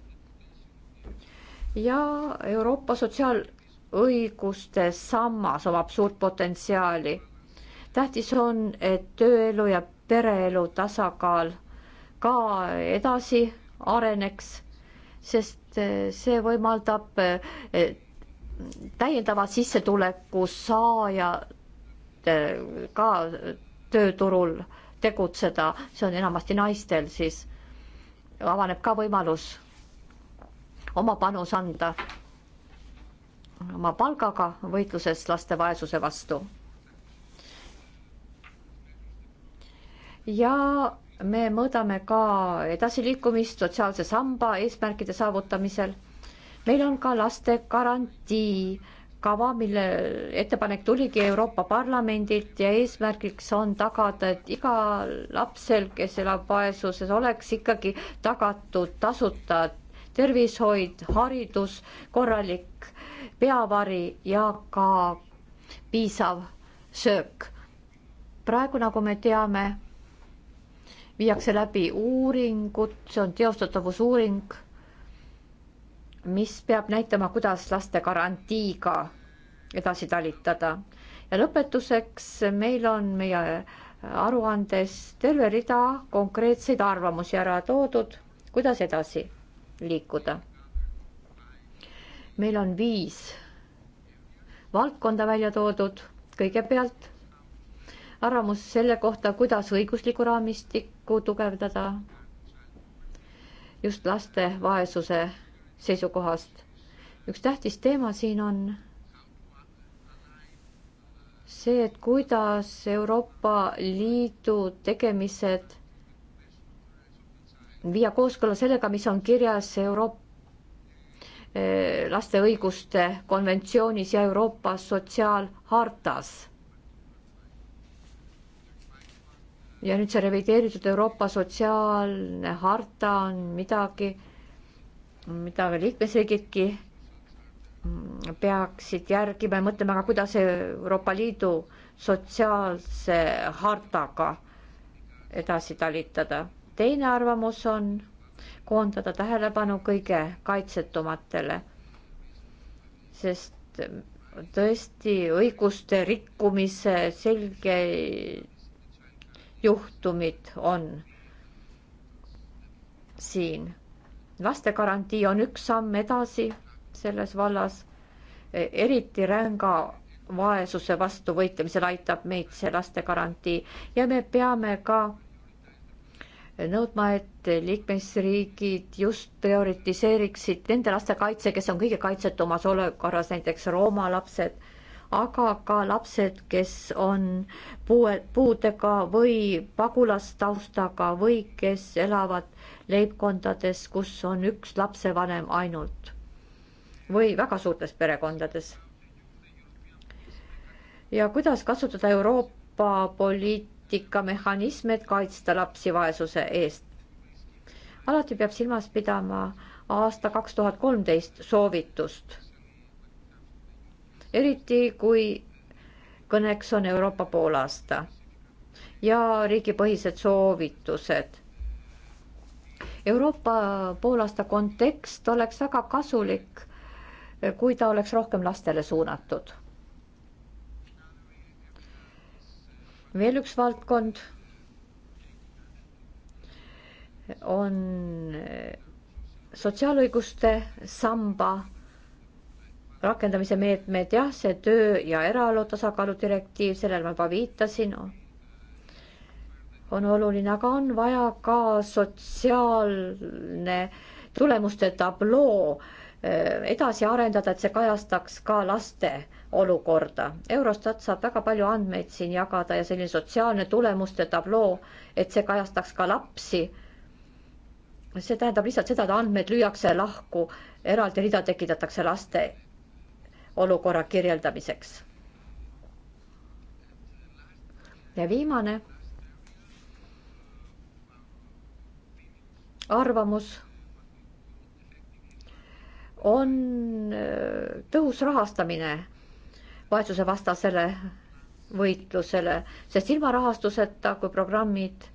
ja Euroopa Sotsiaal- õiguste sammas omab suurt potentsiaali. tähtis on, et tööelu ja pereelu tasakaal ka edasi areneks, sest eh, see võimaldab eh, täiendava sissetuleku saajatel eh, ka tööturul tegutseda, see on enamasti naistel, siis avaneb ka võimalus oma panus anda oma palgaga võitluses laste vaesuse vastu. ja me mõõdame ka edasiliikumist sotsiaalse samba eesmärkide saavutamisel. meil on ka laste garantii kava, mille ettepanek tuligi Euroopa Parlamendilt ja eesmärgiks on tagada, et igal lapsel, kes elab vaesuses, oleks ikkagi tagatud tasuta tervishoid, haridus, korralik peavari ja ka piisav söök. praegu, nagu me teame, viiakse läbi uuringut, see on teostatavusuuring, mis peab näitama, kuidas laste garantiiga edasi talitada. ja lõpetuseks meil on meie aruandes terve rida konkreetseid arvamusi ära toodud, kuidas edasi liikuda meil on viis valdkonda välja toodud, kõigepealt arvamus selle kohta, kuidas õiguslikku raamistikku tugevdada just laste vaesuse seisukohast. üks tähtis teema siin on see, et kuidas Euroopa Liidu tegemised viia kooskõlla sellega, mis on kirjas Euroopa Eh, laste õiguste konventsioonis ja Euroopa sotsiaalhartas. ja nüüd see revideeritud Euroopa sotsiaalne harta on midagi, mida liikmesriigidki peaksid järgima ja mõtlema, aga kuidas Euroopa Liidu sotsiaalse hartaga edasi talitada. teine arvamus on koondada tähelepanu kõige kaitsetumatele, sest tõesti õiguste rikkumise selge juhtumid on siin. lastegarantii on üks samm edasi selles vallas. eriti ränga vaesuse vastu võitlemisel aitab meid see lastegarantii ja me peame ka nõudma, et liikmesriigid just prioritiseeriksid nende laste kaitse, kes on kõige kaitsetumas olukorras, näiteks Rooma lapsed, aga ka lapsed, kes on puue, puudega või pagulastaustaga või kes elavad leibkondades, kus on üks lapsevanem ainult või väga suurtes perekondades. ja kuidas kasutada Euroopa poliit-, poliitikamehhanisme, et kaitsta lapsi vaesuse eest. alati peab silmas pidama aasta kaks tuhat kolmteist soovitust. eriti kui kõneks on Euroopa poolaasta ja riigipõhised soovitused. Euroopa poolaasta kontekst oleks väga kasulik, kui ta oleks rohkem lastele suunatud veel üks valdkond on sotsiaalõiguste samba rakendamise meetmed, jah, see töö ja eraelu tasakaalu direktiiv, sellele ma juba viitasin, on oluline, aga on vaja ka sotsiaalne tulemuste tabloo Äh, edasi arendada, et see kajastaks ka laste olukorda. Eurostat saab väga palju andmeid siin jagada ja selline sotsiaalne tulemuste tabloo, et see kajastaks ka lapsi. see tähendab lihtsalt seda, et andmed lüüakse lahku, eraldi rida tekitatakse laste olukorra kirjeldamiseks. ja viimane arvamus on äh, tõhus rahastamine vaesusevastasele võitlusele, sest ilma rahastuseta, kui programmid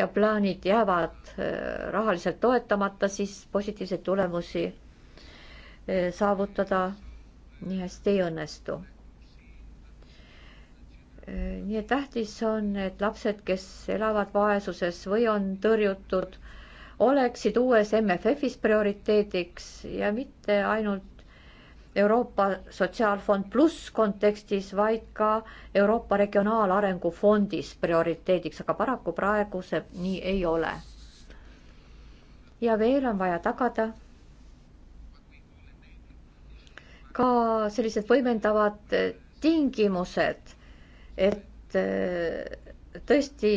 ja plaanid jäävad äh, rahaliselt toetamata, siis positiivseid tulemusi äh, saavutada nii hästi ei õnnestu. nii et tähtis on, et lapsed, kes elavad vaesuses või on tõrjutud oleksid uues MFF-is prioriteediks ja mitte ainult Euroopa Sotsiaalfond pluss kontekstis, vaid ka Euroopa Regionaalarengu Fondis prioriteediks, aga paraku praegu see nii ei ole. ja veel on vaja tagada ka sellised võimendavad tingimused, et äh, tõesti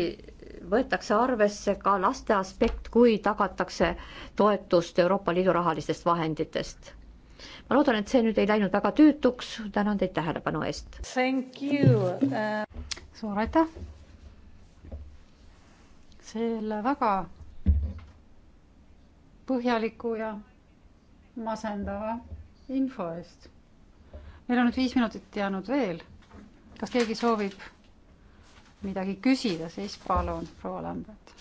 võetakse arvesse ka laste aspekt, kui tagatakse toetust Euroopa Liidu rahalistest vahenditest. ma loodan, et see nüüd ei läinud väga tüütuks, tänan teid tähelepanu eest. Thank you uh.... suur aitäh selle väga põhjaliku ja masendava info eest. meil on nüüd viis minutit jäänud veel. kas keegi soovib midagi küsida, siis palun, proua Lambert.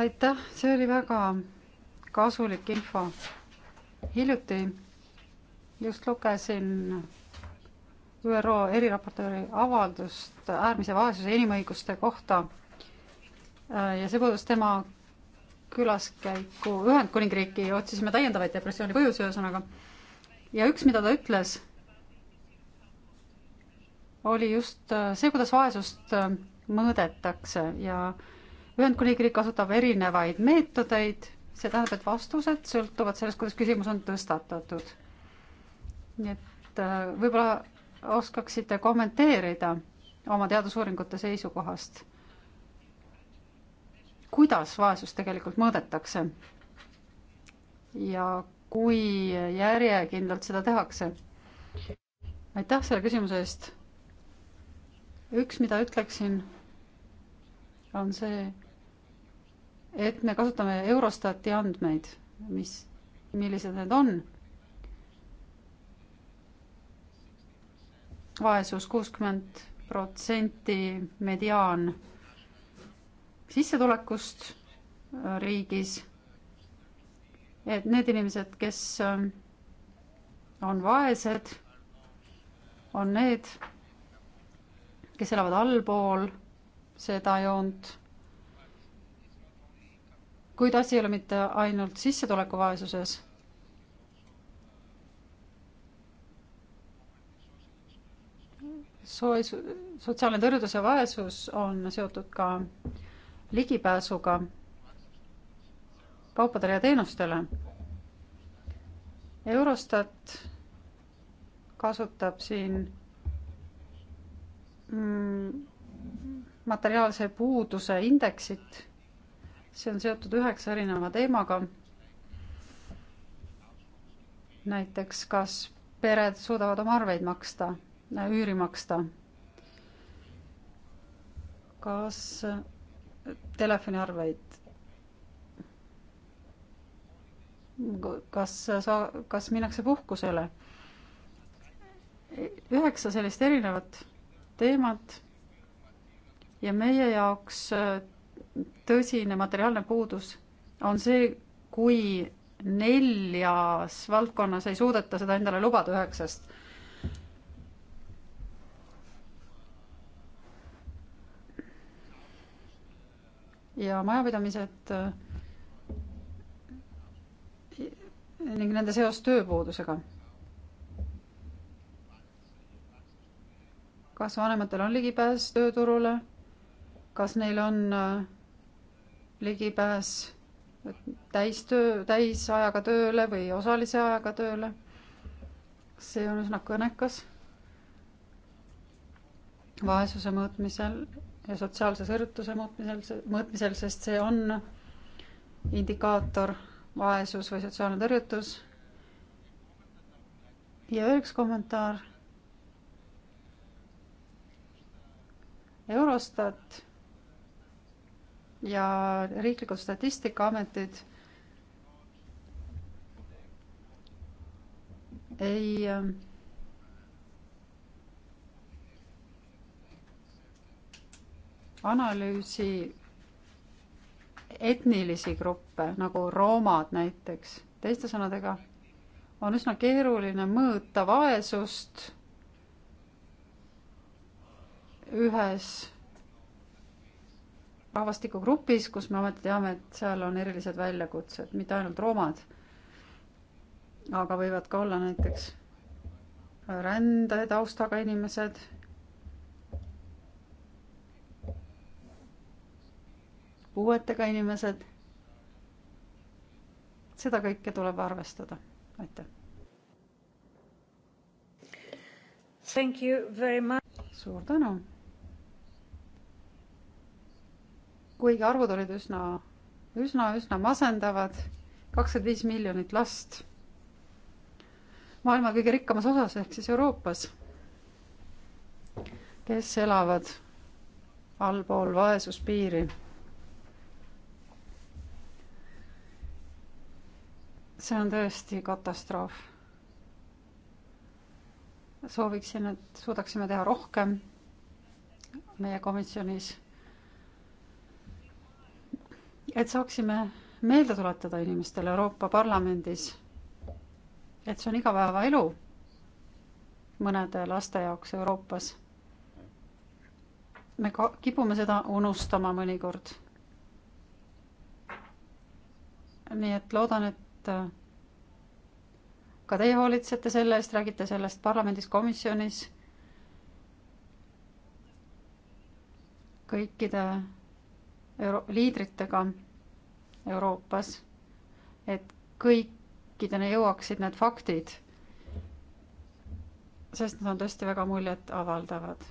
aitäh, see oli väga kasulik info. hiljuti just lugesin ÜRO eriraportööri avaldust äärmise vaesuse ja inimõiguste kohta äh, ja see puudus tema külaskäiku Ühendkuningriiki, otsisime täiendavaid depressiooni põhjusi ühesõnaga. ja üks, mida ta ütles oli just äh, see, kuidas vaesust äh, mõõdetakse ja Ühendkuningriik kasutab erinevaid meetodeid, see tähendab, et vastused sõltuvad sellest, kuidas küsimus on tõstatatud. nii et äh, võib-olla oskaksite kommenteerida oma teadusuuringute seisukohast, kuidas vaesust tegelikult mõõdetakse ja kui järjekindlalt seda tehakse? aitäh selle küsimuse eest üks, mida ütleksin, on see, et me kasutame Eurostati andmeid, mis, millised need on. vaesus kuuskümmend protsenti mediaan sissetulekust äh, riigis. et need inimesed, kes äh, on vaesed, on need, kes elavad allpool seda joont. kuid asi ei ole mitte ainult sissetulekuvaesuses. soes-, sotsiaalne tõrjudus ja vaesus on seotud ka ligipääsuga kaupadele ja teenustele. Eurostat kasutab siin Mm, materiaalse puuduse indeksit. see on seotud üheksa erineva teemaga. näiteks, kas pered suudavad oma arveid maksta, üüri maksta? kas telefoniarveid? kas sa, kas minnakse puhkusele? üheksa sellist erinevat teemat ja meie jaoks äh, tõsine materiaalne puudus on see, kui neljas valdkonnas ei suudeta seda endale lubada üheksast. ja majapidamised äh, ning nende seos tööpuudusega kas vanematel on ligipääs tööturule, kas neil on äh, ligipääs täistöö, täisajaga tööle või osalise ajaga tööle. see on üsna kõnekas. vaesuse mõõtmisel ja sotsiaalse sõltuvuse mõõtmisel, mõõtmisel, sest see on indikaator vaesus või sotsiaalne tõrjutus. ja veel üks kommentaar Eurostat ja riiklikud statistikaametid ei äh, analüüsi etnilisi gruppe, nagu roomad näiteks, teiste sõnadega on üsna keeruline mõõta vaesust ühes rahvastikugrupis, kus me ometi teame, et seal on erilised väljakutsed, mitte ainult roomad, aga võivad ka olla näiteks rändetaustaga inimesed. puuetega inimesed. seda kõike tuleb arvestada. aitäh. suur tänu kuigi arvud olid üsna, üsna, üsna masendavad, kakskümmend viis miljonit last maailma kõige rikkamas osas ehk siis Euroopas, kes elavad allpool vaesuspiiri. see on tõesti katastroof. sooviksin, et suudaksime teha rohkem meie komisjonis et saaksime meelde tuletada inimestele Euroopa Parlamendis, et see on igapäevaelu mõnede laste jaoks Euroopas. me ka-, kipume seda unustama mõnikord. nii et loodan, et äh, ka teie hoolitsete selle eest, räägite sellest parlamendis, komisjonis, kõikide euro-, liidritega Euroopas, et kõikideni jõuaksid need faktid, sest nad on tõesti väga muljetavaldavad.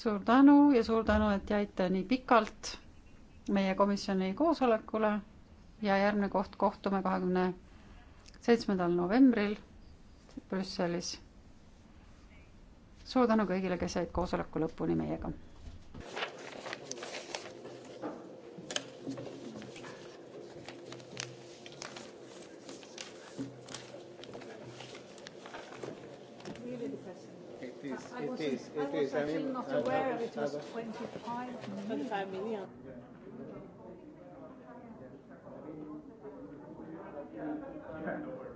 suur tänu ja suur tänu, et jäite nii pikalt meie komisjoni koosolekule ja järgmine koht kohtume kahekümne seitsmendal novembril Brüsselis suur tänu kõigile, kes jäid koosoleku lõpuni meiega. I was, it is, it I was is, actually I mean, not aware it was 25 million. 25 million. Yeah.